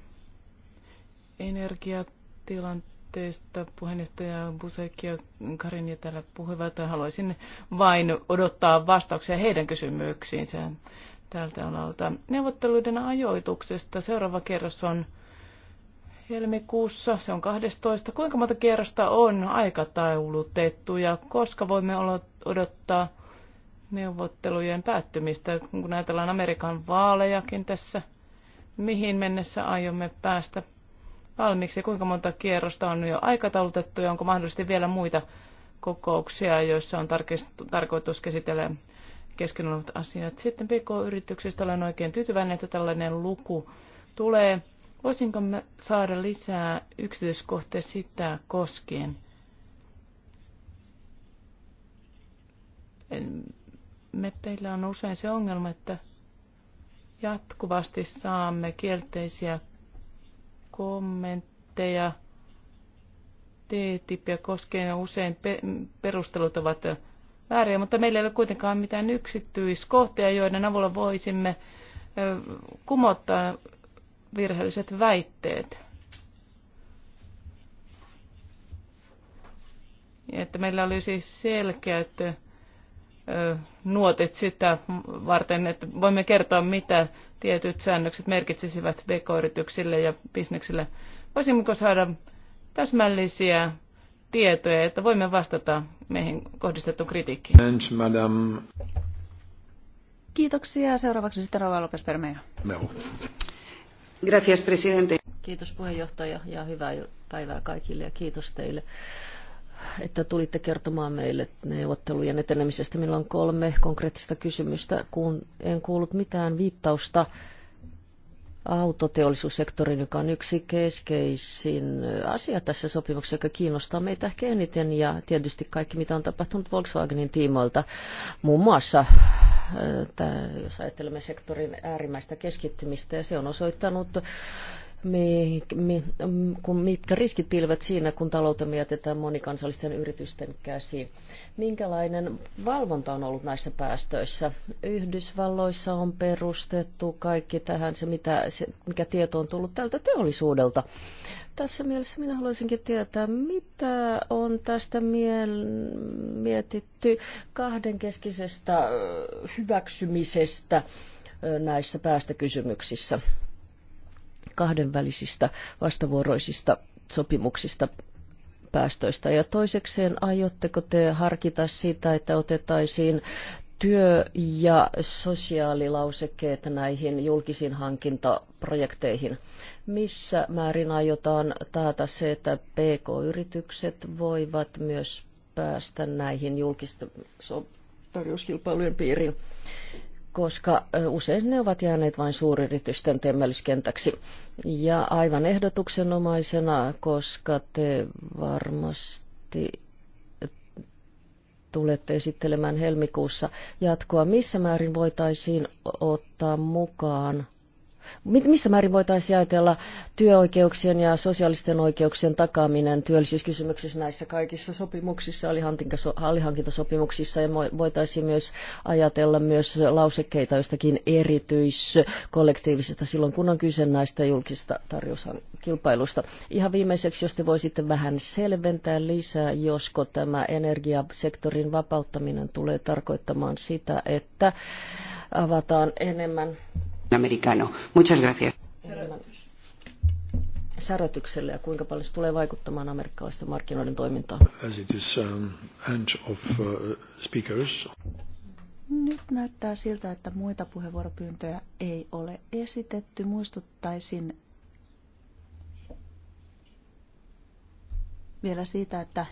Energiatilanteesta puheenjohtaja Busek ja Karin ja täällä puhuvat. haluaisin vain odottaa vastauksia heidän kysymyksiinsä tältä alalta. Neuvotteluiden ajoituksesta seuraava kerros on helmikuussa, se on 12. Kuinka monta kierrosta on aikataulutettu ja koska voimme odottaa neuvottelujen päättymistä, kun ajatellaan Amerikan vaalejakin tässä, mihin mennessä aiomme päästä valmiiksi, kuinka monta kierrosta on jo aikataulutettu ja onko mahdollisesti vielä muita kokouksia, joissa on tarkoitus käsitellä kesken olevat asiat. Sitten PK-yrityksistä olen oikein tyytyväinen, että tällainen luku tulee. Voisinko me saada lisää yksityiskohtia sitä koskien? peillä on usein se ongelma, että jatkuvasti saamme kielteisiä kommentteja. TTIP ja koskien usein perustelut ovat vääriä, mutta meillä ei ole kuitenkaan mitään yksityiskohtia, joiden avulla voisimme kumottaa virheelliset väitteet. Että meillä oli siis selkeät nuotit sitä varten, että voimme kertoa, mitä tietyt säännökset merkitsisivät vk yrityksille ja bisneksille. Voisimmeko saada täsmällisiä tietoja, että voimme vastata meihin kohdistettuun kritiikkiin. Kiitoksia. Seuraavaksi sitten Rova lopez Permeja. No. Gracias, presidente. Kiitos puheenjohtaja ja hyvää päivää kaikille ja kiitos teille että tulitte kertomaan meille neuvottelujen etenemisestä. Meillä on kolme konkreettista kysymystä, kun en kuullut mitään viittausta autoteollisuussektorin, joka on yksi keskeisin asia tässä sopimuksessa, joka kiinnostaa meitä ehkä eniten ja tietysti kaikki, mitä on tapahtunut Volkswagenin tiimoilta. Muun muassa, äh, jos ajattelemme sektorin äärimmäistä keskittymistä, ja se on osoittanut me, me, kun, mitkä riskit pilvet siinä, kun taloutemme jätetään monikansallisten yritysten käsiin. Minkälainen valvonta on ollut näissä päästöissä? Yhdysvalloissa on perustettu kaikki tähän se, mitä, se mikä tieto on tullut tältä teollisuudelta. Tässä mielessä minä haluaisinkin tietää, mitä on tästä miel- mietitty kahdenkeskisestä hyväksymisestä näissä päästökysymyksissä kahdenvälisistä vastavuoroisista sopimuksista päästöistä? Ja toisekseen, aiotteko te harkita sitä, että otettaisiin työ- ja sosiaalilausekkeet näihin julkisiin hankintaprojekteihin? Missä määrin aiotaan taata se, että PK-yritykset voivat myös päästä näihin julkisten tarjouskilpailujen piiriin? koska usein ne ovat jääneet vain suuryritysten temmellyskentäksi. Ja aivan ehdotuksenomaisena, koska te varmasti tulette esittelemään helmikuussa jatkoa, missä määrin voitaisiin ottaa mukaan missä määrin voitaisiin ajatella työoikeuksien ja sosiaalisten oikeuksien takaaminen työllisyyskysymyksissä näissä kaikissa sopimuksissa, alihankintasopimuksissa ja voitaisiin myös ajatella myös lausekkeita jostakin erityiskollektiivisesta silloin, kun on kyse näistä julkisista tarjouskilpailusta. Ihan viimeiseksi, jos te voisitte vähän selventää lisää, josko tämä energiasektorin vapauttaminen tulee tarkoittamaan sitä, että avataan enemmän latinoamericano. Muchas gracias. Särötykselle ja kuinka paljon se tulee vaikuttamaan amerikkalaisten markkinoiden toimintaan. As it is, um, end of, uh, speakers. Nyt näyttää siltä, että muita puheenvuoropyyntöjä ei ole esitetty. Muistuttaisin vielä siitä, että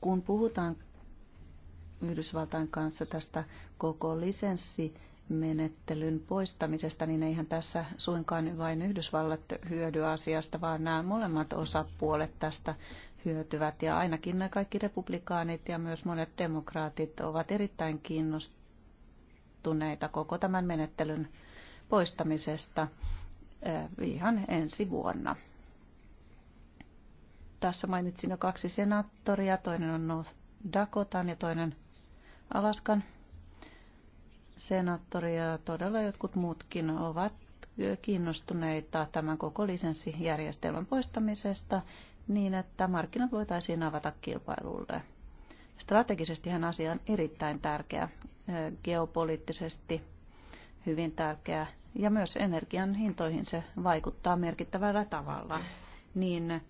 kun puhutaan Yhdysvaltain kanssa tästä koko lisenssi menettelyn poistamisesta, niin eihän tässä suinkaan vain Yhdysvallat hyödy asiasta, vaan nämä molemmat osapuolet tästä hyötyvät. Ja ainakin nämä kaikki republikaanit ja myös monet demokraatit ovat erittäin kiinnostuneita koko tämän menettelyn poistamisesta eh, ihan ensi vuonna. Tässä mainitsin jo kaksi senaattoria, toinen on North Dakotan ja toinen Alaskan senaattori ja todella jotkut muutkin ovat kiinnostuneita tämän koko lisenssijärjestelmän poistamisesta niin, että markkinat voitaisiin avata kilpailulle. Strategisestihan asia on erittäin tärkeä, geopoliittisesti hyvin tärkeä ja myös energian hintoihin se vaikuttaa merkittävällä tavalla. Niin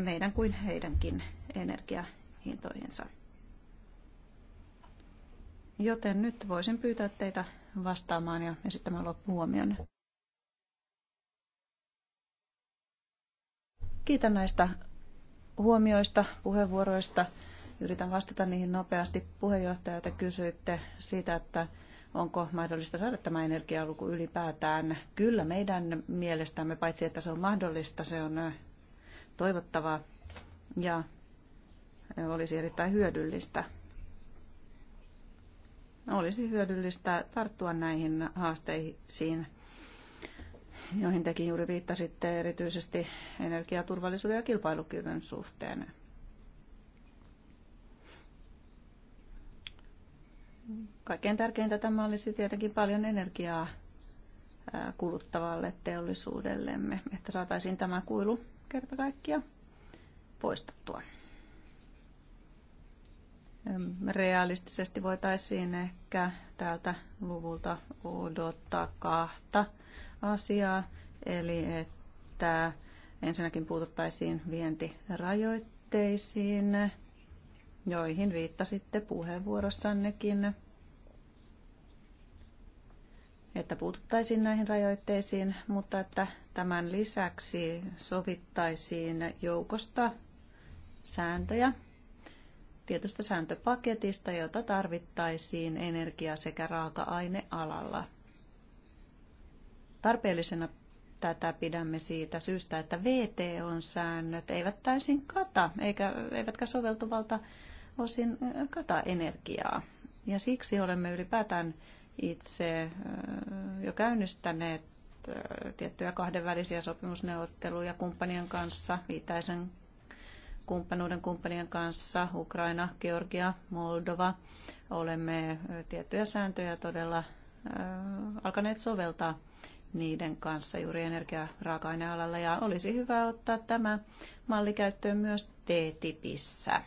meidän kuin heidänkin energiahintoihinsa. Joten nyt voisin pyytää teitä vastaamaan ja esittämään loppuhuomion. Kiitän näistä huomioista, puheenvuoroista. Yritän vastata niihin nopeasti. Puheenjohtaja, te kysyitte siitä, että onko mahdollista saada tämä energialuku ylipäätään. Kyllä meidän mielestämme, paitsi että se on mahdollista, se on toivottavaa ja olisi erittäin hyödyllistä olisi hyödyllistä tarttua näihin haasteisiin, joihin tekin juuri viittasitte erityisesti energiaturvallisuuden ja kilpailukyvyn suhteen. Kaikkein tärkeintä tämä olisi tietenkin paljon energiaa kuluttavalle teollisuudellemme, että saataisiin tämä kuilu kerta kaikkiaan poistettua realistisesti voitaisiin ehkä täältä luvulta odottaa kahta asiaa, eli että ensinnäkin puututtaisiin vientirajoitteisiin, joihin viittasitte puheenvuorossannekin, että puututtaisiin näihin rajoitteisiin, mutta että tämän lisäksi sovittaisiin joukosta sääntöjä, tietystä sääntöpaketista, jota tarvittaisiin energia- sekä raaka-ainealalla. Tarpeellisena tätä pidämme siitä syystä, että on säännöt eivät täysin kata, eikä, eivätkä soveltuvalta osin äh, kata energiaa. Ja siksi olemme ylipäätään itse äh, jo käynnistäneet äh, tiettyjä kahdenvälisiä sopimusneuvotteluja kumppanien kanssa, viitaisen kumppanuuden kumppanien kanssa, Ukraina, Georgia, Moldova. Olemme tiettyjä sääntöjä todella alkaneet soveltaa niiden kanssa juuri energiaraaka-ainealalla ja olisi hyvä ottaa tämä malli käyttöön myös T-tipissä.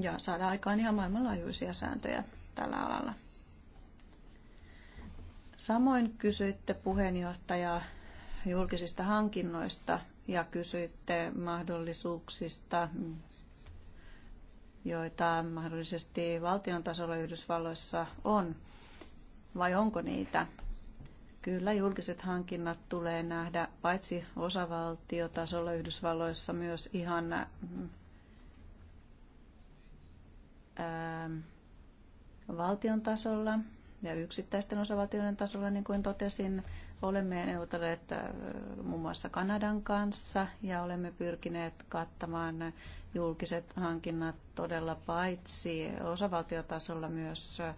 Ja saada aikaan ihan maailmanlaajuisia sääntöjä tällä alalla. Samoin kysyitte puheenjohtajaa julkisista hankinnoista ja kysyitte mahdollisuuksista, joita mahdollisesti valtion tasolla Yhdysvalloissa on, vai onko niitä? Kyllä julkiset hankinnat tulee nähdä paitsi osavaltiotasolla Yhdysvalloissa myös ihan ää, valtion tasolla ja yksittäisten osavaltioiden tasolla, niin kuin totesin. Olemme neuvotelleet äh, muun muassa Kanadan kanssa ja olemme pyrkineet kattamaan julkiset hankinnat todella paitsi osavaltiotasolla myös äh,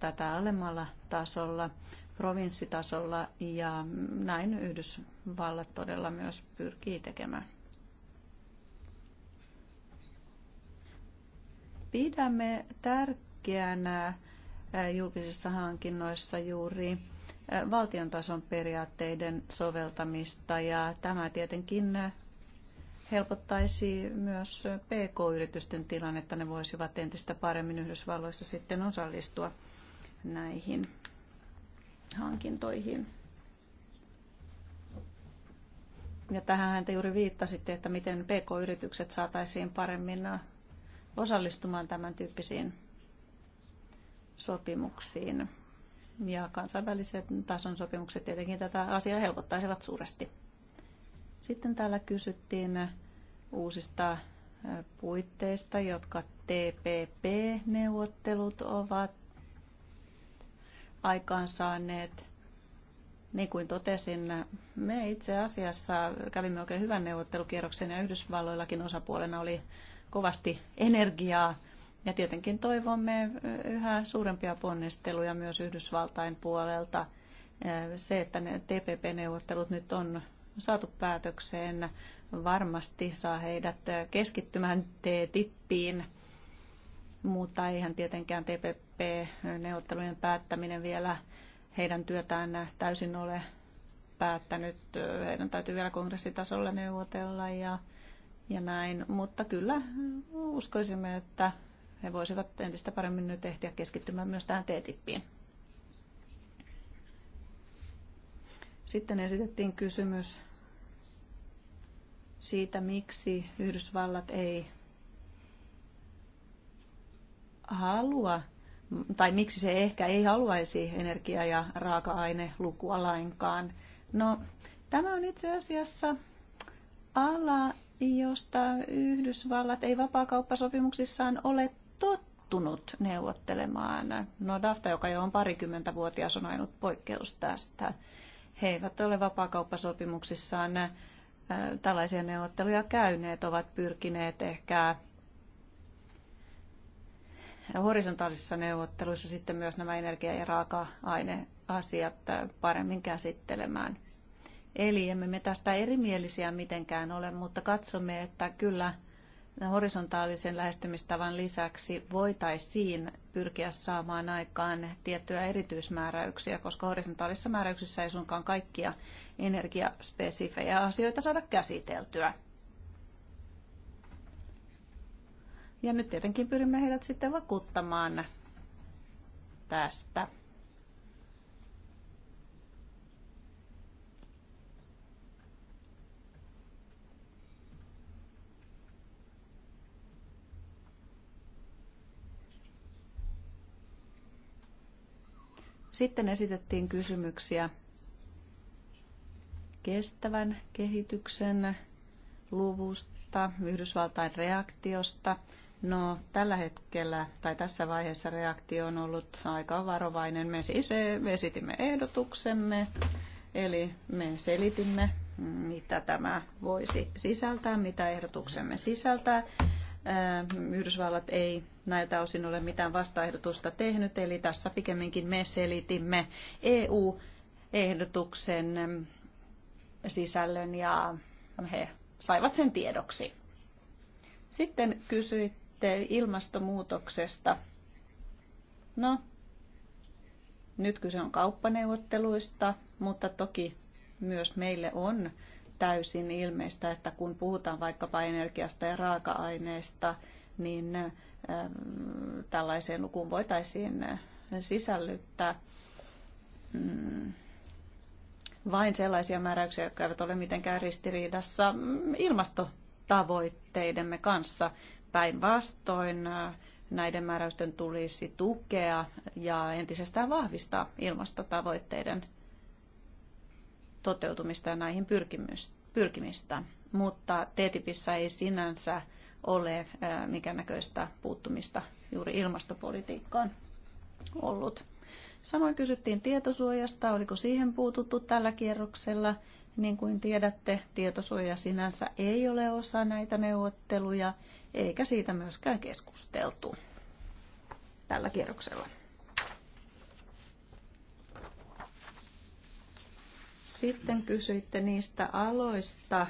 tätä alemmalla tasolla, provinssitasolla ja näin Yhdysvallat todella myös pyrkii tekemään. Pidämme tärkeänä äh, julkisissa hankinnoissa juuri valtion tason periaatteiden soveltamista ja tämä tietenkin helpottaisi myös PK-yritysten tilannetta. Ne voisivat entistä paremmin Yhdysvalloissa sitten osallistua näihin hankintoihin. Ja tähän te juuri viittasitte, että miten PK-yritykset saataisiin paremmin osallistumaan tämän tyyppisiin sopimuksiin ja kansainväliset tason sopimukset tietenkin tätä asiaa helpottaisivat suuresti. Sitten täällä kysyttiin uusista puitteista, jotka TPP-neuvottelut ovat aikaansaaneet. Niin kuin totesin, me itse asiassa kävimme oikein hyvän neuvottelukierroksen ja Yhdysvalloillakin osapuolena oli kovasti energiaa ja tietenkin toivomme yhä suurempia ponnisteluja myös Yhdysvaltain puolelta. Se, että ne TPP-neuvottelut nyt on saatu päätökseen, varmasti saa heidät keskittymään T-tippiin, mutta eihän tietenkään TPP-neuvottelujen päättäminen vielä heidän työtään täysin ole päättänyt. Heidän täytyy vielä kongressitasolla neuvotella ja, ja näin, mutta kyllä uskoisimme, että he voisivat entistä paremmin nyt ehtiä keskittymään myös tähän T-tippiin. Sitten esitettiin kysymys siitä, miksi Yhdysvallat ei halua, tai miksi se ehkä ei haluaisi energia- ja raaka aine lukua lainkaan. No, tämä on itse asiassa ala, josta Yhdysvallat ei vapaakauppasopimuksissaan ole tottunut neuvottelemaan. No Dafta, joka jo on parikymmentä vuotias, on ainut poikkeus tästä. He eivät ole vapaakauppasopimuksissaan tällaisia neuvotteluja käyneet, ovat pyrkineet ehkä horisontaalisissa neuvotteluissa sitten myös nämä energia- ja raaka-aineasiat paremmin käsittelemään. Eli emme me tästä erimielisiä mitenkään ole, mutta katsomme, että kyllä – horisontaalisen lähestymistavan lisäksi voitaisiin pyrkiä saamaan aikaan tiettyjä erityismääräyksiä, koska horisontaalisissa määräyksissä ei suinkaan kaikkia energiaspesifejä asioita saada käsiteltyä. Ja nyt tietenkin pyrimme heidät sitten vakuuttamaan tästä. Sitten esitettiin kysymyksiä kestävän kehityksen luvusta, Yhdysvaltain reaktiosta. No tällä hetkellä tai tässä vaiheessa reaktio on ollut aika varovainen. Me siis e, esitimme ehdotuksemme, eli me selitimme, mitä tämä voisi sisältää, mitä ehdotuksemme sisältää. Äh, Yhdysvallat ei näiltä osin ole mitään vastaehdotusta tehnyt, eli tässä pikemminkin me selitimme EU-ehdotuksen sisällön ja he saivat sen tiedoksi. Sitten kysyitte ilmastonmuutoksesta. No, nyt kyse on kauppaneuvotteluista, mutta toki myös meille on täysin ilmeistä, että kun puhutaan vaikkapa energiasta ja raaka-aineesta, niin tällaiseen lukuun voitaisiin sisällyttää mm, vain sellaisia määräyksiä, jotka eivät ole mitenkään ristiriidassa mm, ilmastotavoitteidemme kanssa. Päinvastoin näiden määräysten tulisi tukea ja entisestään vahvistaa ilmastotavoitteiden toteutumista ja näihin pyrkimistä. Mutta TTIPissä ei sinänsä ole äh, mikään näköistä puuttumista juuri ilmastopolitiikkaan ollut. Samoin kysyttiin tietosuojasta, oliko siihen puututtu tällä kierroksella. Niin kuin tiedätte, tietosuoja sinänsä ei ole osa näitä neuvotteluja, eikä siitä myöskään keskusteltu tällä kierroksella. Sitten kysyitte niistä aloista,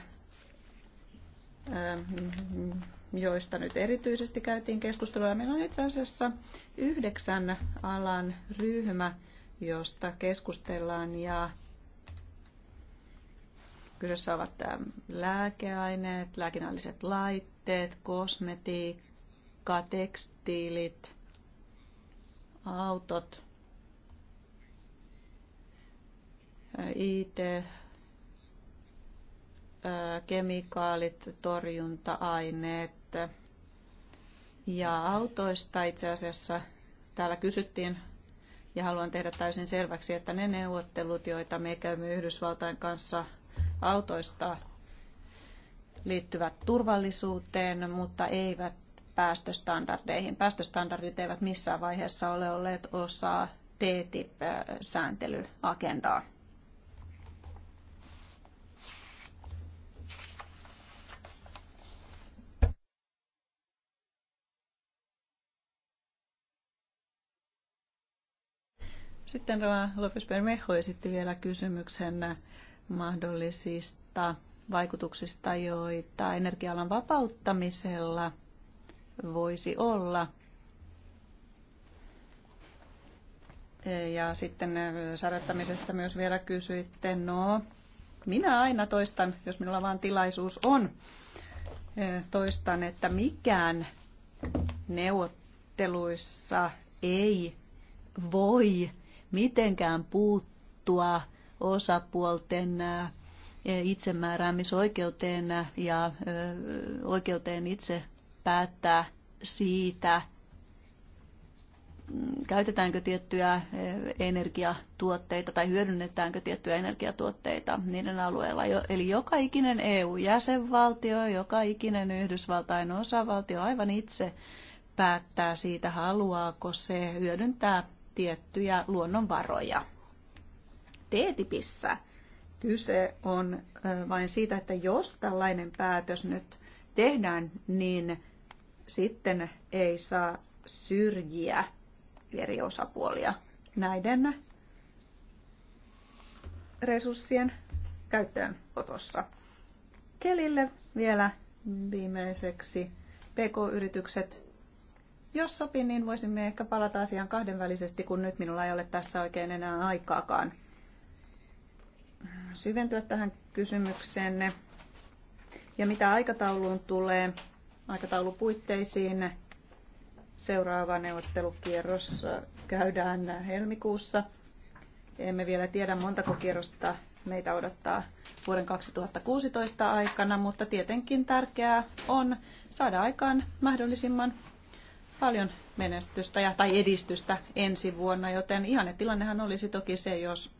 ähm, joista nyt erityisesti käytiin keskustelua. Meillä on itse asiassa yhdeksän alan ryhmä, josta keskustellaan ja kyseessä ovat ähm, lääkeaineet, lääkinnälliset laitteet, kosmetiikka, tekstiilit, autot, IT, kemikaalit, torjunta-aineet. Ja autoista itse asiassa täällä kysyttiin, ja haluan tehdä täysin selväksi, että ne neuvottelut, joita me käymme Yhdysvaltain kanssa autoista, liittyvät turvallisuuteen, mutta eivät päästöstandardeihin. Päästöstandardit eivät missään vaiheessa ole olleet osa TTIP-sääntelyagendaa. Sitten Rova Lopes Bermejo esitti vielä kysymyksen mahdollisista vaikutuksista, joita energialan vapauttamisella voisi olla. Ja sitten sadottamisesta myös vielä kysyitte, no minä aina toistan, jos minulla vaan tilaisuus on, toistan, että mikään neuvotteluissa ei voi mitenkään puuttua osapuolten itsemääräämisoikeuteen ja oikeuteen itse päättää siitä, käytetäänkö tiettyjä energiatuotteita tai hyödynnetäänkö tiettyjä energiatuotteita niiden alueella. Eli joka ikinen EU-jäsenvaltio, joka ikinen Yhdysvaltain osavaltio aivan itse päättää siitä, haluaako se hyödyntää tiettyjä luonnonvaroja. TTIPissä kyse on vain siitä, että jos tällainen päätös nyt tehdään, niin sitten ei saa syrjiä eri osapuolia näiden resurssien käyttöönotossa. Kelille vielä viimeiseksi. PK-yritykset jos sopii, niin voisimme ehkä palata asiaan kahdenvälisesti, kun nyt minulla ei ole tässä oikein enää aikaakaan syventyä tähän kysymykseenne. Ja mitä aikatauluun tulee, aikataulupuitteisiin, seuraava neuvottelukierros käydään helmikuussa. Emme vielä tiedä montako kierrosta meitä odottaa vuoden 2016 aikana, mutta tietenkin tärkeää on saada aikaan mahdollisimman paljon menestystä ja, tai edistystä ensi vuonna, joten ihanne tilannehan olisi toki se, jos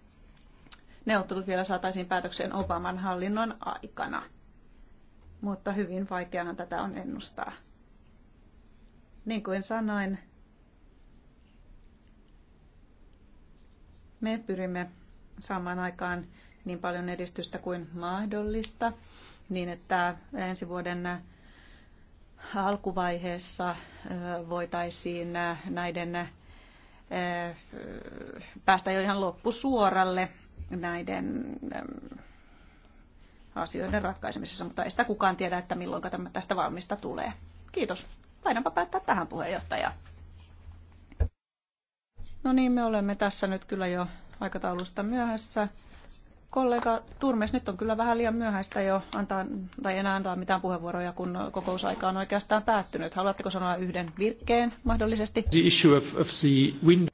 neuvottelut vielä saataisiin päätökseen Obaman hallinnon aikana. Mutta hyvin vaikeahan tätä on ennustaa. Niin kuin sanoin, me pyrimme saamaan aikaan niin paljon edistystä kuin mahdollista, niin että ensi vuoden alkuvaiheessa voitaisiin näiden päästä jo ihan loppusuoralle näiden asioiden ratkaisemisessa, mutta ei sitä kukaan tiedä, että milloin tästä valmista tulee. Kiitos. Painanpa päättää tähän puheenjohtaja. No niin, me olemme tässä nyt kyllä jo aikataulusta myöhässä kollega Turmes, nyt on kyllä vähän liian myöhäistä jo antaa, tai enää antaa mitään puheenvuoroja, kun kokousaika on oikeastaan päättynyt. Haluatteko sanoa yhden virkkeen mahdollisesti? The issue of, of the wind...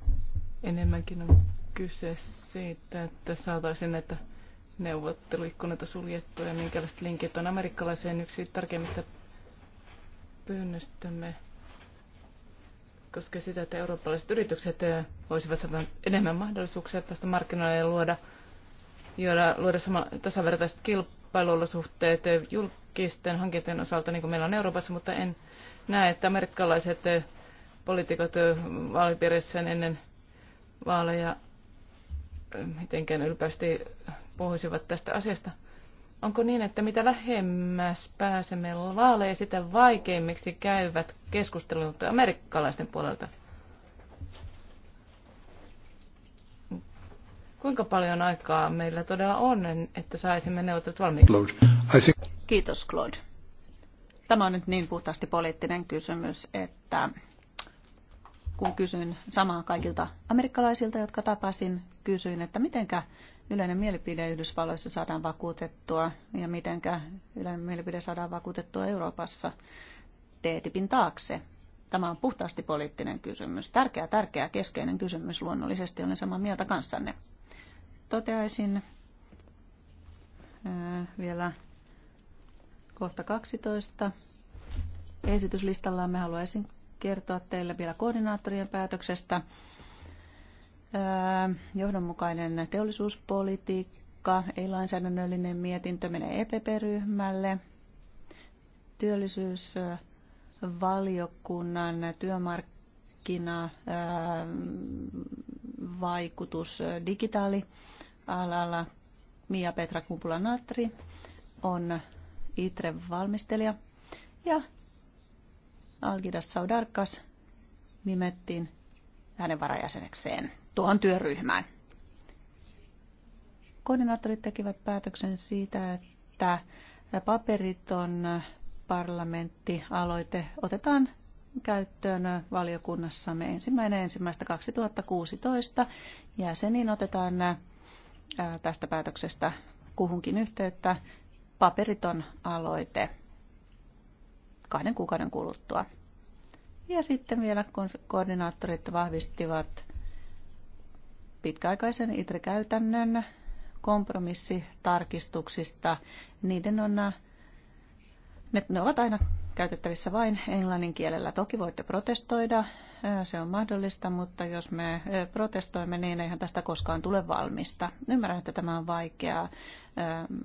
Enemmänkin on kyse siitä, että saataisiin näitä neuvotteluikkunoita suljettua ja minkälaiset linkit on amerikkalaiseen yksi tarkemmista pyynnöstämme koska sitä, että eurooppalaiset yritykset voisivat saada enemmän mahdollisuuksia päästä markkinoille ja luoda – joilla luoda sama, tasavertaiset kilpailuolosuhteet julkisten hankintojen osalta, niin kuin meillä on Euroopassa, mutta en näe, että amerikkalaiset eh, poliitikot eh, vaalipiirissä ennen vaaleja eh, mitenkään ylpeästi puhuisivat tästä asiasta. Onko niin, että mitä lähemmäs pääsemme vaaleja, sitä vaikeimmiksi käyvät keskustelut amerikkalaisten puolelta? Kuinka paljon aikaa meillä todella on, että saisimme neuvottelut valmiiksi? Kiitos, Claude. Tämä on nyt niin puhtaasti poliittinen kysymys, että kun kysyin samaa kaikilta amerikkalaisilta, jotka tapasin, kysyin, että mitenkä yleinen mielipide Yhdysvalloissa saadaan vakuutettua ja mitenkä yleinen mielipide saadaan vakuutettua Euroopassa teetipin taakse. Tämä on puhtaasti poliittinen kysymys. Tärkeä, tärkeä, keskeinen kysymys luonnollisesti. Olen samaa mieltä kanssanne. Toteaisin vielä kohta 12. Esityslistalla me haluaisin kertoa teille vielä koordinaattorien päätöksestä. Johdonmukainen teollisuuspolitiikka, ei-lainsäädännöllinen mietintö menee EPP-ryhmälle. Työllisyysvaliokunnan työmarkkina vaikutus digitaali alalla Mia Petra Kumpula-Natri on itre valmistelija ja Algidas Saudarkas nimettiin hänen varajäsenekseen tuohon työryhmään. Koordinaattorit tekivät päätöksen siitä, että paperiton parlamenttialoite otetaan käyttöön valiokunnassamme ensimmäinen ensimmäistä 2016. Jäseniin otetaan tästä päätöksestä kuhunkin yhteyttä. Paperiton aloite kahden kuukauden kuluttua. Ja sitten vielä koordinaattorit vahvistivat pitkäaikaisen ITRE-käytännön kompromissitarkistuksista. Niiden on, ne, ne ovat aina käytettävissä vain englannin kielellä. Toki voitte protestoida, se on mahdollista, mutta jos me protestoimme, niin eihän tästä koskaan tule valmista. Ymmärrän, että tämä on vaikeaa.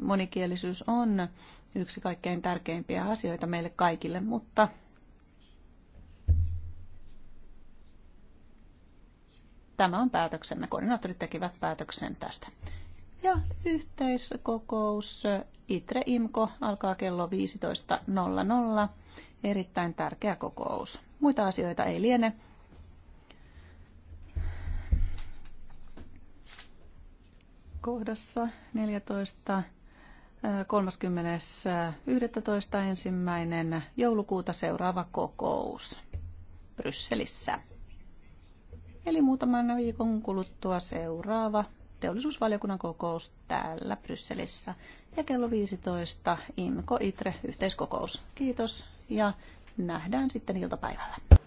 Monikielisyys on yksi kaikkein tärkeimpiä asioita meille kaikille, mutta tämä on päätöksemme. Koordinaattorit tekivät päätöksen tästä. Ja yhteiskokous ITRE IMKO alkaa kello 15.00. Erittäin tärkeä kokous. Muita asioita ei liene. Kohdassa 14. 30.11. Äh, äh, ensimmäinen joulukuuta seuraava kokous Brysselissä. Eli muutaman viikon kuluttua seuraava teollisuusvaliokunnan kokous täällä Brysselissä. Ja kello 15 imco ITRE yhteiskokous. Kiitos ja nähdään sitten iltapäivällä.